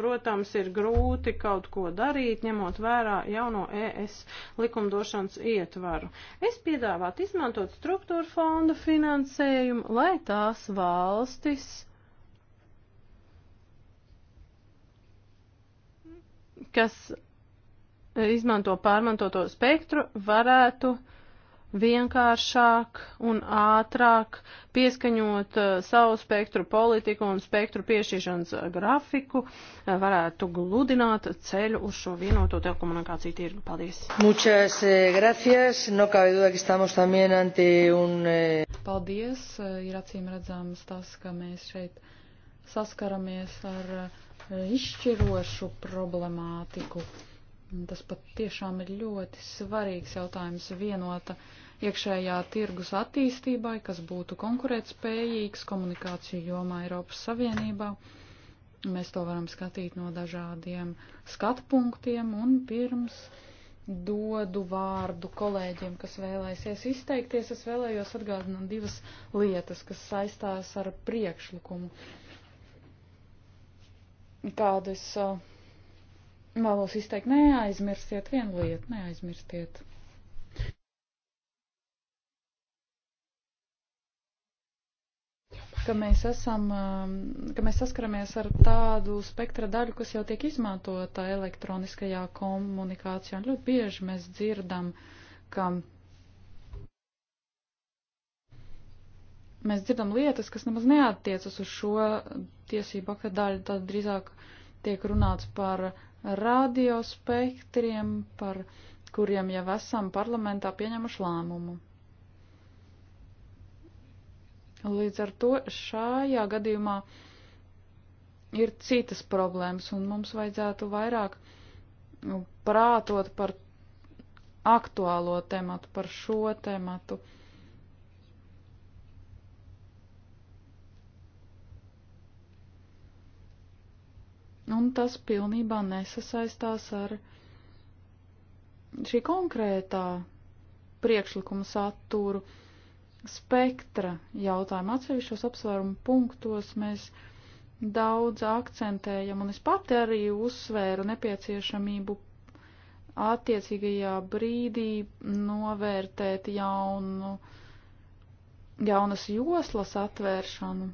protams, ir grūti kaut ko darīt, ņemot vērā jauno ES likumdošanas ietvaru. Es piedāvātu izmantot struktūra fonda finansējumu, lai tās valstis kas e, izmanto pārmantoto spektru, varētu vienkāršāk un ātrāk pieskaņot e, savu spektru politiku un spektru piešķiršanas grafiku, e, varētu gludināt ceļu uz šo vienoto telekomunikāciju tirgu. Paldies! Muchas gracias. No cabe duda, ka estamos también ante un... Paldies! Ir acīm redzams tas, ka mēs šeit saskaramies ar uh, izšķirošu problemātiku. Tas pat tiešām ir ļoti svarīgs jautājums vienota iekšējā tirgus attīstībai, kas būtu konkurētspējīgs komunikāciju jomā Eiropas Savienībā. Mēs to varam skatīt no dažādiem skatu punktiem un pirms dodu vārdu kolēģiem, kas vēlēsies izteikties. Es vēlējos atgādināt divas lietas, kas saistās ar priekšlikumu kādas uh, vēlos izteikt. Neaizmirstiet vienu lietu, neaizmirstiet. Ka mēs, esam, um, ka mēs saskaramies ar tādu spektra daļu, kas jau tiek izmantota elektroniskajā komunikācijā. Ļoti bieži mēs dzirdam, ka mēs dzirdam lietas, kas nemaz neattiecas uz šo tiesību akta daļu, tad drīzāk tiek runāts par radiospektriem, par kuriem jau esam parlamentā pieņemuši lēmumu. Līdz ar to šajā gadījumā ir citas problēmas, un mums vajadzētu vairāk prātot par aktuālo tematu, par šo tematu. Un tas pilnībā nesasaistās ar šī konkrētā priekšlikuma saturu spektra jautājumu. Atsevišķos apsvērumu punktos mēs daudz akcentējam, un es pati arī uzsvēru nepieciešamību attiecīgajā brīdī novērtēt jaunu, jaunas joslas atvēršanu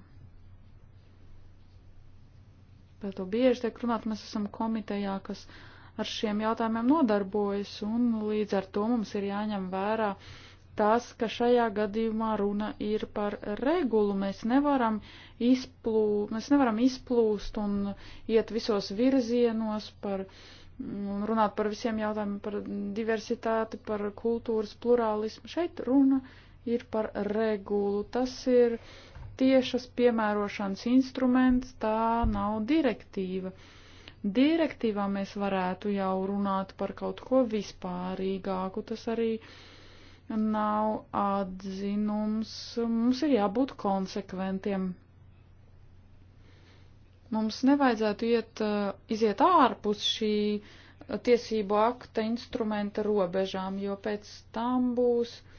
par to bieži tiek runāt, mēs esam komitejā, kas ar šiem jautājumiem nodarbojas, un līdz ar to mums ir jāņem vērā tas, ka šajā gadījumā runa ir par regulu. Mēs nevaram, izplū, mēs nevaram izplūst un iet visos virzienos par runāt par visiem jautājumiem, par diversitāti, par kultūras plurālismu. Šeit runa ir par regulu. Tas ir uh, tiešas piemērošanas instruments, tā nav direktīva. Direktīvā mēs varētu jau runāt par kaut ko vispārīgāku, tas arī nav atzinums, mums ir jābūt konsekventiem. Mums nevajadzētu iet, uh, iziet ārpus šī tiesību akta instrumenta robežām, jo pēc tam būs uh,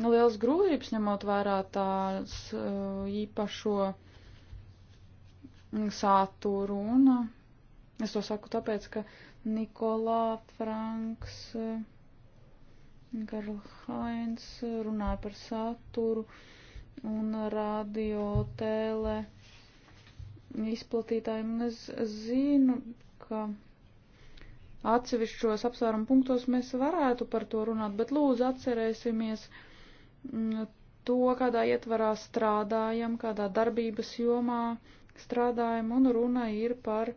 liels grūtības, ņemot vērā tās uh, īpašo saturu. Un uh, es to saku tāpēc, ka Nikolā Franks, Garlhains uh, runāja par saturu un radio tēlē izplatītājiem. Un es zinu, ka atsevišķos apsvērumu punktos mēs varētu par to runāt, bet lūdzu atcerēsimies mm, to, kādā ietvarā strādājam, kādā darbības jomā strādājam, un runa ir par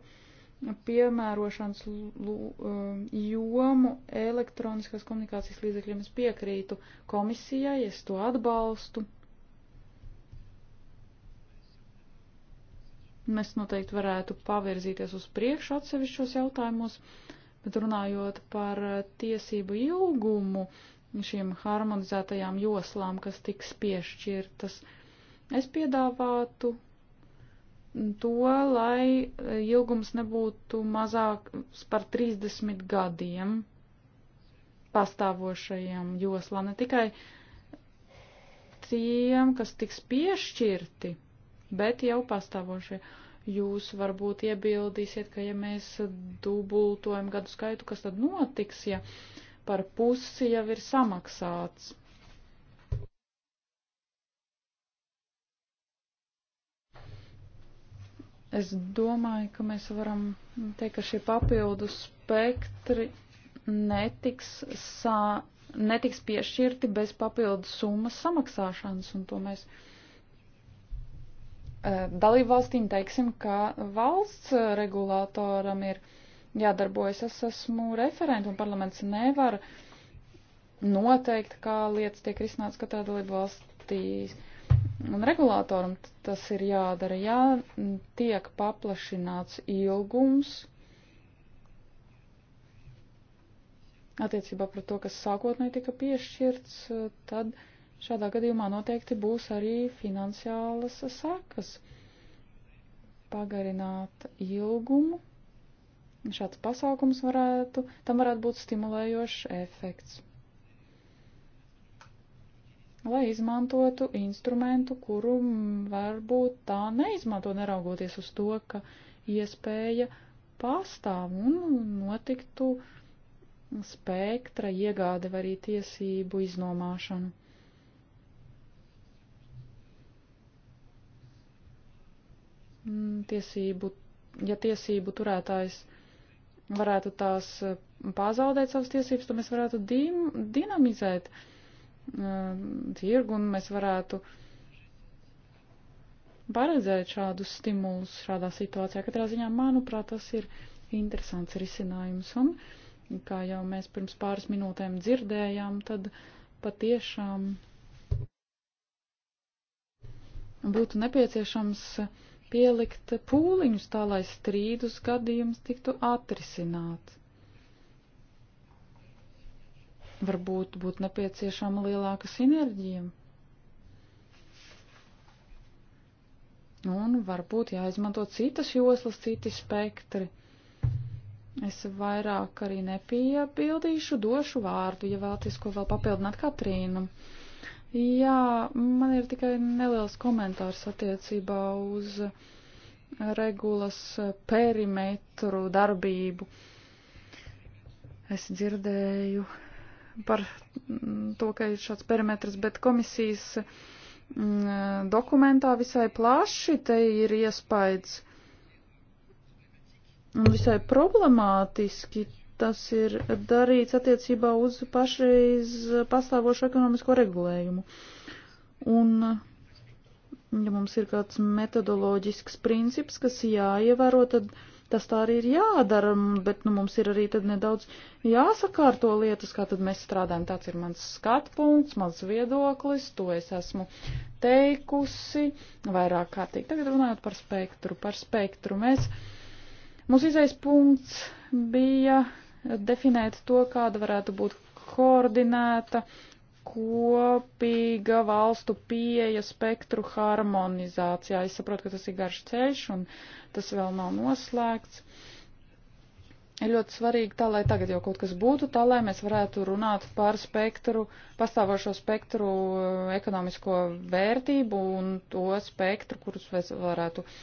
piemērošanas um, jomu elektroniskās komunikācijas līdzekļiem. Es piekrītu komisijai, es to atbalstu. Mēs noteikti varētu pavirzīties uz priekšu atsevišķos jautājumos. Uh, Bet runājot par eh, tiesību ilgumu šīm harmonizētajām joslām, kas tiks piešķirtas, es piedāvātu mm, to, lai eh, ilgums nebūtu mazāks par 30 gadiem pastāvošajiem joslām, ne tikai tiem, kas tiks piešķirti, bet jau pastāvošie. Uh, Jūs varbūt iebildīsiet, ka ja mēs dubultojam gadu skaitu, kas tad notiks, ja par pusi jau ir samaksāts? Es domāju, ka mēs varam teikt, ka šie papildu spektri netiks, sā, netiks piešķirti bez papildu summas samaksāšanas, un to mēs. Uh, Eh, dalību valstīm teiksim, ka valsts eh, regulātoram ir jādarbojas. Es esmu referenti un parlaments nevar noteikt, kā lietas tiek risināts katrā dalību valstīs. Un regulātoram tas ir jādara, ja tiek paplašināts ilgums attiecībā par to, kas sākotnēji tika piešķirts, eh, tad uh, šādā gadījumā noteikti būs arī finansiālas sekas. Pagarināt ilgumu. Šāds pasākums varētu, tam varētu būt stimulējošs efekts. Lai izmantotu instrumentu, kuru varbūt tā neizmanto, neraugoties uz to, ka iespēja pastāv un notiktu spektra iegāde vai arī tiesību iznomāšanu. Mm, tiesību, ja tiesību turētājs varētu tās eh, pazaudēt savas tiesības, tad mēs varētu dim, dinamizēt eh, tirgu un mēs varētu paredzēt šādus stimulus šādā situācijā. Katrā ziņā, manuprāt, tas ir interesants risinājums. Un, kā jau mēs pirms pāris minūtēm dzirdējām, tad patiešām būtu nepieciešams uh, pielikt pūliņus tā, lai strīdus gadījums tiktu atrisināts. Varbūt būtu nepieciešama lielāka sinerģija. Un varbūt jāizmanto citas joslas, citi spektri. Es vairāk arī nepiebildīšu, došu vārdu, ja vēlties ko vēl papildināt Katrīnam. Jā, man ir tikai neliels komentārs attiecībā uz regulas perimetru darbību. Es dzirdēju par to, ka ir šāds perimetrs, bet komisijas mm, dokumentā visai plaši te ir iespējas un visai problemātiski tas ir darīts attiecībā uz pašreiz pastāvošu ekonomisko regulējumu. Un, ja mums ir kāds metodoloģisks princips, kas jāievēro, tad tas tā arī ir jādara, bet nu, mums ir arī tad nedaudz jāsakārto lietas, kā tad mēs strādājam. Tāds ir mans skatpunkts, mans viedoklis, to es esmu teikusi vairāk kārtīgi. Tagad runājot par spektru, par spektru mēs. Mūsu izais punkts bija definēt to, kāda varētu būt koordinēta, kopīga valstu pieeja spektru harmonizācijā. Es saprotu, ka tas ir garš ceļš un tas vēl nav noslēgts. Ir ļoti svarīgi tā, lai tagad jau kaut kas būtu, tā, lai mēs varētu runāt par spektru, pastāvošo spektru eh, ekonomisko vērtību un to spektru, kurus mēs varētu uh,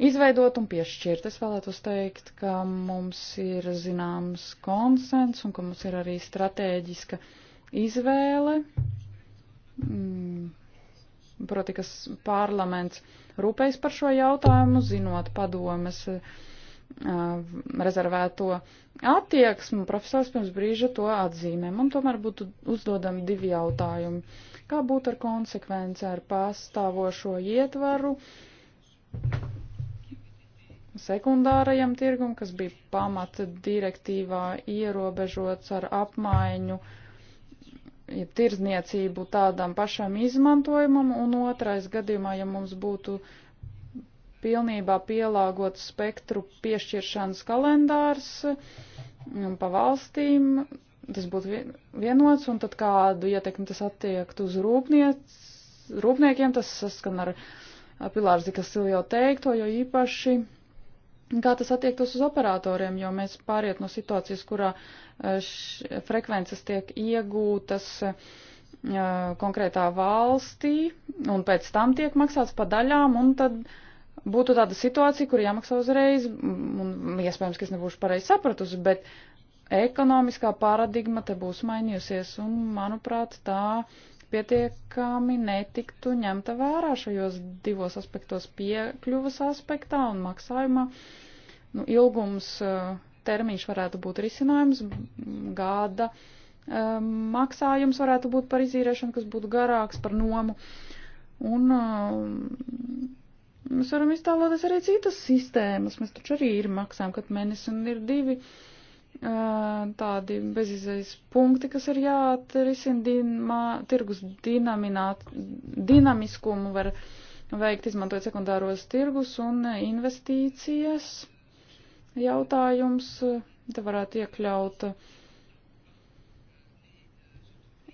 izveidot un piešķirt. Es vēlētos teikt, ka mums ir zināms konsens un ka mums ir arī strateģiska izvēle. Mm. Proti, kas parlaments rūpējas par šo jautājumu, zinot padomes rezervēto attieksmi. Profesors pirms brīža to atzīmē. Man tomēr būtu uzdodami divi jautājumi. Kā būtu ar konsekvenci ar pastāvošo ietvaru? sekundārajam tirgum, kas bija pamata direktīvā ierobežots ar apmaiņu, ja tirzniecību tādam pašam izmantojumam, un otrais gadījumā, ja mums būtu pilnībā pielāgots spektru piešķiršanas kalendārs mm, pa valstīm, tas būtu vienots, un tad kādu ietekmi tas attiekt uz rūpniec, rūpniekiem, tas saskan ar Pilārs Zikas Silvio teikto, jo īpaši kā tas attiektos uz operatoriem, jo mēs pāriet no situācijas, kurā eh, š, frekvences tiek iegūtas uh, konkrētā valstī un pēc tam tiek maksāts pa daļām un tad būtu tāda situācija, kur jāmaksā uzreiz un iespējams, ka es nebūšu pareizi sapratusi, bet ekonomiskā paradigma te būs mainījusies un, manuprāt, tā pietiekami netiktu ņemta vērā šajos divos aspektos - piekļuvas aspektā un maksājumā. Nu, ilgums eh, termiņš varētu būt risinājums, gada eh, maksājums varētu būt par izīrēšanu, kas būtu garāks par nomu. Un eh, mēs varam iztēloties arī citas sistēmas. Mēs taču arī ir maksājumi, kad mēnesi un ir divi. Uh, tādi bezizējas punkti, kas ir jāatrisina dinamā, tirgus dinamināt, dinamiskumu, var veikt izmantojot sekundāros tirgus un investīcijas jautājums. Te varētu iekļaut,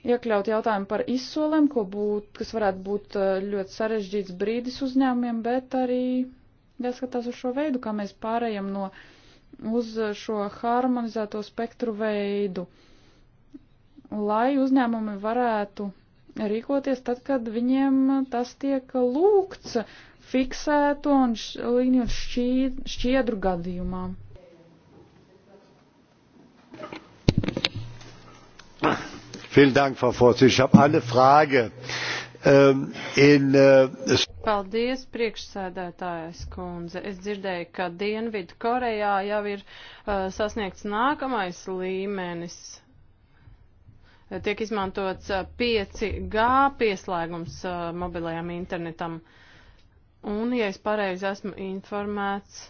iekļaut jautājumu par izsolēm, ko būt, kas varētu būt ļoti sarežģīts brīdis uzņēmumiem, bet arī jāskatās uz šo veidu, kā mēs pārējam no uh, uz šo harmonizēto spektru veidu, lai uzņēmumi varētu rīkoties tad, kad viņiem tas tiek lūgts fiksēto un līniju šķiedru gadījumā. Vielen Dank, Frau Vorsitz. Ich habe eine Frage. Äh, um, in. Uh, Paldies, priekšsēdētājas kundze. Es dzirdēju, ka Dienvidu Korejā jau ir uh, sasniegts nākamais līmenis. Tiek izmantots 5G uh, pieslēgums uh, mobilajam internetam. Un, ja es pareizi esmu informēts,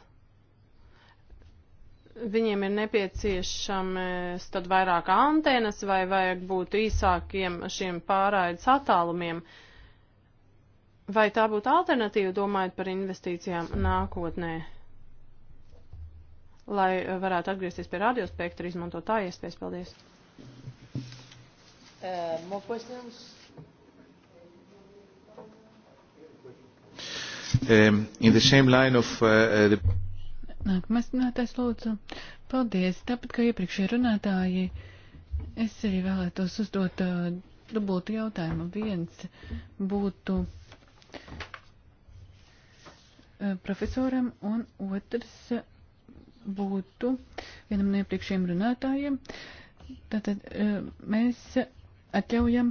Viņiem ir nepieciešamas tad vairāk antenas vai vajag būt īsākiem šiem pārraides attālumiem. Vai tā būtu alternatīva domājot par investīcijām nākotnē? Lai varētu atgriezties pie radiospektra, izmanto tā iespējas. Paldies. Uh, more questions? Um, in the same line of uh, uh the Nākamais runātājs lūdzu. Paldies. Tāpat kā iepriekšējie runātāji, es arī vēlētos uzdot uh, dubultu jautājumu. Viens būtu uh, profesoram un otrs būtu vienam no iepriekšējiem runātājiem. Tātad uh, mēs atļaujam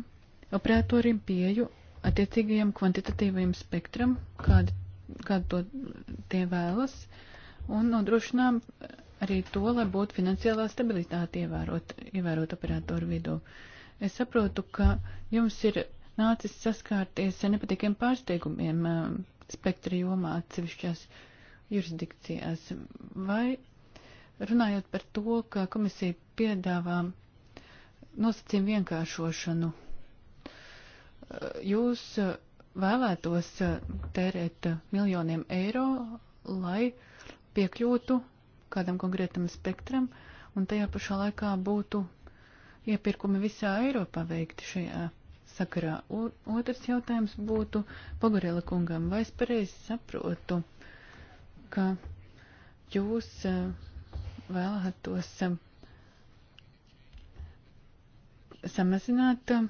operatoriem pieju attiecīgajam kvantitatīvajam spektram, kādu, kādu to tie vēlas. Uh, un nodrošinām arī to, lai būtu finansiālā stabilitāte ievērot, ievērot operatoru vidū. Es saprotu, ka jums ir nācis saskārties ar nepatikiem pārsteigumiem eh, spektra jomā atsevišķās jurisdikcijās. Vai runājot par to, ka komisija piedāvā nosacījumu vienkāršošanu, jūs vēlētos eh, tērēt miljoniem eiro, lai uh, piekļūtu kādam konkrētam spektram, un tajā pašā laikā būtu iepirkumi visā Eiropā veikti šajā sakarā. U, otrs jautājums būtu Pogorela kungam. Vai es pareizi saprotu, ka jūs eh, vēlētos eh, samazināt eh,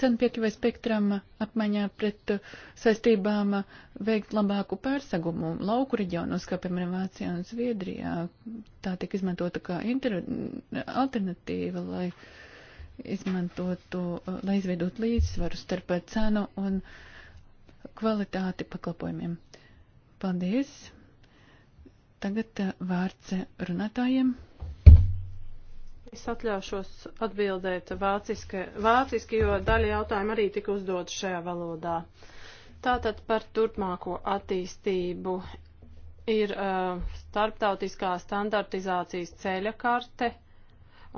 cenu piekļuvai spektram apmaiņā pret uh, saistībām uh, veikt labāku pērsagumu lauku reģionos, kā piemēram Vācijā un Zviedrijā. Tā tika izmantota kā inter... alternatīva, lai izmantotu, uh, lai izveidot līdzsvaru starp cenu un kvalitāti pakalpojumiem. Paldies! Tagad vārds runātājiem. Es atļaušos atbildēt vāciski, vāciski, jo daļa jautājuma arī tika uzdot šajā valodā. Tātad par turpmāko attīstību ir uh, starptautiskā standartizācijas ceļa karte,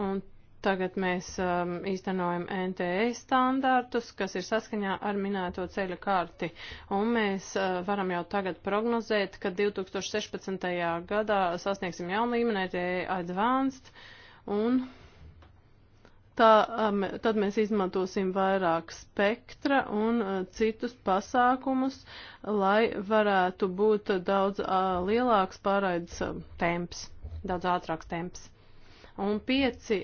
un tagad mēs um, īstenojam NTE standartus, kas ir saskaņā ar minēto ceļa karti, un mēs uh, varam jau tagad prognozēt, ka 2016. gadā sasniegsim jaunu līmeni NTE Advanced. Uh, un tā, um, tad mēs izmantosim vairāk spektra un uh, citus pasākumus, lai varētu būt daudz uh, lielāks pārraides uh, temps, daudz ātrāks temps un 5G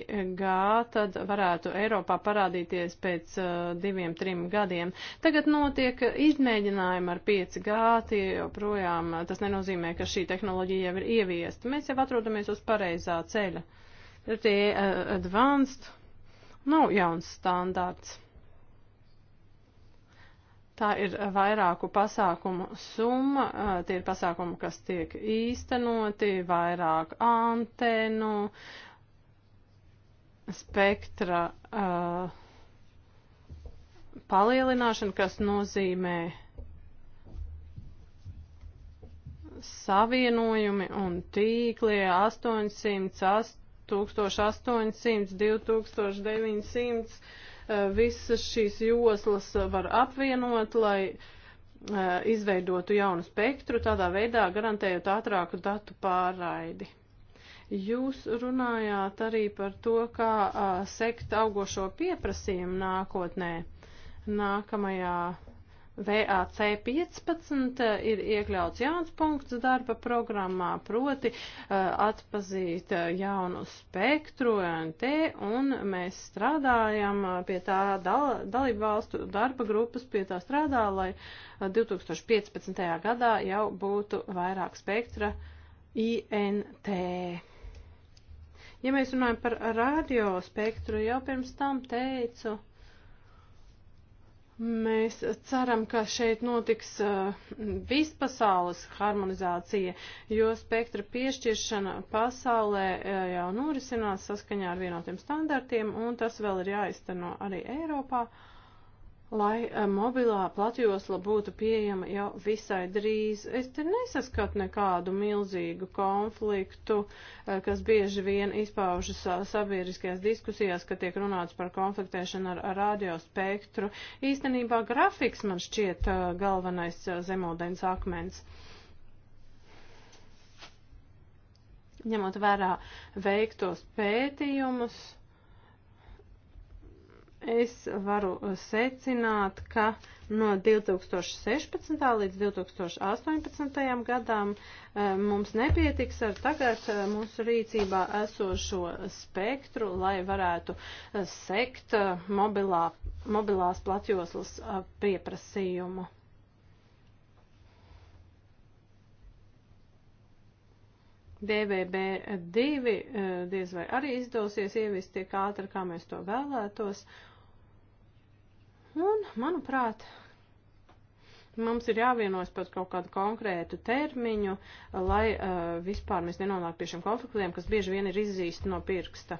tad varētu Eiropā parādīties pēc uh, diviem, trim gadiem. Tagad notiek izmēģinājumi ar 5G, tie joprojām, tas nenozīmē, ka šī tehnoloģija jau ir ieviesta. Mēs jau atrodamies uz pareizā ceļa. Uh, tie uh, advanced nav nu, jauns standārts. Tā ir vairāku pasākumu summa, uh, tie ir pasākumi, kas tiek īstenoti, vairāk antenu, spektra uh, palielināšana, kas nozīmē savienojumi un tīklie 800, 1800, 2900, eh, visas šīs joslas var apvienot, lai eh, izveidotu jaunu spektru, tādā veidā garantējot ātrāku datu pārraidi. Jūs runājāt arī par to, kā eh, sekt augošo pieprasījumu nākotnē, nākamajā VAC 15 eh, ir iekļauts jauns punkts darba programmā, proti uh, atpazīt eh, jaunu spektru NT, un mēs strādājam pie tā dal, dalību valstu darba grupas, pie tā strādā, lai 2015. gadā jau būtu vairāk spektra INT. Ja mēs runājam par radio spektru, jau pirms tam teicu, uh, Mēs ceram, ka šeit notiks uh, vispasaules harmonizācija, jo spektra piešķiršana pasaulē uh, jau norisinās saskaņā ar vienotiem standartiem, un tas vēl ir jāizteno arī Eiropā. Uh, lai eh, mobilā platjosla būtu pieejama jau visai drīz. Es te nesaskatu nekādu milzīgu konfliktu, eh, kas bieži vien izpaužas eh, sabiedriskajās diskusijās, kad tiek runāts par konfliktēšanu ar, ar radiospektru. Īstenībā grafiks man šķiet galvenais zemūdens akmens. Ņemot vērā veiktos pētījumus es varu secināt, ka no 2016. līdz 2018. gadam eh, mums nepietiks ar tagad eh, mūsu rīcībā esošo spektru, lai varētu eh, sekt mobilā, mobilās platjoslas pieprasījumu. DVB2 diez vai arī izdosies ieviest tiek ātri, kā mēs to vēlētos, uh, Un, manuprāt, mums ir jāvienojas par kaut kādu konkrētu termiņu, lai uh, vispār mēs nenonāktu pie šiem konfliktiem, kas bieži vien ir izzīsti no pirksta.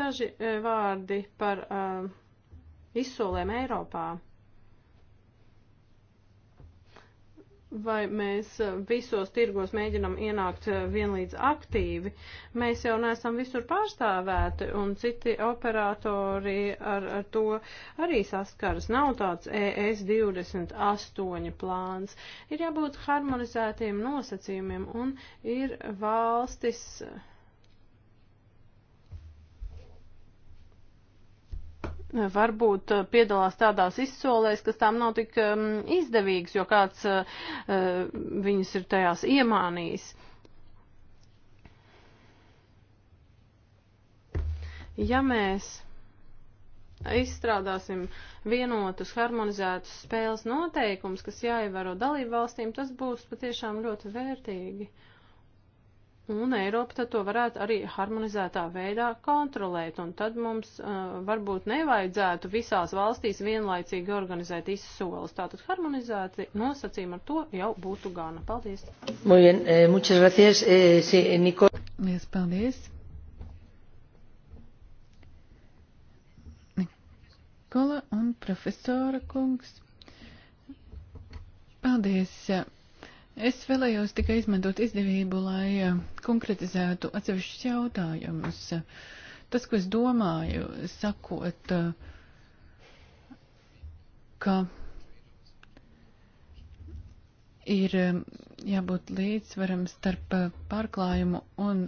Daži uh, vārdi par uh, izsolēm Eiropā. vai mēs eh, visos tirgos mēģinam ienākt eh, vienlīdz aktīvi. Mēs jau neesam visur pārstāvēti, un citi operatori ar, ar to arī saskaras. Nav tāds e ES28 plāns. Ir jābūt harmonizētiem nosacījumiem, un ir valstis varbūt eh, piedalās tādās izsolēs, kas tām nav tik um, izdevīgas, jo kāds uh, eh, eh, viņas ir tajās iemānījis. Ja mēs izstrādāsim vienotus, harmonizētus spēles noteikumus, kas jāievēro dalību valstīm, tas būs patiešām ļoti vērtīgi. Uh, un Eiropa tad to varētu arī harmonizētā veidā kontrolēt, un tad mums uh, varbūt nevajadzētu visās valstīs vienlaicīgi organizēt izsoles. Tātad harmonizēti nosacījumi ar to jau būtu gana. Paldies! Muy bien, eh, muchas gracias, eh, sí, eh, Nico. Lies, paldies! Nikola un profesora kungs. Paldies! Eh, Es vēlējos tikai izmantot izdevību, lai eh, konkretizētu atsevišķus jautājumus. Tas, ko es domāju, sakot, eh, ka ir eh, jābūt līdzsvaram starp pārklājumu un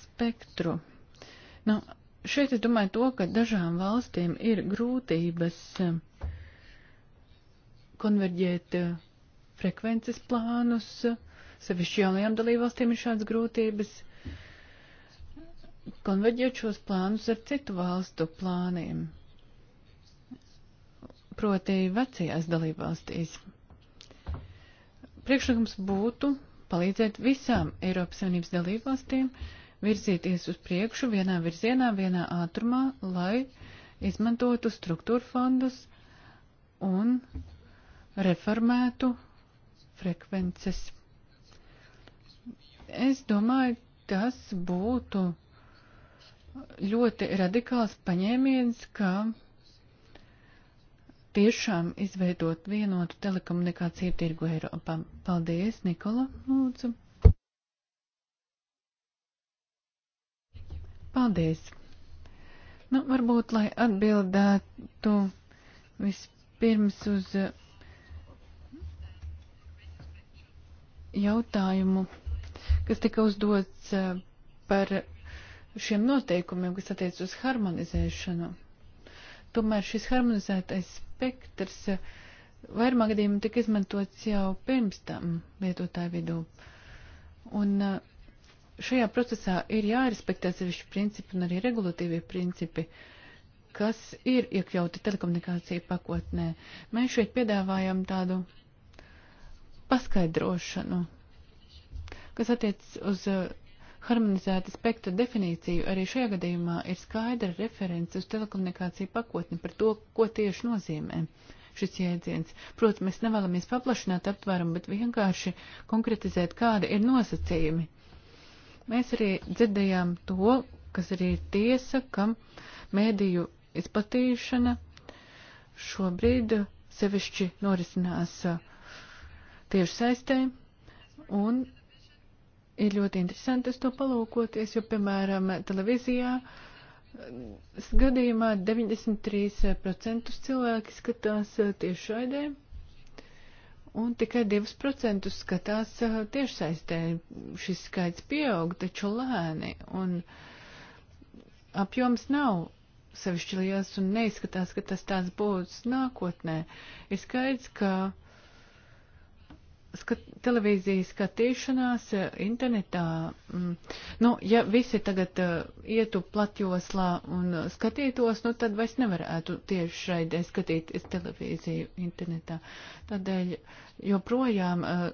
spektru. Nu, šeit es domāju to, ka dažām valstīm ir grūtības konverģēt uh, frekvences plānus. Sevišķi jaunajām dalībvalstīm ir šādas grūtības konverģēt šos plānus ar citu valstu plāniem, proti vecajās dalībvalstīs. Priekšlikums būtu palīdzēt visām Eiropas Savienības dalībvalstīm virzīties uz priekšu vienā virzienā, vienā ātrumā, lai izmantotu struktūra fondus un reformētu frekvences. Es domāju, tas būtu ļoti radikāls paņēmiens, ka tiešām izveidot vienotu telekomunikāciju tirgu Eiropā. Paldies, Nikola, lūdzu. Paldies. Nu, varbūt, lai atbildētu vispirms uz jautājumu, kas tika uzdots eh, par šiem noteikumiem, kas attiec uz harmonizēšanu. Tomēr šis harmonizētais spektrs eh, vairumā gadījumā tika izmantots jau pirms tam lietotāju vidū. Un eh, šajā procesā ir jārespektē sevišķi principi un arī regulatīvie principi, kas ir iekļauti telekomunikāciju pakotnē. Mēs šeit piedāvājam tādu paskaidrošanu, kas attiecas uz uh, harmonizēta spektra definīciju. Arī šajā gadījumā ir skaidra reference uz telekomunikāciju pakotni par to, ko tieši nozīmē šis jēdziens. Protams, mēs nevēlamies paplašināt aptvērumu, bet vienkārši konkretizēt, kāda ir nosacījumi. Mēs arī dzirdējām to, kas arī ir tiesa, ka mēdīju izplatīšana šobrīd sevišķi norisinās uh, tieši saistē, un ir ļoti interesanti es to palūkoties, jo, piemēram, televīzijā mm, gadījumā 93% cilvēki skatās eh, tieši šaidē, un tikai 2% skatās eh, tieši saistē. Šis skaits pieaug, taču lēni, un apjoms nav sevišķi liels, un neizskatās, ka tas tāds būs nākotnē. Ir skaidrs, ka skat, televīzijas skatīšanās eh, internetā, mm, nu, ja visi tagad uh, ietu platjoslā un uh, skatītos, nu, tad vairs nevarētu tieši šeit skatīties televīziju internetā. Tādēļ joprojām uh,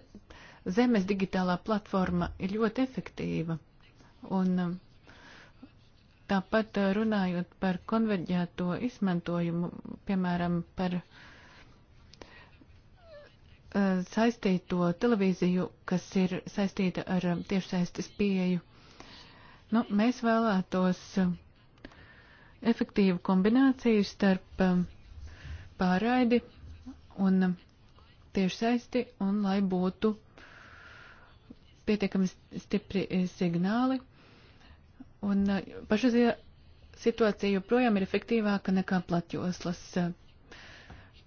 Zemes digitālā platforma ir ļoti efektīva. Un uh, tāpat uh, runājot par konverģēto izmantojumu, piemēram, par uh, Uh, saistīto televīziju, kas ir saistīta ar um, tiešsaistes pieeju. Nu, mēs vēlētos um, efektīvu kombināciju starp um, pārraidi un tiešsaisti, un lai būtu pietiekami stipri eh, signāli. Un uh, pašreizie situācija joprojām ir efektīvāka nekā platjoslas uh,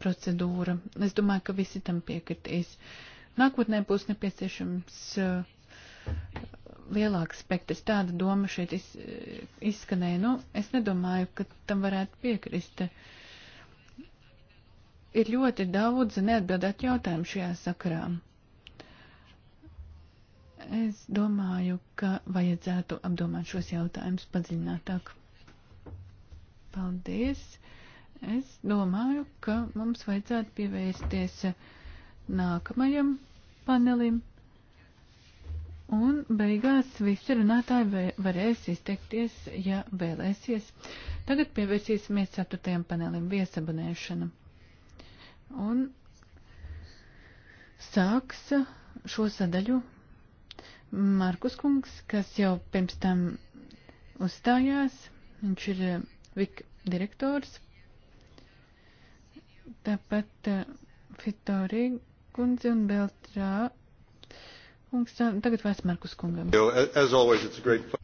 procedūra. Es domāju, ka visi tam piekritīs. Nākotnē būs nepieciešams eh, lielāks spektrs. Tāda doma šeit iz, eh, izskanēja. Nu, es nedomāju, ka tam varētu piekrist. Ir ļoti daudz neatbildēt jautājumu šajā sakarā. Es domāju, ka vajadzētu apdomāt šos jautājumus padziļinātāk. Paldies! Es domāju, ka mums vajadzētu pievērsties nākamajam panelim. Un beigās visi runātāji varēs izteikties, ja vēlēsies. Tagad pievērsīsimies ceturtajam panelim viesabunēšana. Un sāks šo sadaļu Markus Kungs, kas jau pirms tam uzstājās. Viņš ir eh, VIK direktors. Tāpat eh, Fitori kundze un Beltrā. Kungs, tagad vairs Markus kungam.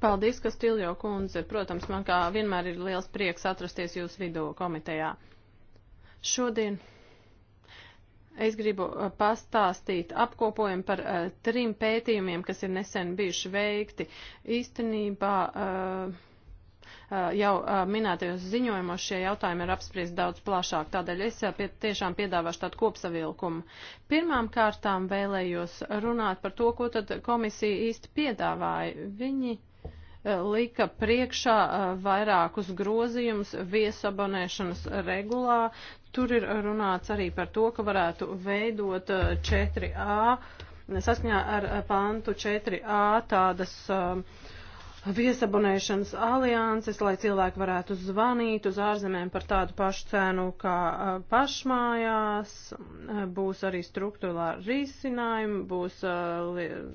Paldies, Kastiljo kundze. Protams, man kā vienmēr ir liels prieks atrasties jūsu vidū komitejā. Šodien Es gribu eh, pastāstīt apkopojumu par uh, trim pētījumiem, kas ir nesen bijuši veikti. Īstenībā uh, Eh, jau eh, minētajos ziņojumos šie jautājumi ir apspriest daudz plašāk, tādēļ es eh, pie, tiešām piedāvāšu tādu kopsavilkumu. Pirmām kārtām vēlējos runāt par to, ko tad komisija īsti piedāvāja. Viņi lika priekšā vairākus grozījumus viesabonēšanas regulā. Tur ir runāts arī par to, ka varētu veidot 4A, saskaņā ar pantu 4A tādas uh, viesabonēšanas alianses, lai cilvēki varētu zvanīt uz ārzemēm par tādu pašu cenu kā pašmājās, būs arī struktūrālā risinājuma, būs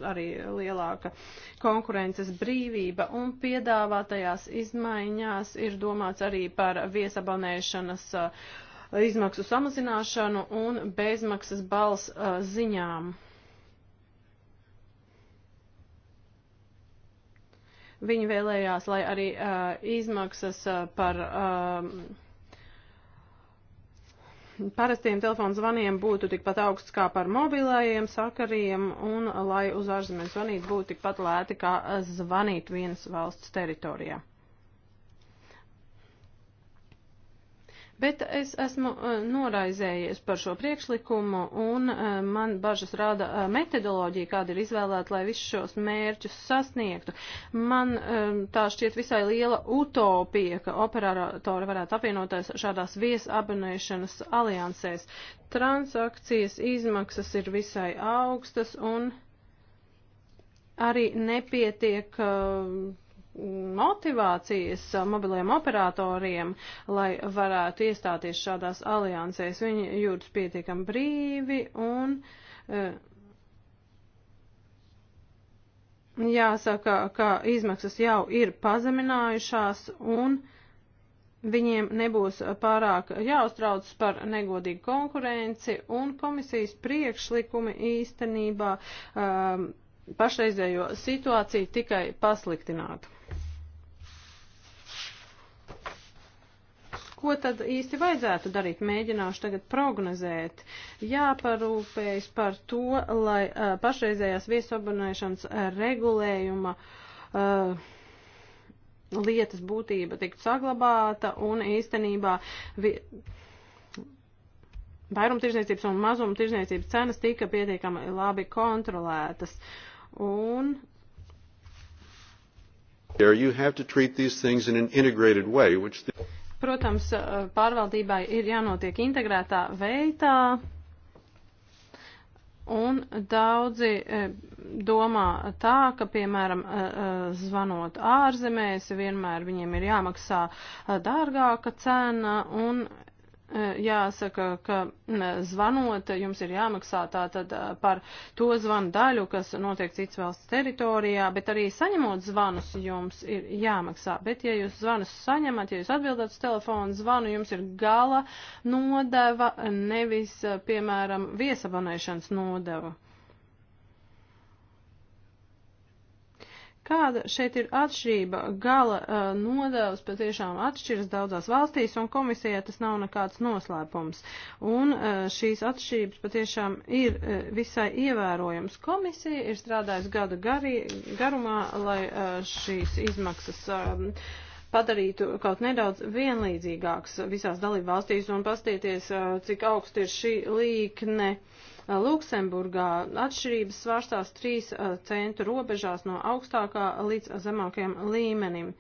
arī lielāka konkurences brīvība un piedāvātajās izmaiņās ir domāts arī par viesabonēšanas izmaksu samazināšanu un bezmaksas balss ziņām. Viņi vēlējās, lai arī uh, izmaksas uh, par. Uh, parastiem telefonu zvaniem būtu tikpat augsts kā par mobilējiem sakariem, un lai uz ārzemēm zvanīt būtu tikpat lēti kā zvanīt vienas valsts teritorijā. Bet es esmu eh, noraizējies par šo priekšlikumu un eh, man bažas rada eh, metodoloģija, kāda ir izvēlēta, lai visus šos mērķus sasniegtu. Man tā šķiet visai liela utopija, ka operatori varētu apvienoties šādās viesabonēšanas aliansēs. Transakcijas izmaksas ir visai augstas un arī nepietiek. Uh, motivācijas mobiliem operatoriem, lai varētu iestāties šādās aliansēs. Viņi jūtas pietiekami brīvi un. Eh, jāsaka, ka izmaksas jau ir pazeminājušās un viņiem nebūs pārāk jāuztrauc par negodīgu konkurenci un komisijas priekšlikumi īstenībā um, pašreizējo situāciju tikai pasliktinātu. ko tad īsti vajadzētu darīt? Mēģināšu tagad prognozēt. Jāparūpējas par to, lai uh, pašreizējās viesabonēšanas uh, regulējuma uh, lietas būtība tiktu saglabāta un īstenībā. Vi... Vairumtirdzniecības un mazumtirdzniecības cenas tika pietiekami labi kontrolētas. Un there you have to treat these things in an integrated way which the Protams, eh, pārvaldībai ir jānotiek integrētā veidā. Un daudzi eh, domā tā, ka, piemēram, eh, zvanot ārzemēs, vienmēr viņiem ir jāmaksā dārgāka cena, un jāsaka, ka mm, zvanot jums ir jāmaksā tātad par to zvanu daļu, kas notiek cits valsts teritorijā, bet arī saņemot zvanus jums ir jāmaksā. Bet ja jūs zvanus saņemat, ja jūs atbildat uz telefonu zvanu, jums ir gala nodeva, nevis, piemēram, viesabonēšanas nodeva. Kāda šeit ir atšķirība? Gala uh, nodevs patiešām atšķiras daudzās valstīs, un komisijai tas nav nekāds noslēpums. Un uh, šīs atšķirības patiešām ir uh, visai ievērojams. Komisija ir strādājusi gada garī, garumā, lai uh, šīs izmaksas. Uh, padarītu kaut nedaudz vienlīdzīgāks visās dalībvalstīs un pastieties, uh, cik augsts ir šī līkne uh, Luksemburgā atšķirības svārstās 3 centu robežās no augstākā līdz zemākajam līmenim.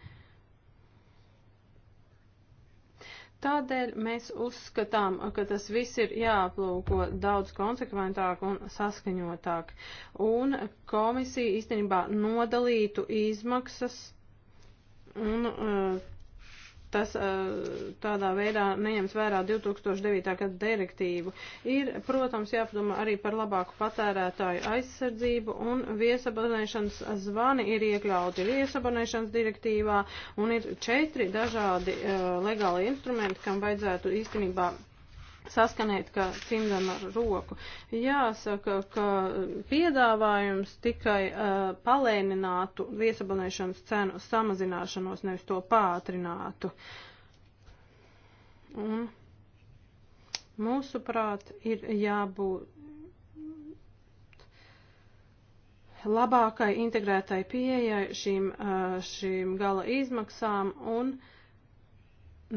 Tādēļ mēs uzskatām, ka tas viss ir jāaplūko daudz konsekventāk un saskaņotāk. Un komisija īstenībā nodalītu izmaksas un uh, tas eh, tādā veidā neņems vērā 2009. gada direktīvu. Ir, protams, jāpadomā arī par labāku patērētāju aizsardzību un viesabonēšanas zvani ir iekļauti viesabonēšanas direktīvā un ir četri dažādi uh, legāli instrumenti, kam vajadzētu īstenībā saskanēt, kā cimdam ar roku. Jāsaka, ka piedāvājums tikai uh, palēninātu viesabonēšanas cenu samazināšanos, nevis to pātrinātu. Un mūsuprāt, ir jābūt labākai integrētai pieejai šīm, šīm gala izmaksām un uh,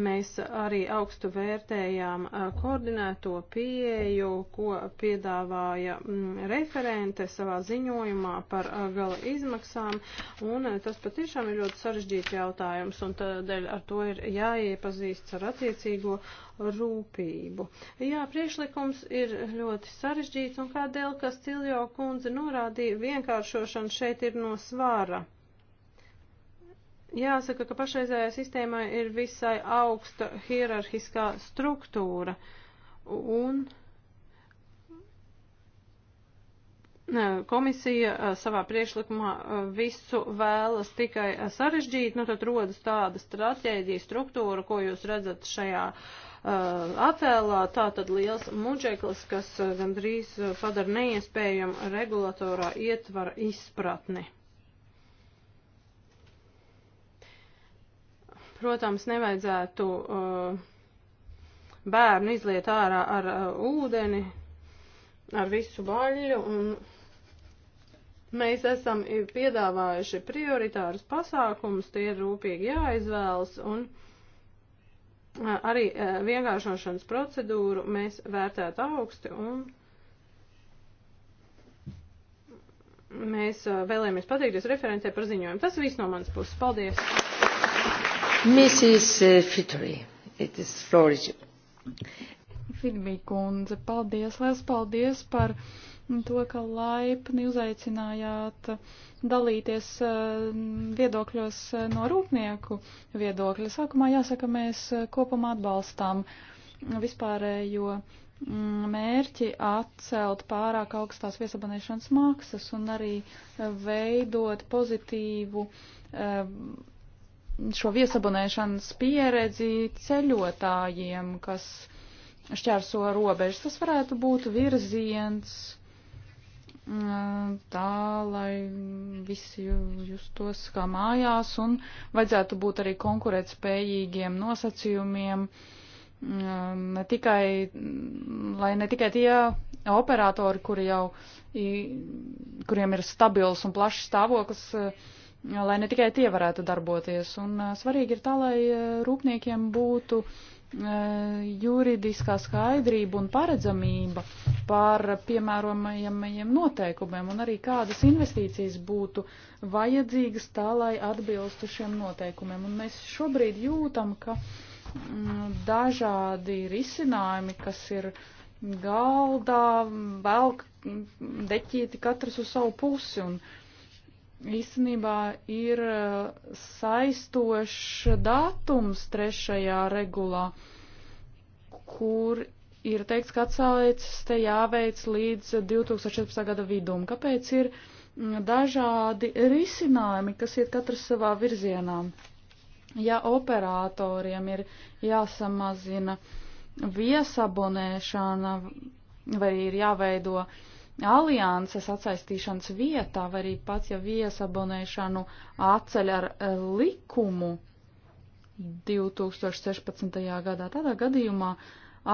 Mēs arī augstu vērtējām koordinēto pieeju, ko piedāvāja mm, referente savā ziņojumā par gala izmaksām, un tas patiešām ir ļoti sarežģīts jautājums, un tādēļ ar to ir jāiepazīsts ar attiecīgo rūpību. Jā, priešlikums ir ļoti sarežģīts, un kādēļ, kas Ciljo kundze norādīja, vienkāršošana šeit ir no svāra. Jāsaka, ka pašreizējā sistēmā ir visai augsta hierarhiskā struktūra un e, komisija e, savā priešlikumā e, visu vēlas tikai sarežģīt, nu tad rodas tāda stratēģija struktūra, ko jūs redzat šajā uh, attēlā, tā tad liels muģeklis, kas gandrīz padara neiespējumu regulatorā ietvara izpratni. Protams, nevajadzētu uh, bērnu izliet ārā ar uh, ūdeni, ar visu baļu, un mēs esam piedāvājuši prioritārus pasākumus, tie ir rūpīgi jāizvēlas, un uh, arī uh, vienkāršošanas procedūru mēs vērtētu augsti, un mēs uh, vēlējamies pateikties referentē par ziņojumu. Tas viss no manas puses. Paldies! Mrs. Uh, Fitri, it is floor is you. Fidmī kundze, paldies, liels paldies par to, ka laipni uzaicinājāt dalīties uh, viedokļos uh, no rūpnieku viedokļa. Sākumā jāsaka, mēs kopumā atbalstām vispārējo mm, mērķi atcelt pārāk augstās viesabonēšanas maksas un arī veidot pozitīvu šo viesabonēšanas pieredzi ceļotājiem, kas šķērso robežas. Tas varētu būt virziens tā, lai visi justos kā mājās un vajadzētu būt arī konkurētspējīgiem nosacījumiem, ne tikai, lai ne tikai tie operatori, kuri jau, kuriem ir stabils un plašs stāvoklis, lai ne tikai tie varētu darboties. Un svarīgi ir tā, lai rūpniekiem būtu juridiskā skaidrība un paredzamība par piemērojamajiem noteikumiem un arī kādas investīcijas būtu vajadzīgas tā, lai atbilstu šiem noteikumiem. Un mēs šobrīd jūtam, ka m, mm, dažādi risinājumi, kas ir galdā, velk mm, deķīti katrs uz savu pusi un uh, īstenībā ir eh, saistošs datums trešajā regulā, kur ir teikts, ka atsaucas te jāveic līdz 2014. gada vidum. Kāpēc ir mm, dažādi risinājumi, kas iet katrs savā virzienā? Ja operatoriem ir jāsamazina viesabonēšana vai ir jāveido uh, alianses atsaistīšanas vietā vai arī pats jau viesabonēšanu atceļ ar e, likumu 2016. gadā. Tādā gadījumā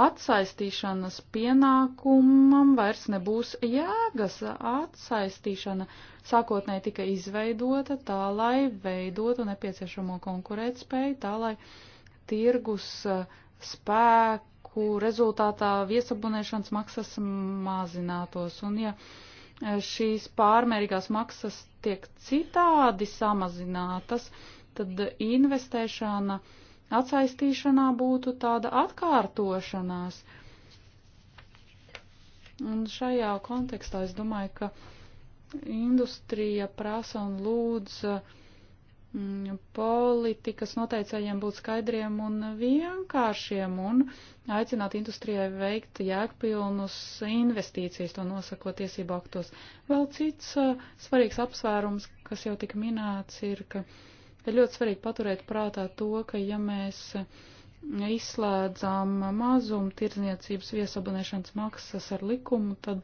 atsaistīšanas pienākumam vairs nebūs jēgas. Atsaistīšana sākotnēji tika izveidota tā, lai veidotu nepieciešamo konkurētspēju, tā, lai tirgus e, spēku ku rezultātā viesabunēšanas maksas mazinātos. Un ja e, šīs pārmērīgās maksas tiek citādi samazinātas, tad investēšana atsaistīšanā būtu tāda atkārtošanās. Un šajā kontekstā es domāju, ka industrija prasa un lūdza uh, e, Mm, politikas noteicējiem būt skaidriem un vienkāršiem un aicināt industrijai veikt jēgpilnus investīcijas, to nosakot tiesību aktos. Vēl cits uh, svarīgs apsvērums, kas jau tika minēts, ir, ka ir ļoti svarīgi paturēt prātā to, ka ja mēs izslēdzām mazumtirdzniecības viesabonēšanas maksas ar likumu, tad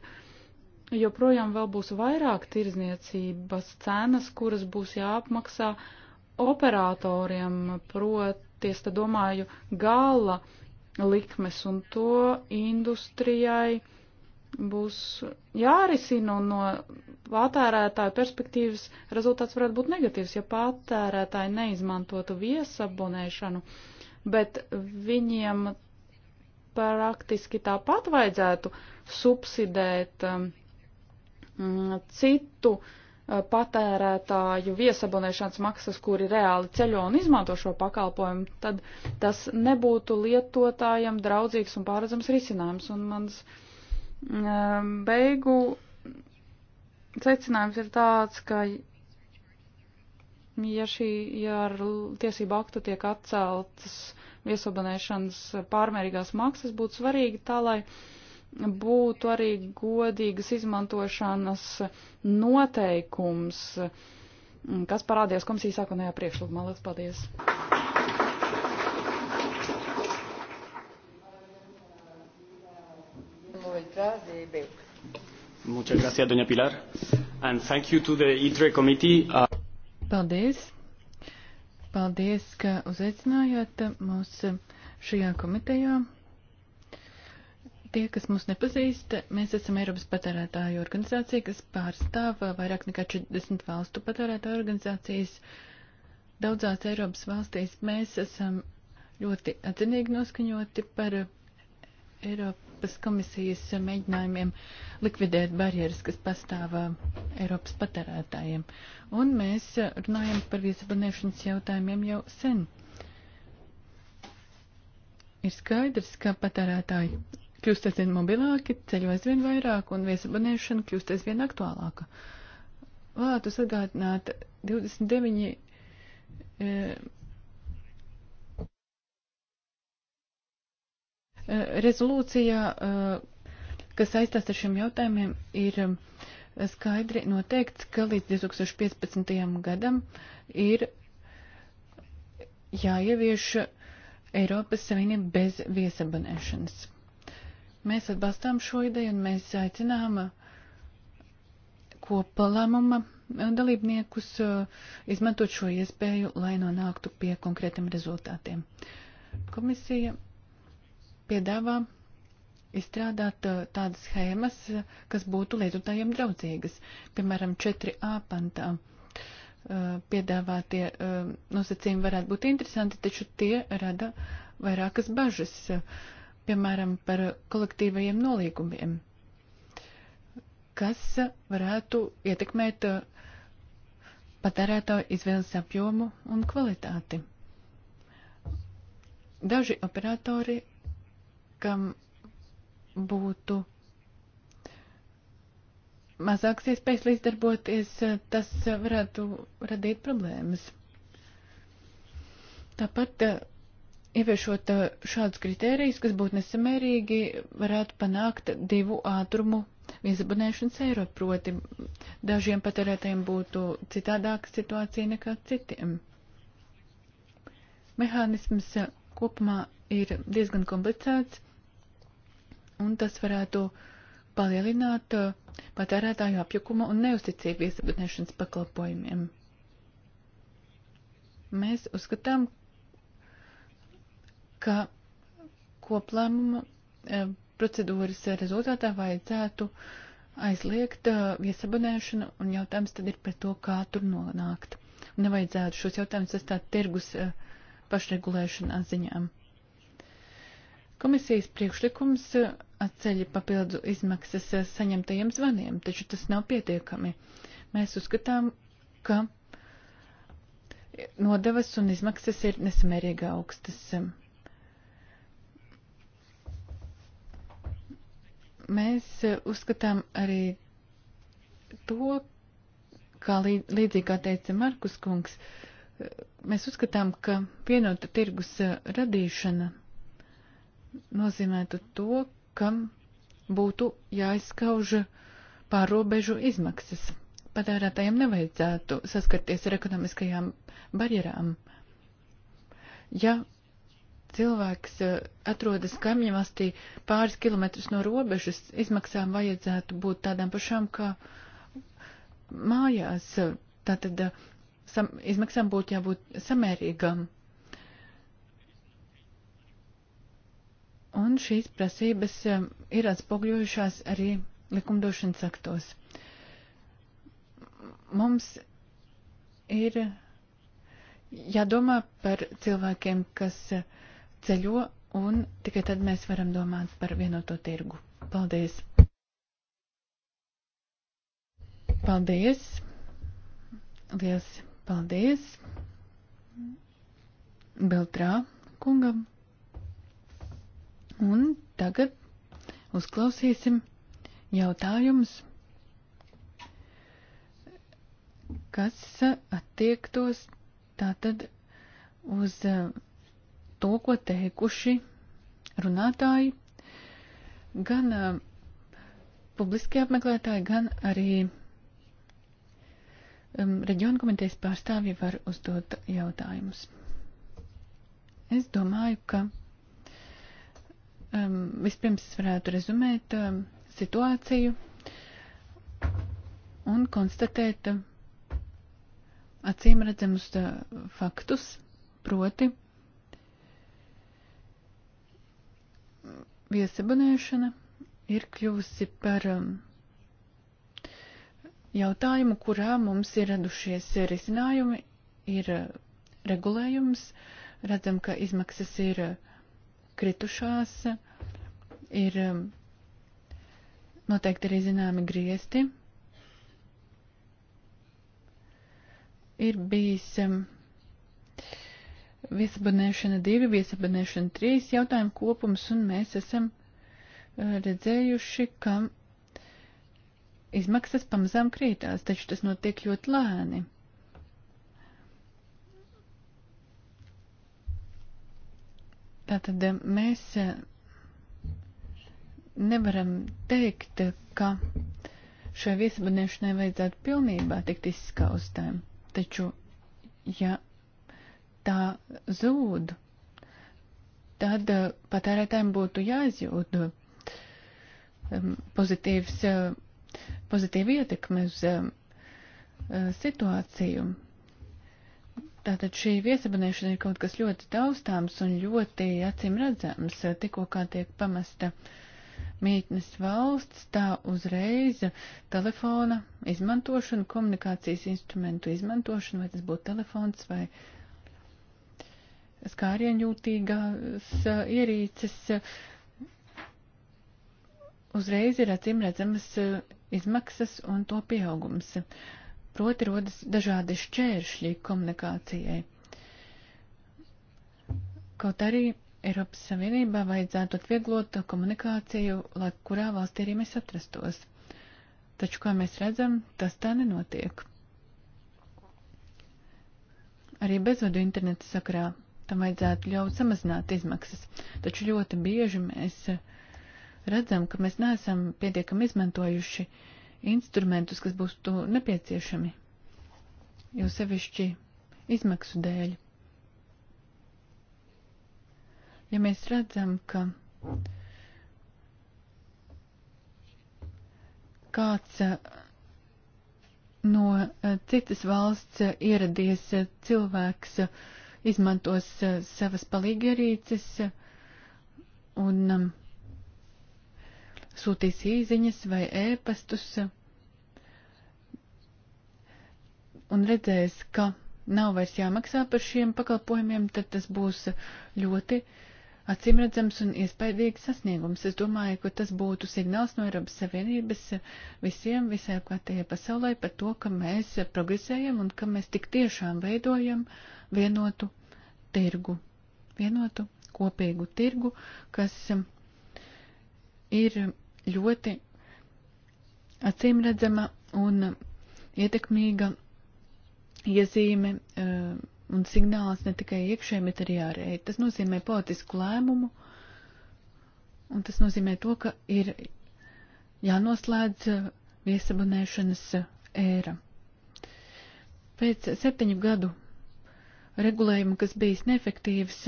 joprojām vēl būs vairāk tirdzniecības cenas, kuras būs jāapmaksā uh, operatoriem, proti, es te domāju, gala likmes un to industrijai būs jārisina un no patērētāju perspektīvas rezultāts varētu būt negatīvs, ja patērētāji neizmantotu viesabonēšanu, bet viņiem praktiski tāpat vajadzētu subsidēt um, citu uh, Eh, patērētāju viesabonēšanas maksas, kuri reāli ceļo un izmanto šo pakalpojumu, tad tas nebūtu lietotājiem draudzīgs un pārredzams risinājums. Un mans mm, beigu secinājums ir tāds, ka ja šī ja ar tiesību aktu tiek atceltas viesabonēšanas pārmērīgās maksas, būtu svarīgi tā, lai būtu arī godīgas izmantošanas noteikums, kas parādījās komisijas sākotnējā priekšlikumā. Lielas paldies! Muchas gracias, doña Pilar. And thank you to the ITRE committee. Uh... Paldies. Paldies, ka uzaicinājāt mūs šajā komitejā. Tie, kas mūs nepazīst, mēs esam Eiropas patērētāju organizācija, kas pārstāv vairāk nekā 40 valstu patērētāju organizācijas. Daudzās Eiropas valstīs mēs esam ļoti atzinīgi noskaņoti par Eiropas komisijas mēģinājumiem likvidēt barjeras, kas pastāv Eiropas patērētājiem. Un mēs runājam par viesabonēšanas jautājumiem jau sen. Ir skaidrs, ka patērētāji kļūst aizvien mobilāki, ceļo aizvien vairāk un viesabonēšana kļūst aizvien aktuālāka. Vēlētos atgādināt 29. E, e, rezolūcijā, e, kas saistās ar šiem jautājumiem, ir e, skaidri noteikts, ka līdz 2015. gadam ir jāievieš Eiropas Savienība bez viesabonēšanas. Mēs atbalstām šo ideju un mēs aicinām kopalēmuma dalībniekus uh, izmantot šo iespēju, lai nonāktu pie konkrētiem rezultātiem. Komisija piedāvā izstrādāt uh, tādas schēmas, kas būtu lietotājiem draudzīgas, piemēram, 4A pantā. Uh, piedāvātie nosacījumi varētu būt interesanti, taču tie rada vairākas bažas. Uh, piemēram, par kolektīvajiem nolīgumiem, kas varētu ietekmēt eh, patērēto izvēles apjomu un kvalitāti. Daži operatori, kam būtu mazāks iespējas līdzdarboties, eh, tas varētu radīt problēmas. Tāpat eh, ieviešot uh, šādus kritērijus, kas būtu nesamērīgi, varētu panākt divu ātrumu viesabunēšanas eiro, proti dažiem patērētājiem būtu citādāka situācija nekā citiem. Mehānisms kopumā ir diezgan komplicēts, un tas varētu palielināt uh, patērētāju apjukuma un neusticību viesabunēšanas pakalpojumiem. Mēs uzskatām, ka koplēmuma e, procedūras rezultātā vajadzētu aizliegt e, viesabonēšanu, un jautājums tad ir par to, kā tur nonākt. Nevajadzētu šos jautājumus atstāt tirgus e, pašregulēšanas ziņām. Komisijas priekšlikums atceļ papildu izmaksas saņemtajiem zvaniem, taču tas nav pietiekami. Mēs uzskatām, ka nodevas un izmaksas ir nesamērīgi augstas. Mēs e, uzskatām arī to, kā līdzīgi kā teica Markus Kungs, e, mēs uzskatām, ka vienota tirgus e, radīšana nozīmētu to, ka būtu jāizskauž pārobežu izmaksas. Patērētājiem nevajadzētu saskarties ar ekonomiskajām barjerām. Ja cilvēks eh, atrodas kamjamastī pāris kilometrus no robežas, izmaksām vajadzētu būt tādām pašām kā mājās. Tātad eh, sam, izmaksām būtu jābūt samērīgām. Un šīs prasības eh, ir atspogļojušās arī likumdošanas aktos. Mums ir jādomā par cilvēkiem, kas uh, ceļo, un tikai tad mēs varam domāt par vienoto tirgu. Paldies! Paldies! Liels paldies Beltrā kungam! Un tagad uzklausīsim jautājumus, kas attiektos tātad uz uh, to, ko teikuši runātāji, gan uh, publiskie apmeklētāji, gan arī um, reģionu komitejas pārstāvji var uzdot jautājumus. Es domāju, ka um, vispirms es varētu rezumēt um, situāciju un konstatēt uh, acīm redzamus uh, faktus, proti viesabonēšana ir kļuvusi par um, jautājumu, kurā mums ir radušies risinājumi, ir uh, regulējums, redzam, ka izmaksas ir uh, kritušās, ir um, noteikti arī zināmi griesti. Ir bijis um, viesabonēšana 2, viesabonēšana 3 jautājumu kopums, un mēs esam uh, redzējuši, ka izmaksas pamazām krītās, taču tas notiek ļoti lēni. Tātad uh, mēs uh, nevaram teikt, ka šai viesabonēšanai vajadzētu pilnībā tikt izskaustēm, taču, ja tā zūd, tad uh, patērētājiem būtu jāizjūt um, pozitīvs, uh, pozitīva ietekme uz um, uh, situāciju. Tātad šī viesabonēšana ir kaut kas ļoti taustāms un ļoti acīm redzams. Tikko kā tiek pamesta mītnes valsts, tā uzreiz telefona izmantošana, komunikācijas instrumentu izmantošana, vai tas būtu telefons vai uh, skārienjūtīgās eh, ierīces eh, uzreiz ir acīm redzamas eh, izmaksas un to pieaugums. Proti rodas dažādi šķēršļi komunikācijai. Kaut arī Eiropas Savienībā vajadzētu atvieglot komunikāciju, lai kurā valstī arī mēs atrastos. Taču, kā mēs redzam, tas tā nenotiek. Arī bezvadu interneta sakrā tam vajadzētu ļaut samazināt izmaksas. Taču ļoti bieži mēs redzam, ka mēs neesam pietiekami izmantojuši instrumentus, kas būs tu nepieciešami, jo sevišķi izmaksu dēļ. Ja mēs redzam, ka kāds eh, no eh, citas valsts eh, ieradies cilvēks, izmantos uh, savas palīgierīces uh, un um, sūtīs īziņas vai ēpastus uh, un redzēs, ka nav vairs jāmaksā par šiem pakalpojumiem, tad tas būs ļoti uh, acīmredzams un iespaidīgs sasniegums. Es domāju, ka tas būtu signāls no Eiropas Savienības visiem, visai apkārtējai pasaulē par to, ka mēs progresējam un ka mēs tik tiešām veidojam vienotu tirgu, vienotu kopīgu tirgu, kas ir ļoti acīmredzama un ietekmīga iezīme. Uh, un signāls ne tikai iekšē, bet arī ārēji. Tas nozīmē politisku lēmumu, un tas nozīmē to, ka ir jānoslēdz viesabunēšanas ēra. Pēc septiņu gadu regulējuma, kas bijis neefektīvs,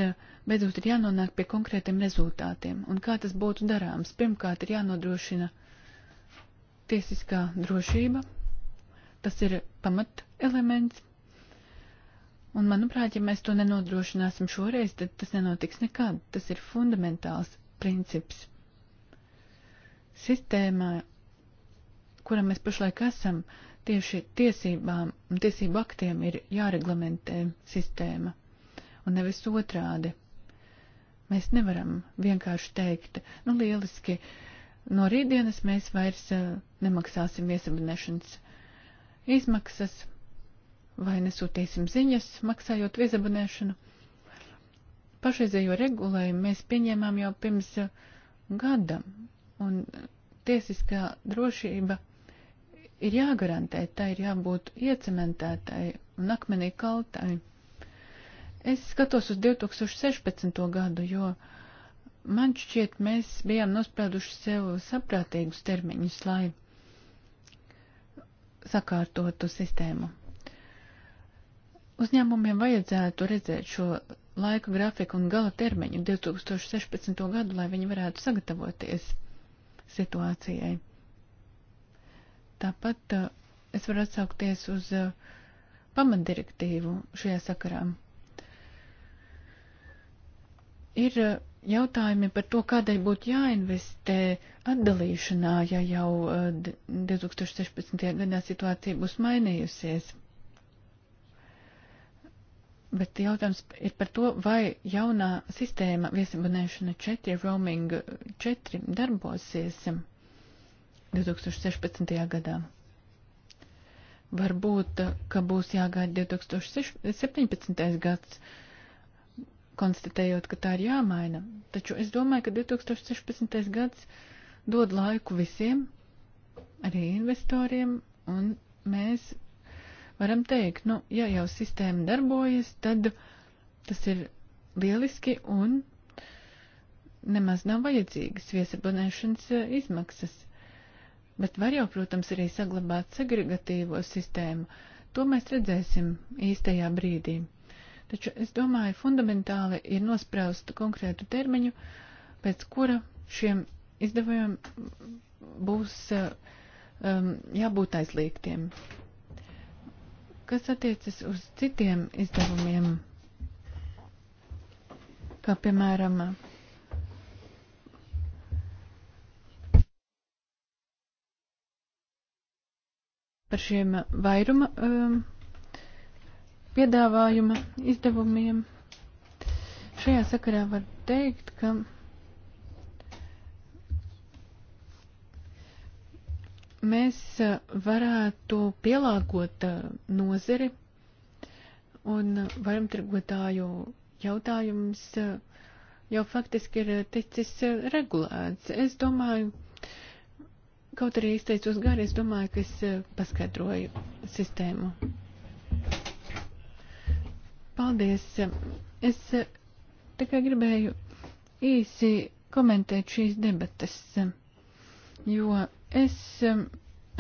beidzot ir jānonāk pie konkrētiem rezultātiem. Un kā tas būtu darāms? Pirmkārt, ir jānodrošina tiesiskā drošība. Tas ir pamat elements Un, manuprāt, ja mēs to nenodrošināsim šoreiz, tad tas nenotiks nekad. Tas ir fundamentāls princips. Sistēmā, kurā mēs pašlaik esam, tieši tiesībām un tiesību aktiem ir jāreglamentē sistēma, un nevis otrādi. Mēs nevaram vienkārši teikt, nu lieliski, no rītdienas mēs vairs eh, nemaksāsim viesabunēšanas izmaksas vai nesūtīsim ziņas, maksājot viesabunēšanu. Pašreizējo regulējumu mēs pieņēmām jau pirms gada, un tiesiskā drošība ir jāgarantē, tai ir jābūt iecementētai un akmenī kaltai. Es skatos uz 2016. gadu, jo man šķiet, mēs bijām nospēduši sev saprātīgus termiņus, lai sakārtotu sistēmu. Uzņēmumiem vajadzētu redzēt šo laika grafiku un gala termiņu 2016. gadu, lai viņi varētu sagatavoties situācijai. Tāpat uh, es varu atsaukties uz uh, pamatdirektīvu šajā sakarā. Ir uh, jautājumi par to, kādēļ būtu jāinvestē atdalīšanā, ja jau 2016. gadā situācija būs mainījusies. Bet jautājums ir par to, vai jaunā sistēma viesabonēšana 4, roaming 4 darbosies 2016. gadā. Varbūt, ka būs jāgaida 2017. gads, konstatējot, ka tā ir jāmaina. Taču es domāju, ka 2016. gads dod laiku visiem, arī investoriem, un mēs varam teikt, nu, ja jau sistēma darbojas, tad tas ir lieliski un nemaz nav vajadzīgas viesabonēšanas e, izmaksas. Bet var jau, protams, arī saglabāt segregatīvo sistēmu. To mēs redzēsim īstajā brīdī. Taču es domāju, fundamentāli ir nosprausta konkrētu termiņu, pēc kura šiem izdevumiem būs um, jābūt aizliegtiem. Kas attiecas uz citiem izdevumiem, kā piemēram par šiem vairuma um, piedāvājuma izdevumiem. Šajā sakarā var teikt, ka mēs eh, varētu pielāgot eh, nozari un varamtirgotāju jautājums eh, jau faktiski ir ticis regulēts. Es domāju, kaut arī izteicos gari, es domāju, ka es paskaidroju sistēmu. Paldies. Es tikai gribēju īsi komentēt šīs debatas, jo Es um,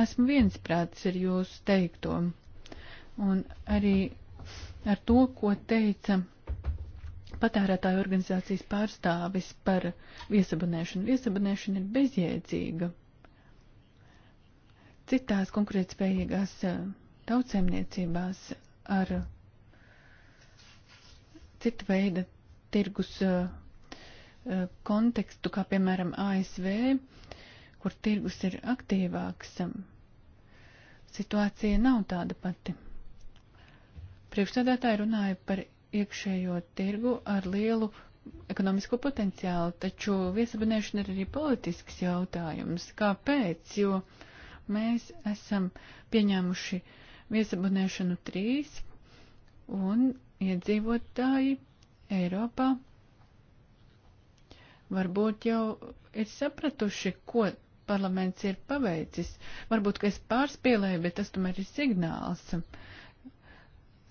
esmu viensprāts ar jūsu teikto un arī ar to, ko teica patērētāju organizācijas pārstāvis par viesabonēšanu. Viesabonēšana ir bezjēdzīga. Citās konkurētspējīgās uh, tautsēmniecībās ar citu veidu tirgus uh, uh, kontekstu, kā piemēram ASV, kur tirgus ir aktīvāks, um, situācija nav tāda pati. Priekšstādātāji runāja par iekšējo tirgu ar lielu ekonomisko potenciālu, taču viesabunēšana ir arī politisks jautājums. Kāpēc? Jo mēs esam pieņēmuši viesabunēšanu trīs un iedzīvotāji Eiropā varbūt jau ir sapratuši, ko parlaments ir paveicis. Varbūt, ka es pārspīlēju, bet tas tomēr ir signāls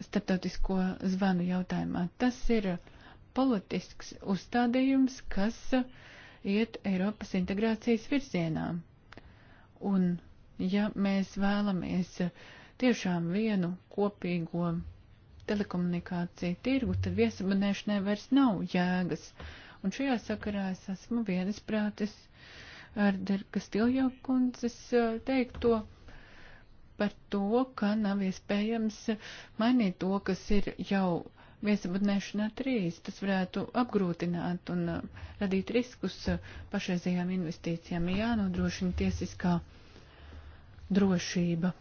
starptautisko zvanu jautājumā. Tas ir politisks uzstādījums, kas iet Eiropas integrācijas virzienā. Un ja mēs vēlamies tiešām vienu kopīgo telekomunikāciju tirgu, tad viesabunēšanai vairs nav jēgas. Un šajā sakarā es esmu vienas prātes ar Derkastiljo kundzes eh, teikto par to, ka nav iespējams mainīt to, kas ir jau viesabudnēšanā trīs. Tas varētu apgrūtināt un eh, radīt riskus eh, pašreizējām investīcijām. Jānodrošina tiesiskā drošība.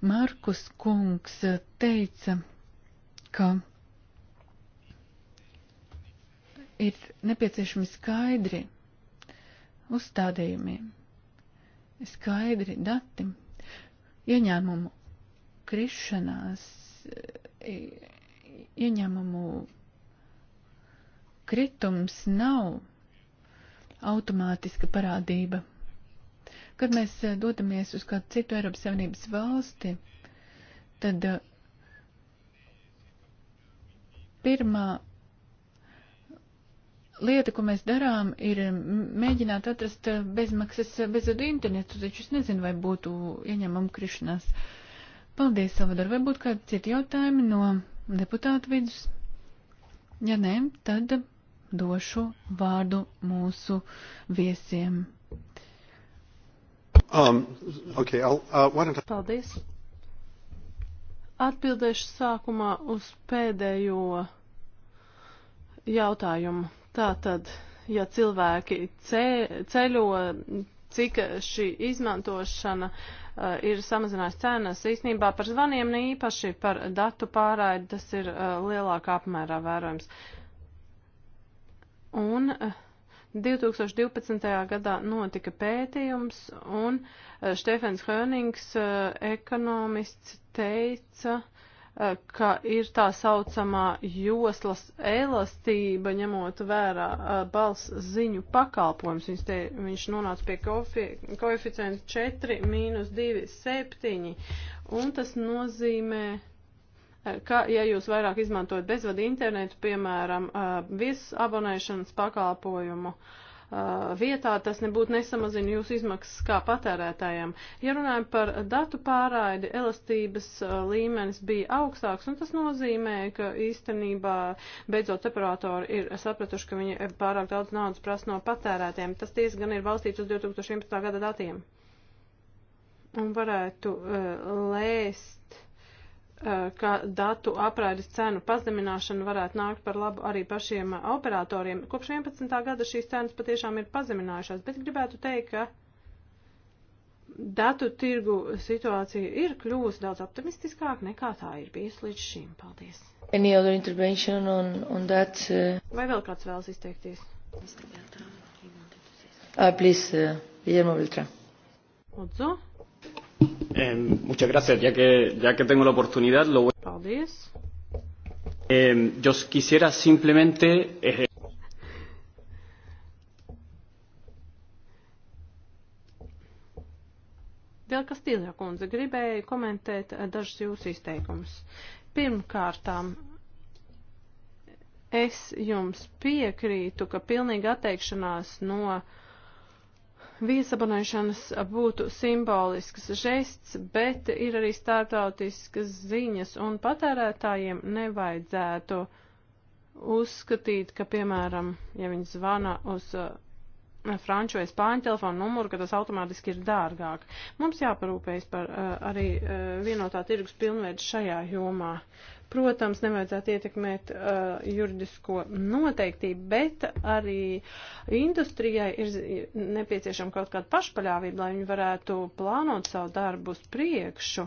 Markus kungs teica, ka ir nepieciešami skaidri uzstādījumiem. Skaidri dati ieņēmumu krišanās, e, ieņēmumu kritums nav automātiska parādība. Kad mēs e, dodamies uz kādu citu Eiropas Savienības valsti, tad e, pirmā lieta, ko mēs darām, ir mēģināt atrast bezmaksas bezvadu internetu, taču es nezinu, vai būtu ieņemama krišanās. Paldies, Salvador. Vai būtu kādi citi jautājumi no deputātu vidus? Ja nē, tad došu vārdu mūsu viesiem. Um, okay, I'll, uh, why don't I... Paldies. Atbildēšu sākumā uz pēdējo jautājumu. Tā tad, ja cilvēki ce, ceļo, cik šī izmantošana uh, ir samazinājusi cenas, īstenībā par zvaniem ne īpaši, par datu pārraidi tas ir uh, lielākā apmērā vērojams. Un uh, eh, 2012. gadā notika pētījums, un uh, Štefens Hönings, uh, ekonomists, teica, uh, Eh, ka ir tā saucamā joslas elastība, ņemot vērā eh, balss ziņu pakalpojums. Viņš, te, viņš nonāca pie koeficienta 4 mīnus 2, 7, un tas nozīmē, eh, ka, ja jūs vairāk izmantojat bezvadu internetu, piemēram, viesabonēšanas pakalpojumu, uh, vietā, tas nebūtu nesamazina jūsu izmaksas kā patērētājiem. Ja runājam par datu pārraidi, elastības līmenis bija augstāks, un tas nozīmē, ka īstenībā beidzot operatori ir sapratuši, ka viņi pārāk daudz naudas prasa no patērētiem. Tas tiesa gan ir balstīts uz 2011. gada datiem. Un varētu uh, lēst Eh, ka datu apraides cenu pazemināšana varētu nākt par labu arī pašiem eh, operatoriem. Kopš 11. gada šīs cenas patiešām ir pazeminājušās, bet gribētu teikt, ka datu tirgu situācija ir kļūst daudz optimistiskāk nekā tā ir bijusi līdz šim. Paldies! Any other intervention on, on that? Uh... Vai vēl kāds vēlas izteikties? Uh, please, uh, Guillermo Viltra. Lūdzu. Eh, muchas gracias. Ya que, ya que tengo la oportunidad, lo voy. Paldies. Eh, yo quisiera simplemente. Eh, Vēl kas tīlā kundze gribēja komentēt dažus jūsu izteikumus. Pirmkārtām, es jums piekrītu, ka pilnīga atteikšanās no uh, viesabonēšanas būtu simbolisks žests, bet ir arī startautiskas ziņas, un patērētājiem nevajadzētu uzskatīt, ka, piemēram, ja viņi zvana uz uh, franču vai spāņu telefonu numuru, ka tas automātiski ir dārgāk. Mums jāparūpējas par uh, arī uh, vienotā tirgus pilnveidu šajā jomā. Uh, Protams, nevajadzētu ietekmēt uh, juridisko noteiktību, bet arī industrijai ir nepieciešama kaut kāda pašpaļāvība, lai viņi varētu plānot savu darbu uz priekšu.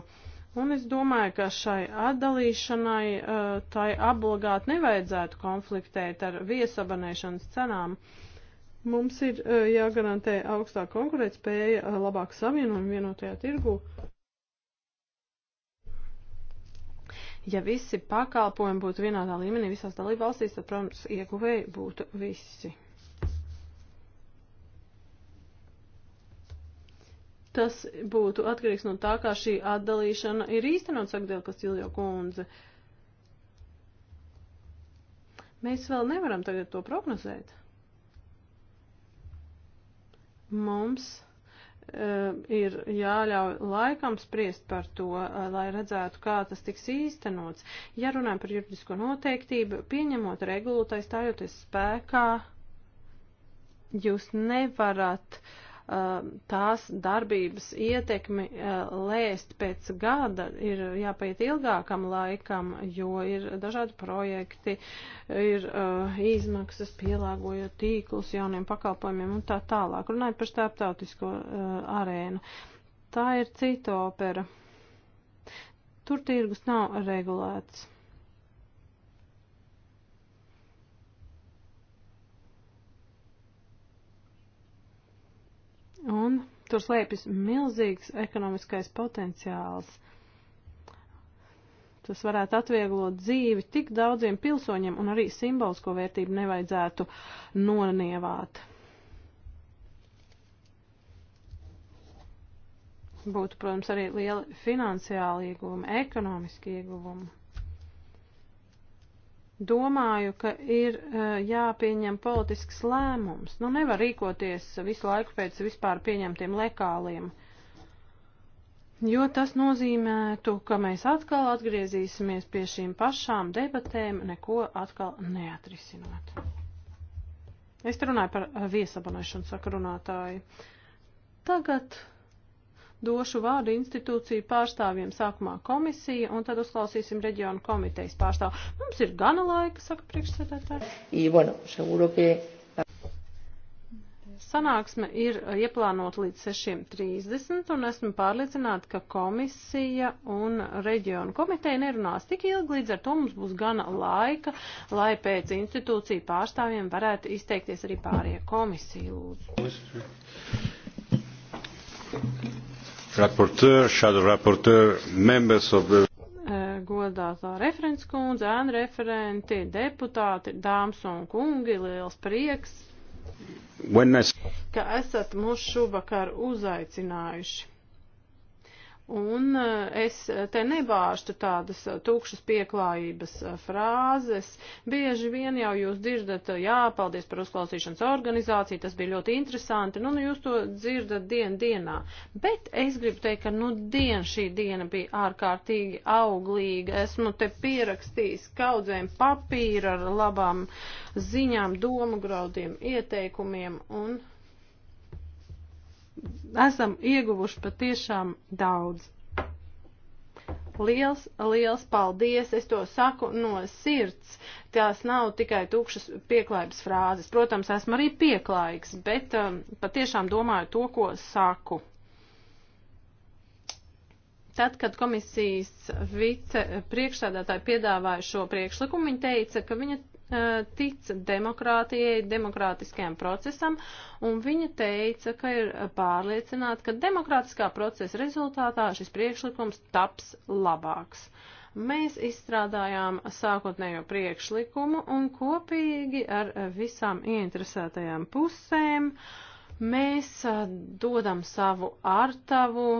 Un es domāju, ka šai atdalīšanai uh, tai obligāti nevajadzētu konfliktēt ar viesabanēšanas cenām. Mums ir uh, jāgarantē augstā konkurētspēja, uh, labāk savienojumi vienotajā tirgu. Ja visi pakalpojumi būtu vienādā līmenī visās dalībvalstīs, tad, protams, ieguvēji būtu visi. Tas būtu atkarīgs no tā, kā šī atdalīšana ir īstenot, saka Dēlkas Ciljo kundze. Mēs vēl nevaram tagad to prognozēt. Mums Eh, ir jāļauj laikam spriest par to, eh, lai redzētu, kā tas tiks īstenots. Ja runājam par juridisko noteiktību, pieņemot regulu, tai stājoties spēkā, jūs nevarat uh, Um, tās darbības ietekmi uh, lēst pēc gada ir jāpaiet ilgākam laikam, jo ir dažādi projekti, ir uh, izmaksas pielāgojot tīklus jauniem pakalpojumiem un tā tālāk. Runājot par starptautisko uh, arēnu. Tā ir cita opera. Tur tirgus nav regulēts. Un tur slēpjas milzīgs ekonomiskais potenciāls. Tas varētu atvieglot dzīvi tik daudziem pilsoņiem un arī simbolisko vērtību nevajadzētu nonievāt. Būtu, protams, arī liela finansiāla ieguvuma, ekonomiski ieguvuma domāju, ka ir eh, jāpieņem politisks lēmums. Nu, nevar rīkoties visu laiku pēc vispār pieņemtiem lekāliem. Jo tas nozīmētu, ka mēs atkal atgriezīsimies pie šīm pašām debatēm, neko atkal neatrisinot. Es te runāju par eh, viesabonēšanu, saka runātāji. Tagad došu vārdu institūciju pārstāvjiem. Sākumā komisija un tad uzklausīsim reģionu komitejas pārstāvu. Mums ir gana laika, saka priekšsēdētājs. Bueno, que... Sanāksme ir ieplānota līdz 6.30 un esmu pārliecināta, ka komisija un reģionu komiteja nerunās tik ilgi, līdz ar to mums būs gana laika, lai pēc institūciju pārstāvjiem varētu izteikties arī pārējie komisiju lūdzu. Thank you. Rapporteur, shadow rapporteur, members of the eh, godātā referents kundze, ēna referenti, deputāti, dāmas un kungi, liels prieks, I... ka esat mūs šovakar uzaicinājuši. Un eh, es te nebāžtu tādas tūkšas pieklājības eh, frāzes. Bieži vien jau jūs dzirdat, eh, jā, paldies par uzklausīšanas organizāciju, tas bija ļoti interesanti, nu, nu jūs to dzirdat dien dienā. Bet es gribu teikt, ka, nu, dien šī diena bija ārkārtīgi auglīga. Esmu te pierakstījis kaudzēm papīra ar labām ziņām, domu graudiem, ieteikumiem un esam ieguvuši patiešām daudz. Liels, liels paldies! Es to saku no sirds. Tās nav tikai tukšas pieklājības frāzes. Protams, esmu arī pieklājīgs, bet um, patiešām domāju to, ko saku. Tad, kad komisijas vice priekšsēdētāji piedāvāja šo priekšlikumu, viņa teica, ka viņa tic demokrātijai, demokrātiskajam procesam, un viņa teica, ka ir pārliecināta, ka demokrātiskā procesa rezultātā šis priekšlikums taps labāks. Mēs izstrādājām sākotnējo priekšlikumu un kopīgi ar visām ieinteresētajām pusēm mēs dodam savu artavu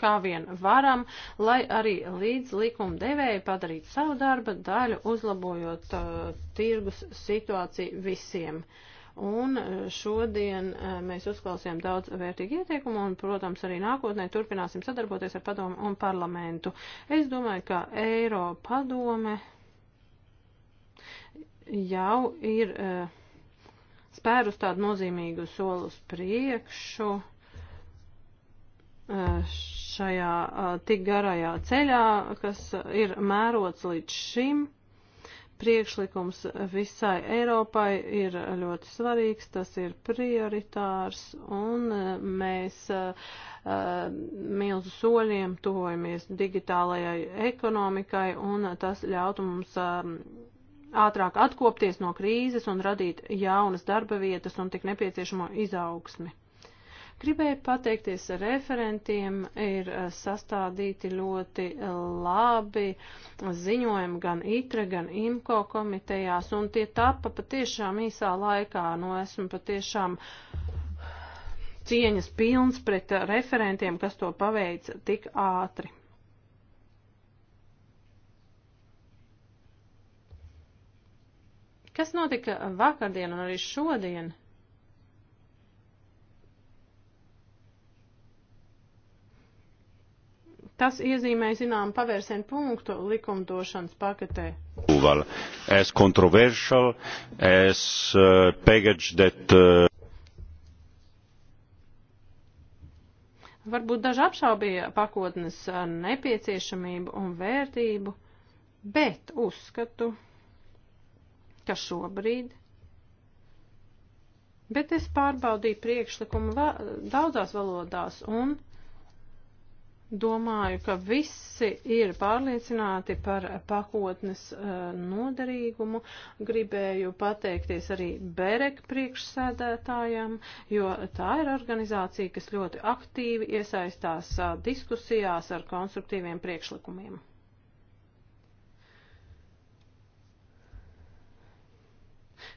kā vien varam, lai arī līdz likuma devēja padarītu savu darba daļu, uzlabojot uh, tirgus situāciju visiem. Un uh, šodien uh, mēs uzklausījām daudz vērtīgu ieteikumu un, protams, arī nākotnē turpināsim sadarboties ar padomu un parlamentu. Es domāju, ka Eiro padome jau ir uh, spērus tādu nozīmīgu soli uz priekšu. Uh, šajā tik garajā ceļā, kas ir mērots līdz šim. Priekšlikums visai Eiropai ir ļoti svarīgs, tas ir prioritārs, un mēs milzu soļiem tuvojamies digitālajai ekonomikai, un tas ļautu mums ātrāk atkopties no krīzes un radīt jaunas darba vietas un tik nepieciešamo izaugsmi. Gribēju pateikties referentiem, ir eh, sastādīti ļoti eh, labi ziņojumi gan ITRE, gan IMKO komitejās, un tie tapa patiešām īsā laikā. Nu, esmu patiešām cieņas pilns pret eh, referentiem, kas to paveica tik ātri. Kas notika vakardien un arī šodien? Tas iezīmē zinām pavērsienu punktu likumdošanas paketē. As controversial as uh, eh, package that uh... Varbūt daži apšaubīja pakotnes eh, nepieciešamību un vērtību, bet uzskatu, ka šobrīd. Bet es pārbaudīju priekšlikumu va daudzās valodās un Domāju, ka visi ir pārliecināti par pakotnes eh, noderīgumu. Gribēju pateikties arī Berek priekšsēdētājam, jo tā ir organizācija, kas ļoti aktīvi iesaistās eh, diskusijās ar konstruktīviem priekšlikumiem.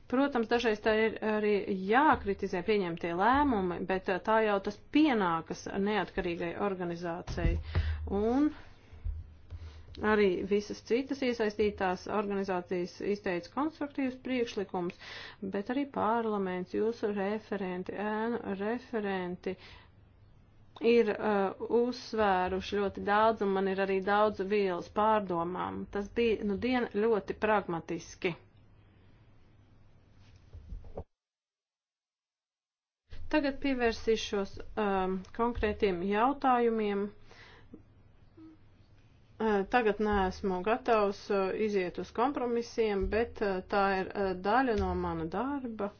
Protams, dažreiz tā ir arī jākritizē pieņemtie lēmumi, bet eh, tā jau tas pienākas neatkarīgai organizācijai. Un arī visas citas iesaistītās organizācijas izteica konstruktīvus priekšlikumus, bet arī parlaments, jūsu referenti, ēnu referenti ir uh, uzsvēruši ļoti daudz, un man ir arī daudz vielas pārdomām. Tas bija, nu, diena ļoti pragmatiski. Tagad pievērsīšos um, konkrētiem jautājumiem. Uh, tagad neesmu gatavs uh, iziet uz kompromisiem, bet uh, tā ir uh, daļa no mana darba.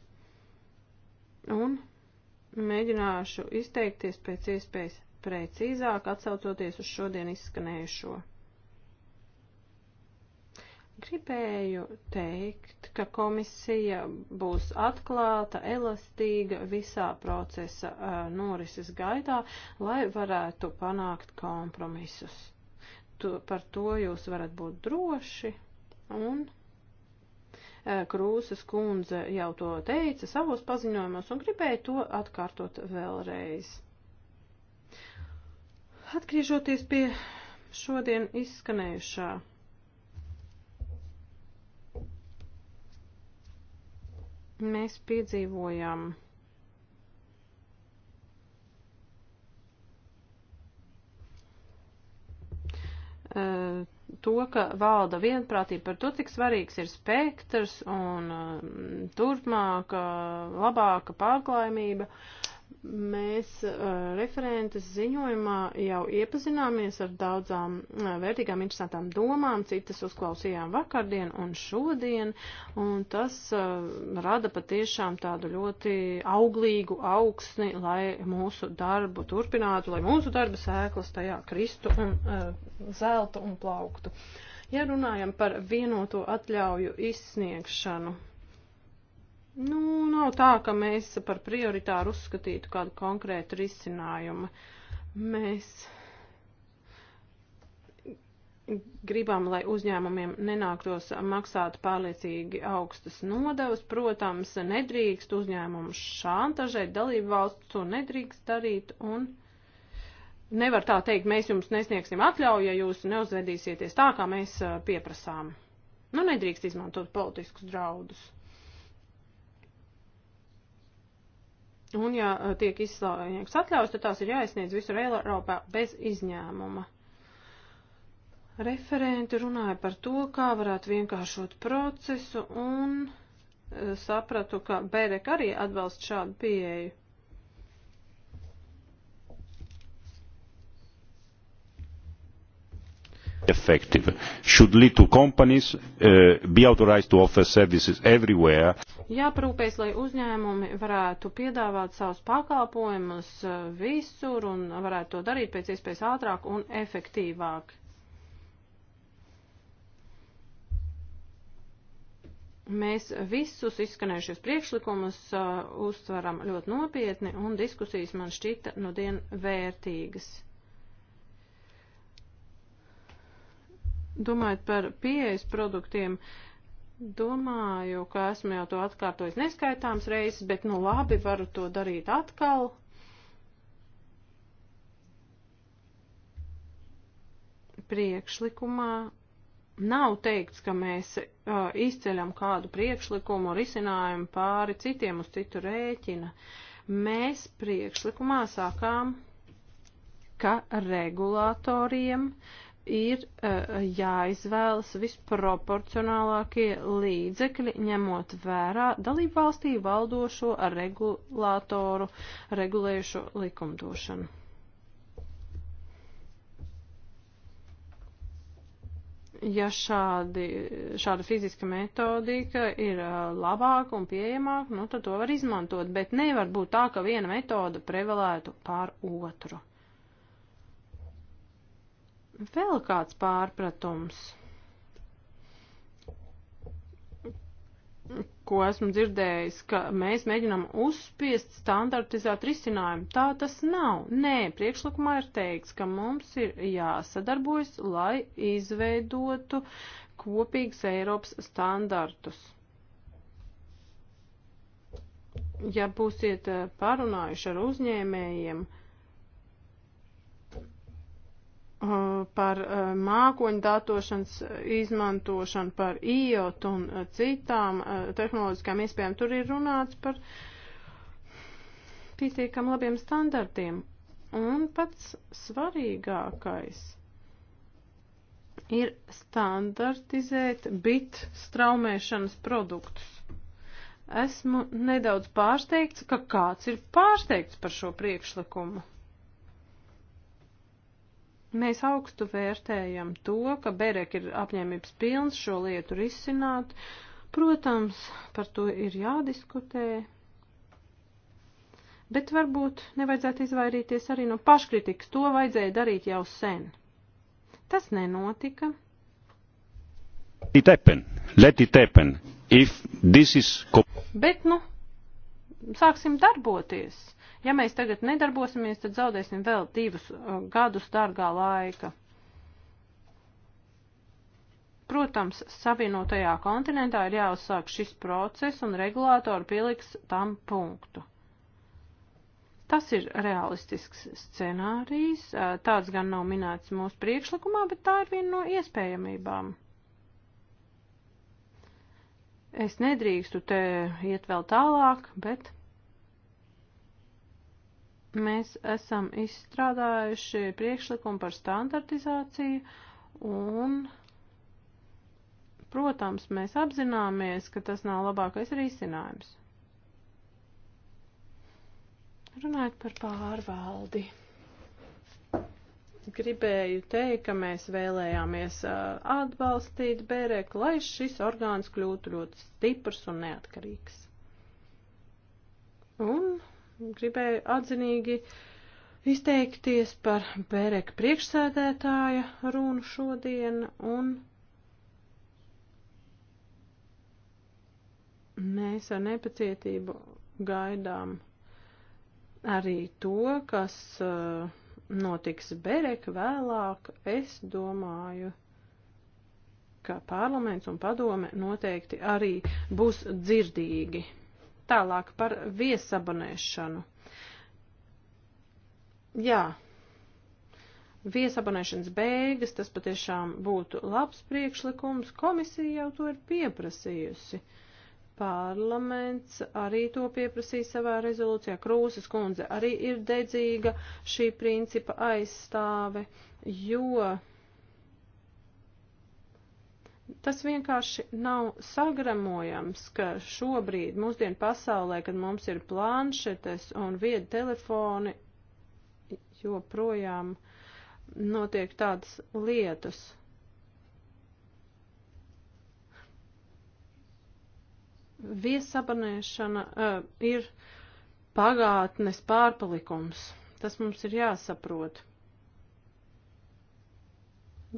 Un mēģināšu izteikties pēc iespējas precīzāk, atsaucoties uz šodien izskanējušo. Gribēju teikt, ka komisija būs atklāta, elastīga visā procesa uh, norises gaidā, lai varētu panākt kompromisus. Tu, par to jūs varat būt droši, un uh, Krūzes kundze jau to teica savos paziņojumos, un gribēju to atkārtot vēlreiz. Atgriežoties pie šodien izskanējušā Mēs piedzīvojam eh, to, ka valda vienprātība par to, cik svarīgs ir spektrs un eh, turpmāka, labāka pārklājumība. Mēs uh, referentes ziņojumā jau iepazināmies ar daudzām uh, vērtīgām, interesantām domām, citas uzklausījām vakardien un šodien, un tas uh, rada patiešām tādu ļoti auglīgu augsni, lai mūsu darbu turpinātu, lai mūsu darba sēklas tajā kristu un uh, zeltu un plauktu. Ja runājam par vienoto atļauju izsniegšanu Nu, nav tā, ka mēs par prioritāru uzskatītu kādu konkrētu risinājumu. Mēs gribam, lai uzņēmumiem nenāktos maksāt pārliecīgi augstas nodevas. Protams, nedrīkst uzņēmumus šantažēt dalību valsts, to nedrīkst darīt un nevar tā teikt, mēs jums nesniegsim atļauju, ja jūs neuzvedīsieties tā, kā mēs pieprasām. Nu, nedrīkst izmantot politiskus draudus. Un, ja eh, tiek izslēgts atļaus, tad tās ir jāizsniedz visur Eiropā bez izņēmuma. Referenti runāja par to, kā varētu vienkāršot procesu un eh, sapratu, ka Bērek arī atbalsta šādu pieeju. effective should lead to companies uh, be authorized to offer services everywhere. Jāparūpēs, lai uzņēmumi varētu piedāvāt savus pakalpojumus uh, visur un varētu to darīt pēc iespējas ātrāk un efektīvāk. Mēs visus izskanējušos priekšlikumus uh, uztveram ļoti nopietni, un diskusijas man šķita no nu dienu vērtīgas. Domājot par pieejas produktiem, domāju, ka esmu jau to atkārtojis neskaitāms reizes, bet nu labi, varu to darīt atkal. Priekšlikumā nav teikts, ka mēs uh, izceļam kādu priekšlikumu, risinājumu pāri citiem uz citu rēķina. Mēs priekšlikumā sākām, ka regulātoriem uh, ir eh, jāizvēlas visproporcionālākie līdzekļi, ņemot vērā dalību valstī valdošo regulātoru regulējušo likumdošanu. ja šādi, šāda fiziska metodika ir eh, labāka un pieejamāka, nu, tad to var izmantot, bet nevar būt tā, ka viena metoda prevalētu pār otru. Vēl kāds pārpratums, ko esmu dzirdējis, ka mēs mēģinām uzspiest standartizēt risinājumu. Tā tas nav. Nē, priekšlikumā ir teikts, ka mums ir jāsadarbojas, lai izveidotu kopīgas Eiropas standartus ja būsiet eh, pārunājuši ar uzņēmējiem, uh, Uh, par uh, mākoņu datošanas uh, izmantošanu, par IOT un citām tehnoloģiskām iespējām. Tur ir runāts par pietiekam labiem standartiem. Un pats svarīgākais ir standartizēt bit straumēšanas produktus. Esmu nedaudz pārsteigts, ka kāds ir pārsteigts par šo priekšlikumu. Mēs augstu vērtējam to, ka Berek ir apņēmības pilns šo lietu risināt. Protams, par to ir jādiskutē, bet varbūt nevajadzētu izvairīties arī no paškritikas. To vajadzēja darīt jau sen. Tas nenotika. It happen. Let it happen. If this is... Bet, nu, sāksim darboties. Ja mēs tagad nedarbosimies, tad zaudēsim vēl divus uh, gadus dārgā laika. Protams, savienotajā kontinentā ir jāuzsāk šis process un regulātori pieliks tam punktu. Tas ir realistisks scenārijs, uh, tāds gan nav minēts mūsu priekšlikumā, bet tā ir viena no iespējamībām. Es nedrīkstu te iet vēl tālāk, bet Mēs esam izstrādājuši priekšlikumu par standartizāciju un, protams, mēs apzināmies, ka tas nav labākais risinājums. Runājot par pārvaldi. Gribēju teikt, ka mēs vēlējāmies atbalstīt Bērēku, lai šis orgāns kļūtu ļoti stiprs un neatkarīgs. Un gribēju atzinīgi izteikties par Bereka priekšsēdētāja runu šodien un mēs ar nepacietību gaidām arī to, kas uh, notiks Bereka vēlāk. Es domāju, ka parlaments un padome noteikti arī būs dzirdīgi. Tālāk par viesabonēšanu. Jā, viesabonēšanas beigas, tas patiešām būtu labs priekšlikums. Komisija jau to ir pieprasījusi. Parlaments arī to pieprasīja savā rezolūcijā. Krūzes kundze arī ir dedzīga šī principa aizstāve, jo Tas vienkārši nav sagramojams, ka šobrīd, mūsdienu pasaulē, kad mums ir planšetes un viedi telefoni, joprojām notiek tādas lietas. Viesabanēšana uh, eh, ir pagātnes pārpalikums. Tas mums ir jāsaprot.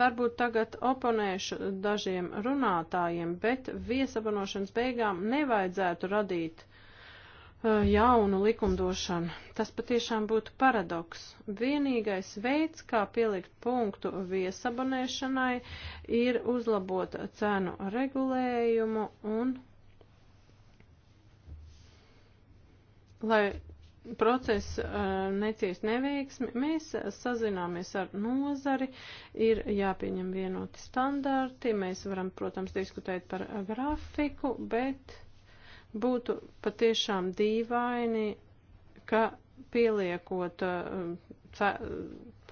Varbūt tagad oponēšu dažiem runātājiem, bet viesabanošanas beigām nevajadzētu radīt uh, jaunu likumdošanu. Tas patiešām būtu paradoks. Vienīgais veids, kā pielikt punktu viesabonēšanai, ir uzlabot cenu regulējumu un lai process eh, neciest neveiksmi. Mēs sazināmies ar nozari, ir jāpieņem vienoti standarti, mēs varam, protams, diskutēt par grafiku, bet būtu patiešām dīvaini, ka pieliekot eh,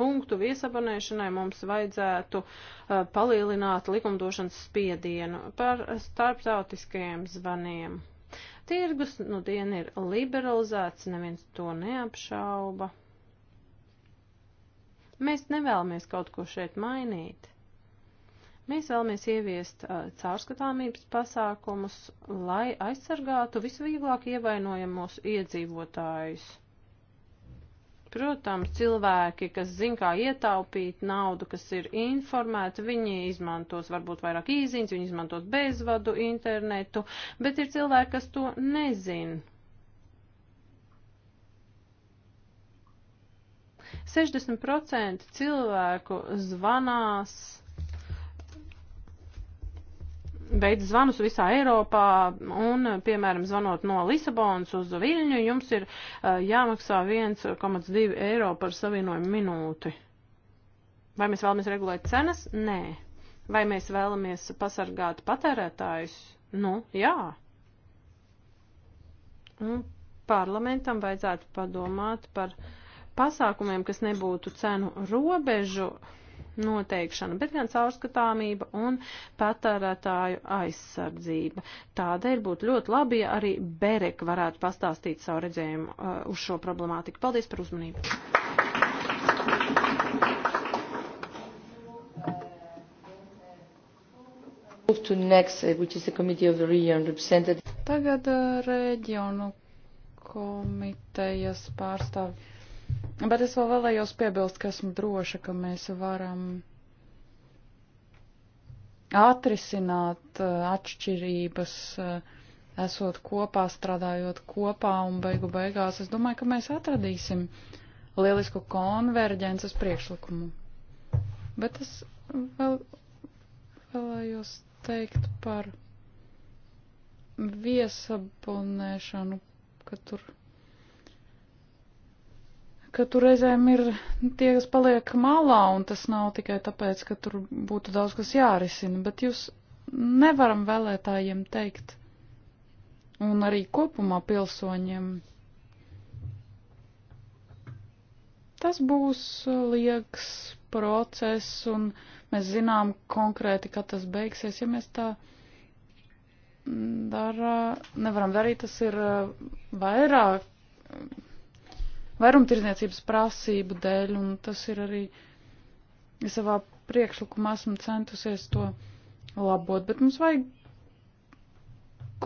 punktu viesabonēšanai mums vajadzētu eh, palielināt likumdošanas spiedienu par starptautiskajiem zvaniem tirgus nu dien ir liberalizēts, neviens to neapšauba. Mēs nevēlamies kaut ko šeit mainīt. Mēs vēlamies ieviest uh, caurskatāmības pasākumus, lai aizsargātu visvieglāk ievainojamos iedzīvotājus. Protams, cilvēki, kas zin, kā ietaupīt naudu, kas ir informēti, viņi izmantos varbūt vairāk īziņas, viņi izmantos bezvadu internetu, bet ir cilvēki, kas to nezin. 60% cilvēku zvanās veids zvanus visā Eiropā un, piemēram, zvanot no Lisabonas uz Viļņu, jums ir eh, jāmaksā 1,2 eiro par savienojumu minūti. Vai mēs vēlamies regulēt cenas? Nē. Vai mēs vēlamies pasargāt patērētājus? Nu, jā. Un parlamentam vajadzētu padomāt par pasākumiem, kas nebūtu cenu robežu. Uh, noteikšana, bet gan caurskatāmība un patērētāju aizsardzība. Tādēļ būtu ļoti labi, ja arī Berek varētu pastāstīt savu redzējumu uh, uz šo problemātiku. Paldies par uzmanību! Uh, Tagad uh, reģionu komitejas pārstāvju. Bet es vēl vēlējos piebilst, ka esmu droša, ka mēs varam atrisināt uh, atšķirības, uh, esot kopā, strādājot kopā un beigu beigās. Es domāju, ka mēs atradīsim lielisku konverģences priekšlikumu. Bet es vēl, vēlējos teikt par viesabonēšanu, ka tur ka tur reizēm ir tie, kas paliek malā, un tas nav tikai tāpēc, ka tur būtu daudz kas jārisina, bet jūs nevaram vēlētājiem teikt, un arī kopumā pilsoņiem. Tas būs liegs process, un mēs zinām konkrēti, kad tas beigsies. Ja mēs tā dara, nevaram darīt, tas ir vairāk vairumtirdzniecības prasību dēļ, un tas ir arī ja savā priekšlikumā esmu centusies to labot, bet mums vajag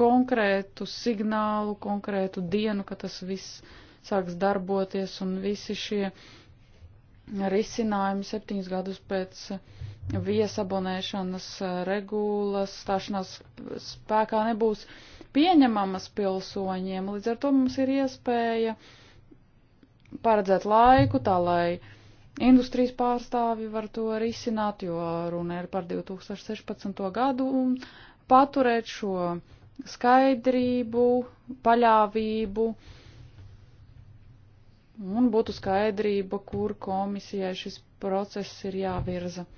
konkrētu signālu, konkrētu dienu, ka tas viss sāks darboties un visi šie risinājumi septiņus gadus pēc viesabonēšanas regulas stāšanās spēkā nebūs pieņemamas pilsoņiem. Līdz ar to mums ir iespēja uh, paredzēt laiku, tā lai industrijas pārstāvi var to risināt, jo runa ir par 2016. gadu un paturēt šo skaidrību, paļāvību un būtu skaidrība, kur komisijai šis process ir jāvirza.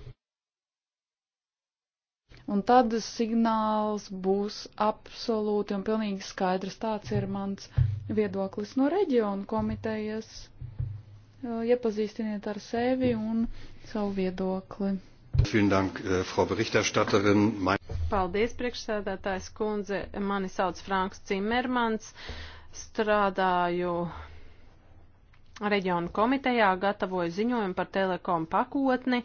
Un tad signāls būs absolūti un pilnīgi skaidrs. Tāds ir mans viedoklis no reģiona komitejas. Iepazīstiniet ar sevi un savu viedokli. Paldies, priekšsēdētājs kundze. Mani sauc Franks Cimermans. Strādāju Reģionu komitejā gatavoja ziņojumu par telekomu pakotni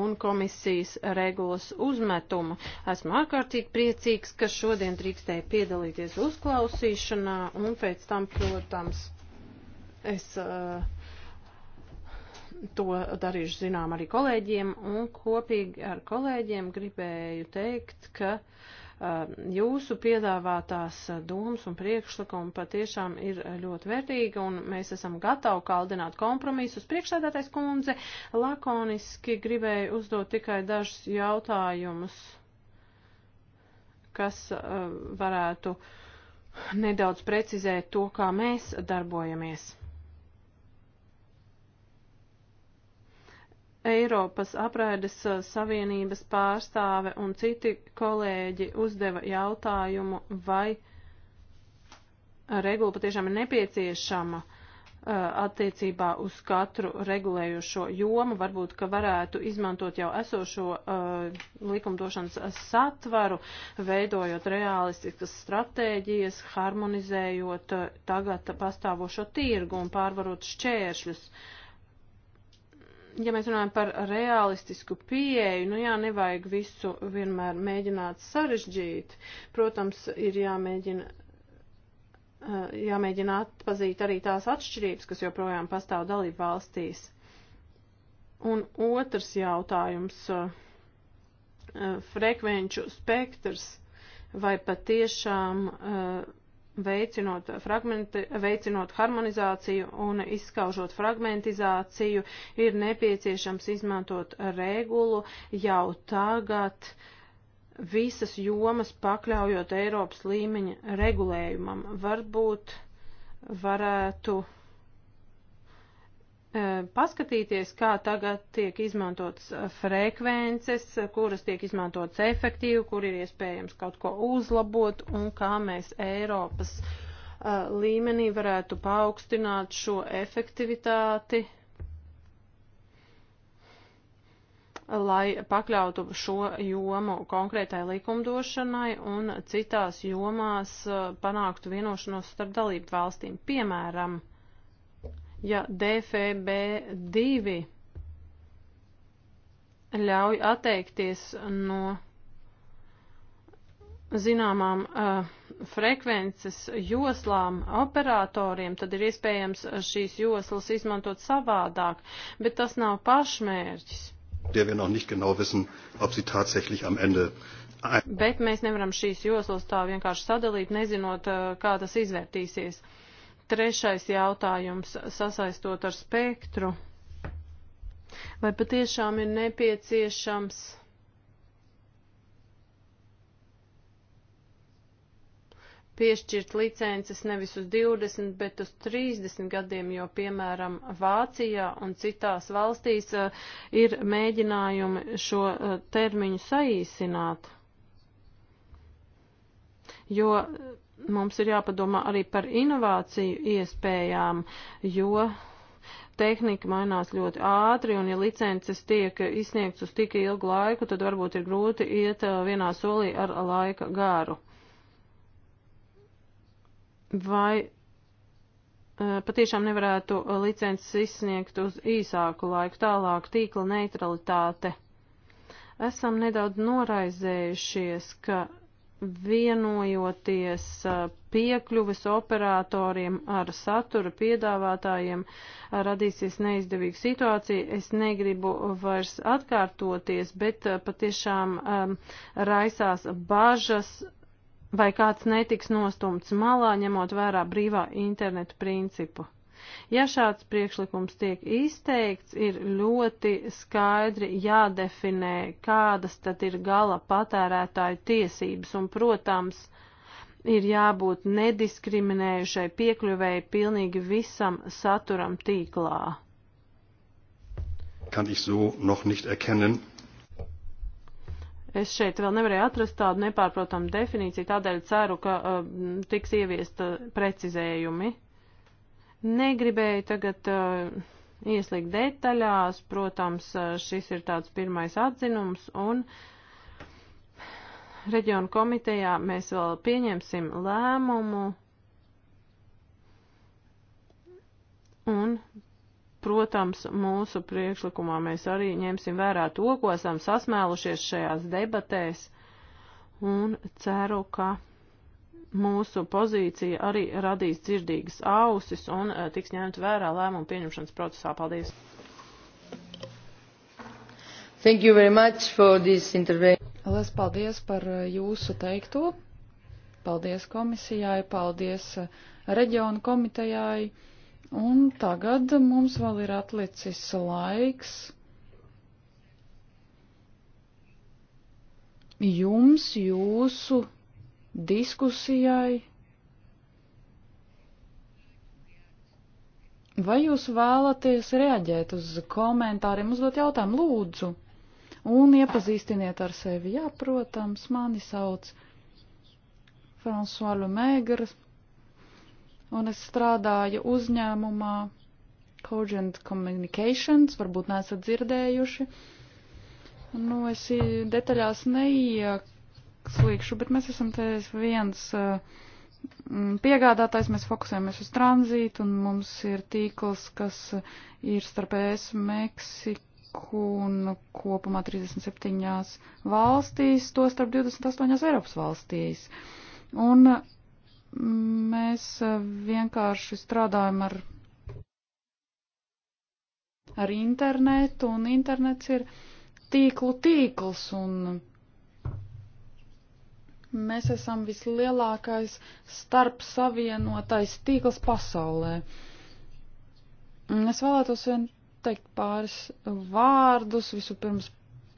un komisijas regulas uzmetumu. Esmu ārkārtīgi priecīgs, ka šodien drīkstēja piedalīties uzklausīšanā un pēc tam, protams, es uh, to darīšu zinām arī kolēģiem un kopīgi ar kolēģiem gribēju teikt, ka uh, Eh, jūsu piedāvātās domas un priekšlikumi patiešām ir eh, ļoti vērtīgi, un mēs esam gatavi kaldināt kompromisus. Priekšsēdētais kundze lakoniski gribēja uzdot tikai dažus jautājumus, kas eh, varētu nedaudz precizēt to, kā mēs darbojamies. Eiropas apraides eh, savienības pārstāve un citi kolēģi uzdeva jautājumu, vai regula patiešām ir nepieciešama eh, attiecībā uz katru regulējušo jomu, varbūt, ka varētu izmantot jau esošo uh, likumdošanas satvaru, veidojot realistiskas stratēģijas, harmonizējot tagad pastāvošo tirgu un pārvarot šķēršļus. Uh, ja mēs runājam par realistisku pieeju, nu jā, nevajag visu vienmēr mēģināt sarežģīt. Protams, ir jāmēģina, eh, jāmēģina atpazīt arī tās atšķirības, kas joprojām pastāv dalību valstīs. Un otrs jautājums eh, - frekvenču spektrs vai patiešām uh, veicinot, veicinot harmonizāciju un izskaužot fragmentizāciju, ir nepieciešams izmantot regulu jau tagad visas jomas pakļaujot Eiropas līmeņa regulējumam. Varbūt varētu paskatīties, kā tagad tiek izmantotas frekvences, kuras tiek izmantotas efektīvi, kur ir iespējams kaut ko uzlabot un kā mēs Eiropas uh, līmenī varētu paaugstināt šo efektivitāti, lai pakļautu šo jomu konkrētai likumdošanai un citās jomās panāktu vienošanos starp dalību valstīm. Piemēram, ja DFB2 ļauj atteikties no zināmām uh, frekvences joslām operatoriem, tad ir iespējams šīs joslas izmantot savādāk, bet tas nav pašmērķis. Genau wissen, Ende... Bet mēs nevaram šīs joslas tā vienkārši sadalīt, nezinot, uh, kā tas izvērtīsies. Uh, Trešais jautājums sasaistot ar spektru. Vai patiešām ir nepieciešams piešķirt licences nevis uz 20, bet uz 30 gadiem, jo, piemēram, Vācijā un citās valstīs eh, ir mēģinājumi šo eh, termiņu saīsināt. Jo mums ir jāpadomā arī par inovāciju iespējām, jo tehnika mainās ļoti ātri, un ja licences tiek izsniegts uz tik ilgu laiku, tad varbūt ir grūti iet vienā solī ar laika gāru. Vai patiešām nevarētu licences izsniegt uz īsāku laiku, tālāk tīkla neutralitāte? Esam nedaudz noraizējušies, ka vienojoties piekļuves operatoriem ar satura piedāvātājiem radīsies neizdevīga situācija. Es negribu vairs atkārtoties, bet patiešām um, raisās bažas, vai kāds netiks nostumts malā, ņemot vērā brīvā interneta principu. Ja šāds priekšlikums tiek izteikts, ir ļoti skaidri jādefinē, kādas tad ir gala patērētāju tiesības un, protams, ir jābūt nediskriminējušai piekļuvēji pilnīgi visam saturam tīklā kann ich so noch nicht erkennen. Es šeit vēl nevarēju atrast tādu nepārprotamu definīciju, tādēļ ceru, ka uh, tiks ieviesta precizējumi. Negribēju tagad uh, ieslīgt detaļās, protams, eh, šis ir tāds pirmais atzinums un reģionu komitejā mēs vēl pieņemsim lēmumu un, protams, mūsu priekšlikumā mēs arī ņemsim vērā to, ko esam sasmēlušies šajās debatēs un ceru, ka mūsu pozīcija arī radīs dzirdīgas ausis un eh, tiks ņemt vērā lēmumu pieņemšanas procesā. Paldies! Thank you very much for this intervention. Lielas paldies par eh, jūsu teikto. Paldies komisijai, paldies eh, reģionu komitejai. Un tagad mums vēl ir atlicis laiks. Jums, jūsu diskusijai. Vai jūs vēlaties reaģēt uz komentāriem, uzdot jautājumu, lūdzu, un iepazīstiniet ar sevi? Jā, protams, mani sauc François Lumēgars, un es strādāju uzņēmumā Cogent Communications, varbūt neesat dzirdējuši. Nu, es detaļās neiek slīkšu, bet mēs esam tēs viens eh, mm, piegādātājs, mēs fokusējamies uz tranzītu, un mums ir tīkls, kas ir starp ES, Meksiku un kopumā 37 valstīs, to starp 28 Eiropas valstīs. Un mm, mēs eh, vienkārši strādājam ar, ar internetu, un internets ir tīklu tīkls, un Mēs esam vislielākais starp savienotais tīkls pasaulē. Es vēlētos vien teikt pāris vārdus, vispirms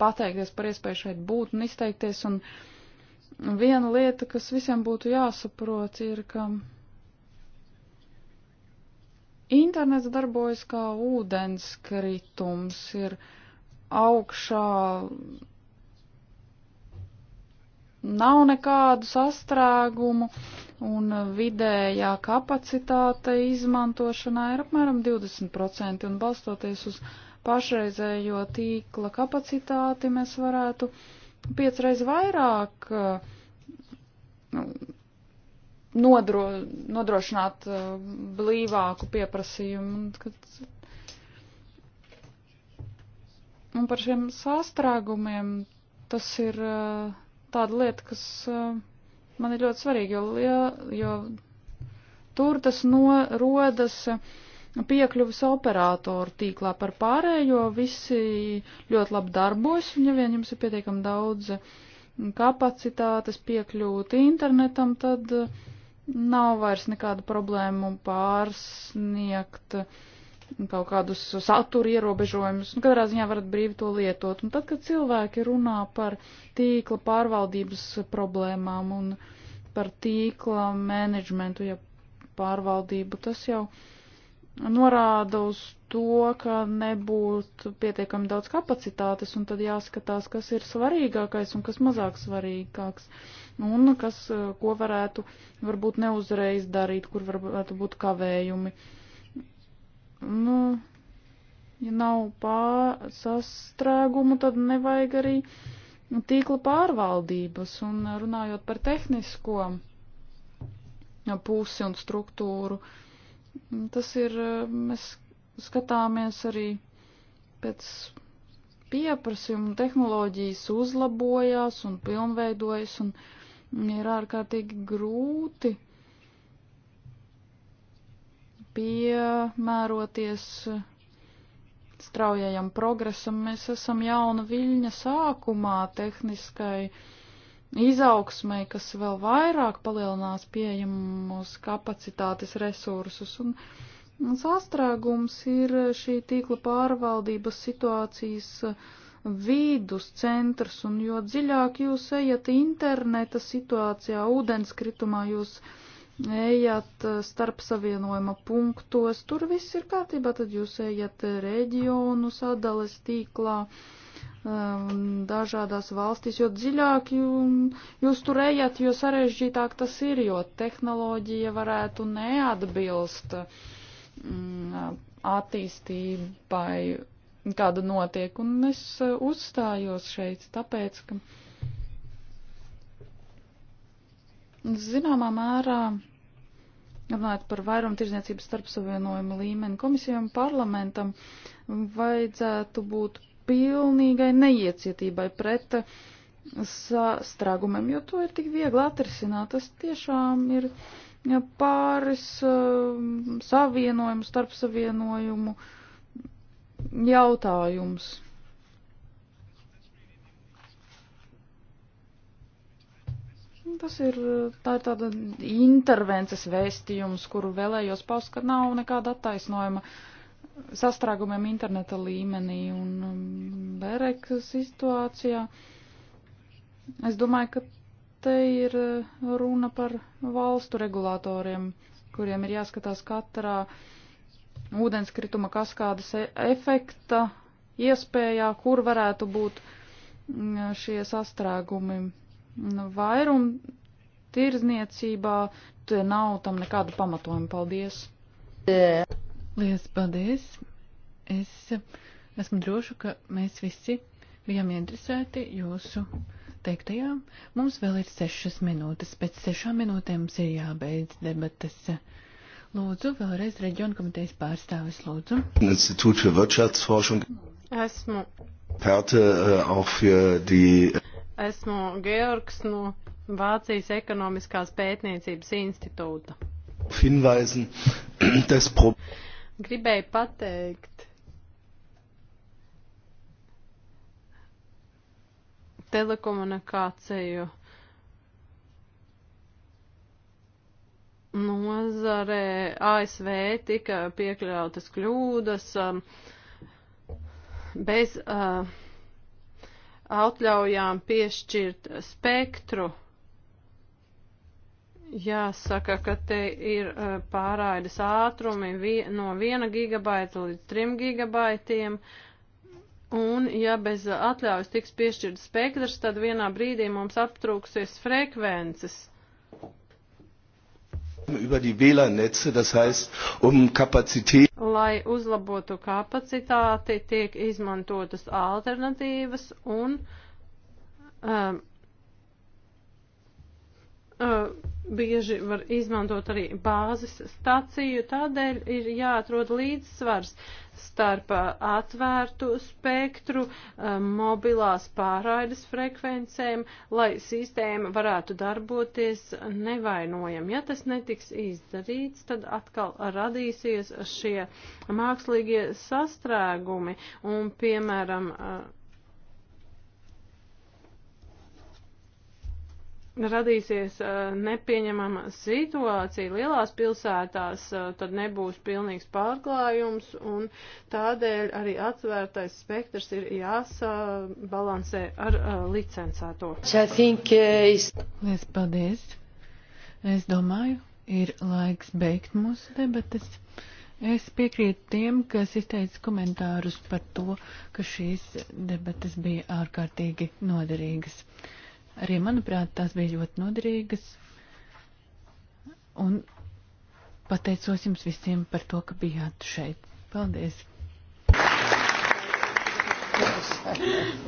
pateikties par iespēju šeit būt un izteikties. Un viena lieta, kas visiem būtu jāsaprot, ir, ka internets darbojas kā ūdenskritums, ir augšā nav nekādu sastrēgumu, un vidējā kapacitāte izmantošanā ir apmēram 20%, un balstoties uz pašreizējo tīkla kapacitāti mēs varētu piecreiz vairāk uh, nodro, nodrošināt uh, blīvāku pieprasījumu. Un par šiem sastrēgumiem tas ir uh, tāda lieta, kas eh, man ir ļoti svarīga, jo, jo tur tas norodas piekļuvis operātoru tīklā par pārējo, visi ļoti labi darbojas, un ja vien jums ir pietiekami daudz kapacitātes piekļūt internetam, tad eh, nav vairs nekāda problēma pārsniegt uh, kaut kādus satura ierobežojumus, un nu, katrā ziņā varat brīvi to lietot. Un tad, kad cilvēki runā par tīkla pārvaldības problēmām un par tīkla menedžmentu, ja pārvaldību, tas jau norāda uz to, ka nebūtu pietiekami daudz kapacitātes, un tad jāskatās, kas ir svarīgākais un kas mazāk svarīgāks, un kas, ko varētu varbūt neuzreiz darīt, kur varētu būt kavējumi. Uh, Nu, ja nav sastrēgumu, tad nevajag arī tīkla pārvaldības. Un runājot par tehnisko pusi un struktūru, tas ir, mēs skatāmies arī pēc pieprasījuma, tehnoloģijas uzlabojās un pilnveidojas, un ir ārkārtīgi grūti piemēroties straujajam progresam. Mēs esam jauna viļņa sākumā tehniskai izaugsmai, kas vēl vairāk palielinās pieejamos kapacitātes resursus. Un, un sastrēgums ir šī tīkla pārvaldības situācijas vīdus centrs, un jo dziļāk jūs ejat interneta situācijā, ūdenskritumā jūs ejat ejat eh, starp savienojuma punktos, tur viss ir kārtībā, tad jūs ejat reģionu sadales tīklā um, dažādās valstīs, jo dziļāk jūs tur ejat, jo sarežģītāk tas ir, jo tehnoloģija varētu neatbilst um, attīstībai, kāda notiek, un es eh, uzstājos šeit, tāpēc, ka Zināmā mērā, runājot par vairumtirdzniecības starpsavienojumu līmeni, komisijai un parlamentam vajadzētu būt pilnīgai neiecietībai pret sastrēgumiem, jo to ir tik viegli atrisināt. Tas tiešām ir pāris um, savienojumu, starpsavienojumu jautājums. Tas ir, tā ir tāda intervences vēstījums, kuru vēlējos paust, ka nav nekāda attaisnojuma sastrēgumiem interneta līmenī un um, Bereka situācijā. Es domāju, ka te ir uh, runa par valstu regulātoriem, kuriem ir jāskatās katrā ūdenskrituma kaskādas e-, efekta iespējā, kur varētu būt mm, šie sastrēgumi Nu, vairum tirzniecībā, tie nav tam nekāda pamatojuma. Paldies! Lielas paldies! Es esmu drošu, ka mēs visi bijām interesēti jūsu teiktajā. Mums vēl ir sešas minūtes. Pēc sešām minūtēm mums ir jābeidz debatas. Lūdzu, vēlreiz reģionu komitejas pārstāvis, lūdzu. Institūts für Wirtschaftsforschung. Esmu. Perte, uh, auch für die Esmu Georgs no Vācijas ekonomiskās pētniecības institūta. Finvaisen, tas prob... Gribēju pateikt, telekomunikāciju nozarē ASV tika piekļautas kļūdas um, bez. Uh, atļaujām piešķirt spektru. Jāsaka, ka te ir uh, pārraides ātrumi no 1 gigabaita līdz 3 gigabaitiem. Un, ja bez atļaujas tiks piešķirts spektrs, tad vienā brīdī mums aptrūksies frekvences über die WLAN-Netze, das heißt, um Kapazität. Lai uzlabotu kapacitāti, tiek izmantotas alternatīvas un um, bieži var izmantot arī bāzes staciju, tādēļ ir jāatrod līdzsvars starp atvērtu spektru, mobilās pārraides frekvencēm, lai sistēma varētu darboties nevainojam. Ja tas netiks izdarīts, tad atkal radīsies šie mākslīgie sastrēgumi un, piemēram, radīsies nepieņemama situācija lielās pilsētās, tad nebūs pilnīgs pārklājums, un tādēļ arī atvērtais spektrs ir jāsabalansē ar licencēto. Lies paldies! Es domāju, ir laiks beigt mūsu debatas. Es piekrītu tiem, kas izteica komentārus par to, ka šīs debatas bija ārkārtīgi noderīgas. Arī, manuprāt, tās bija ļoti noderīgas. Un pateicos jums visiem par to, ka bijāt šeit. Paldies!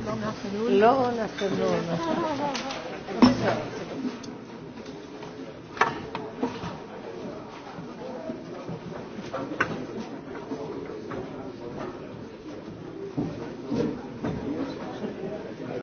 Long afternoon. Long afternoon.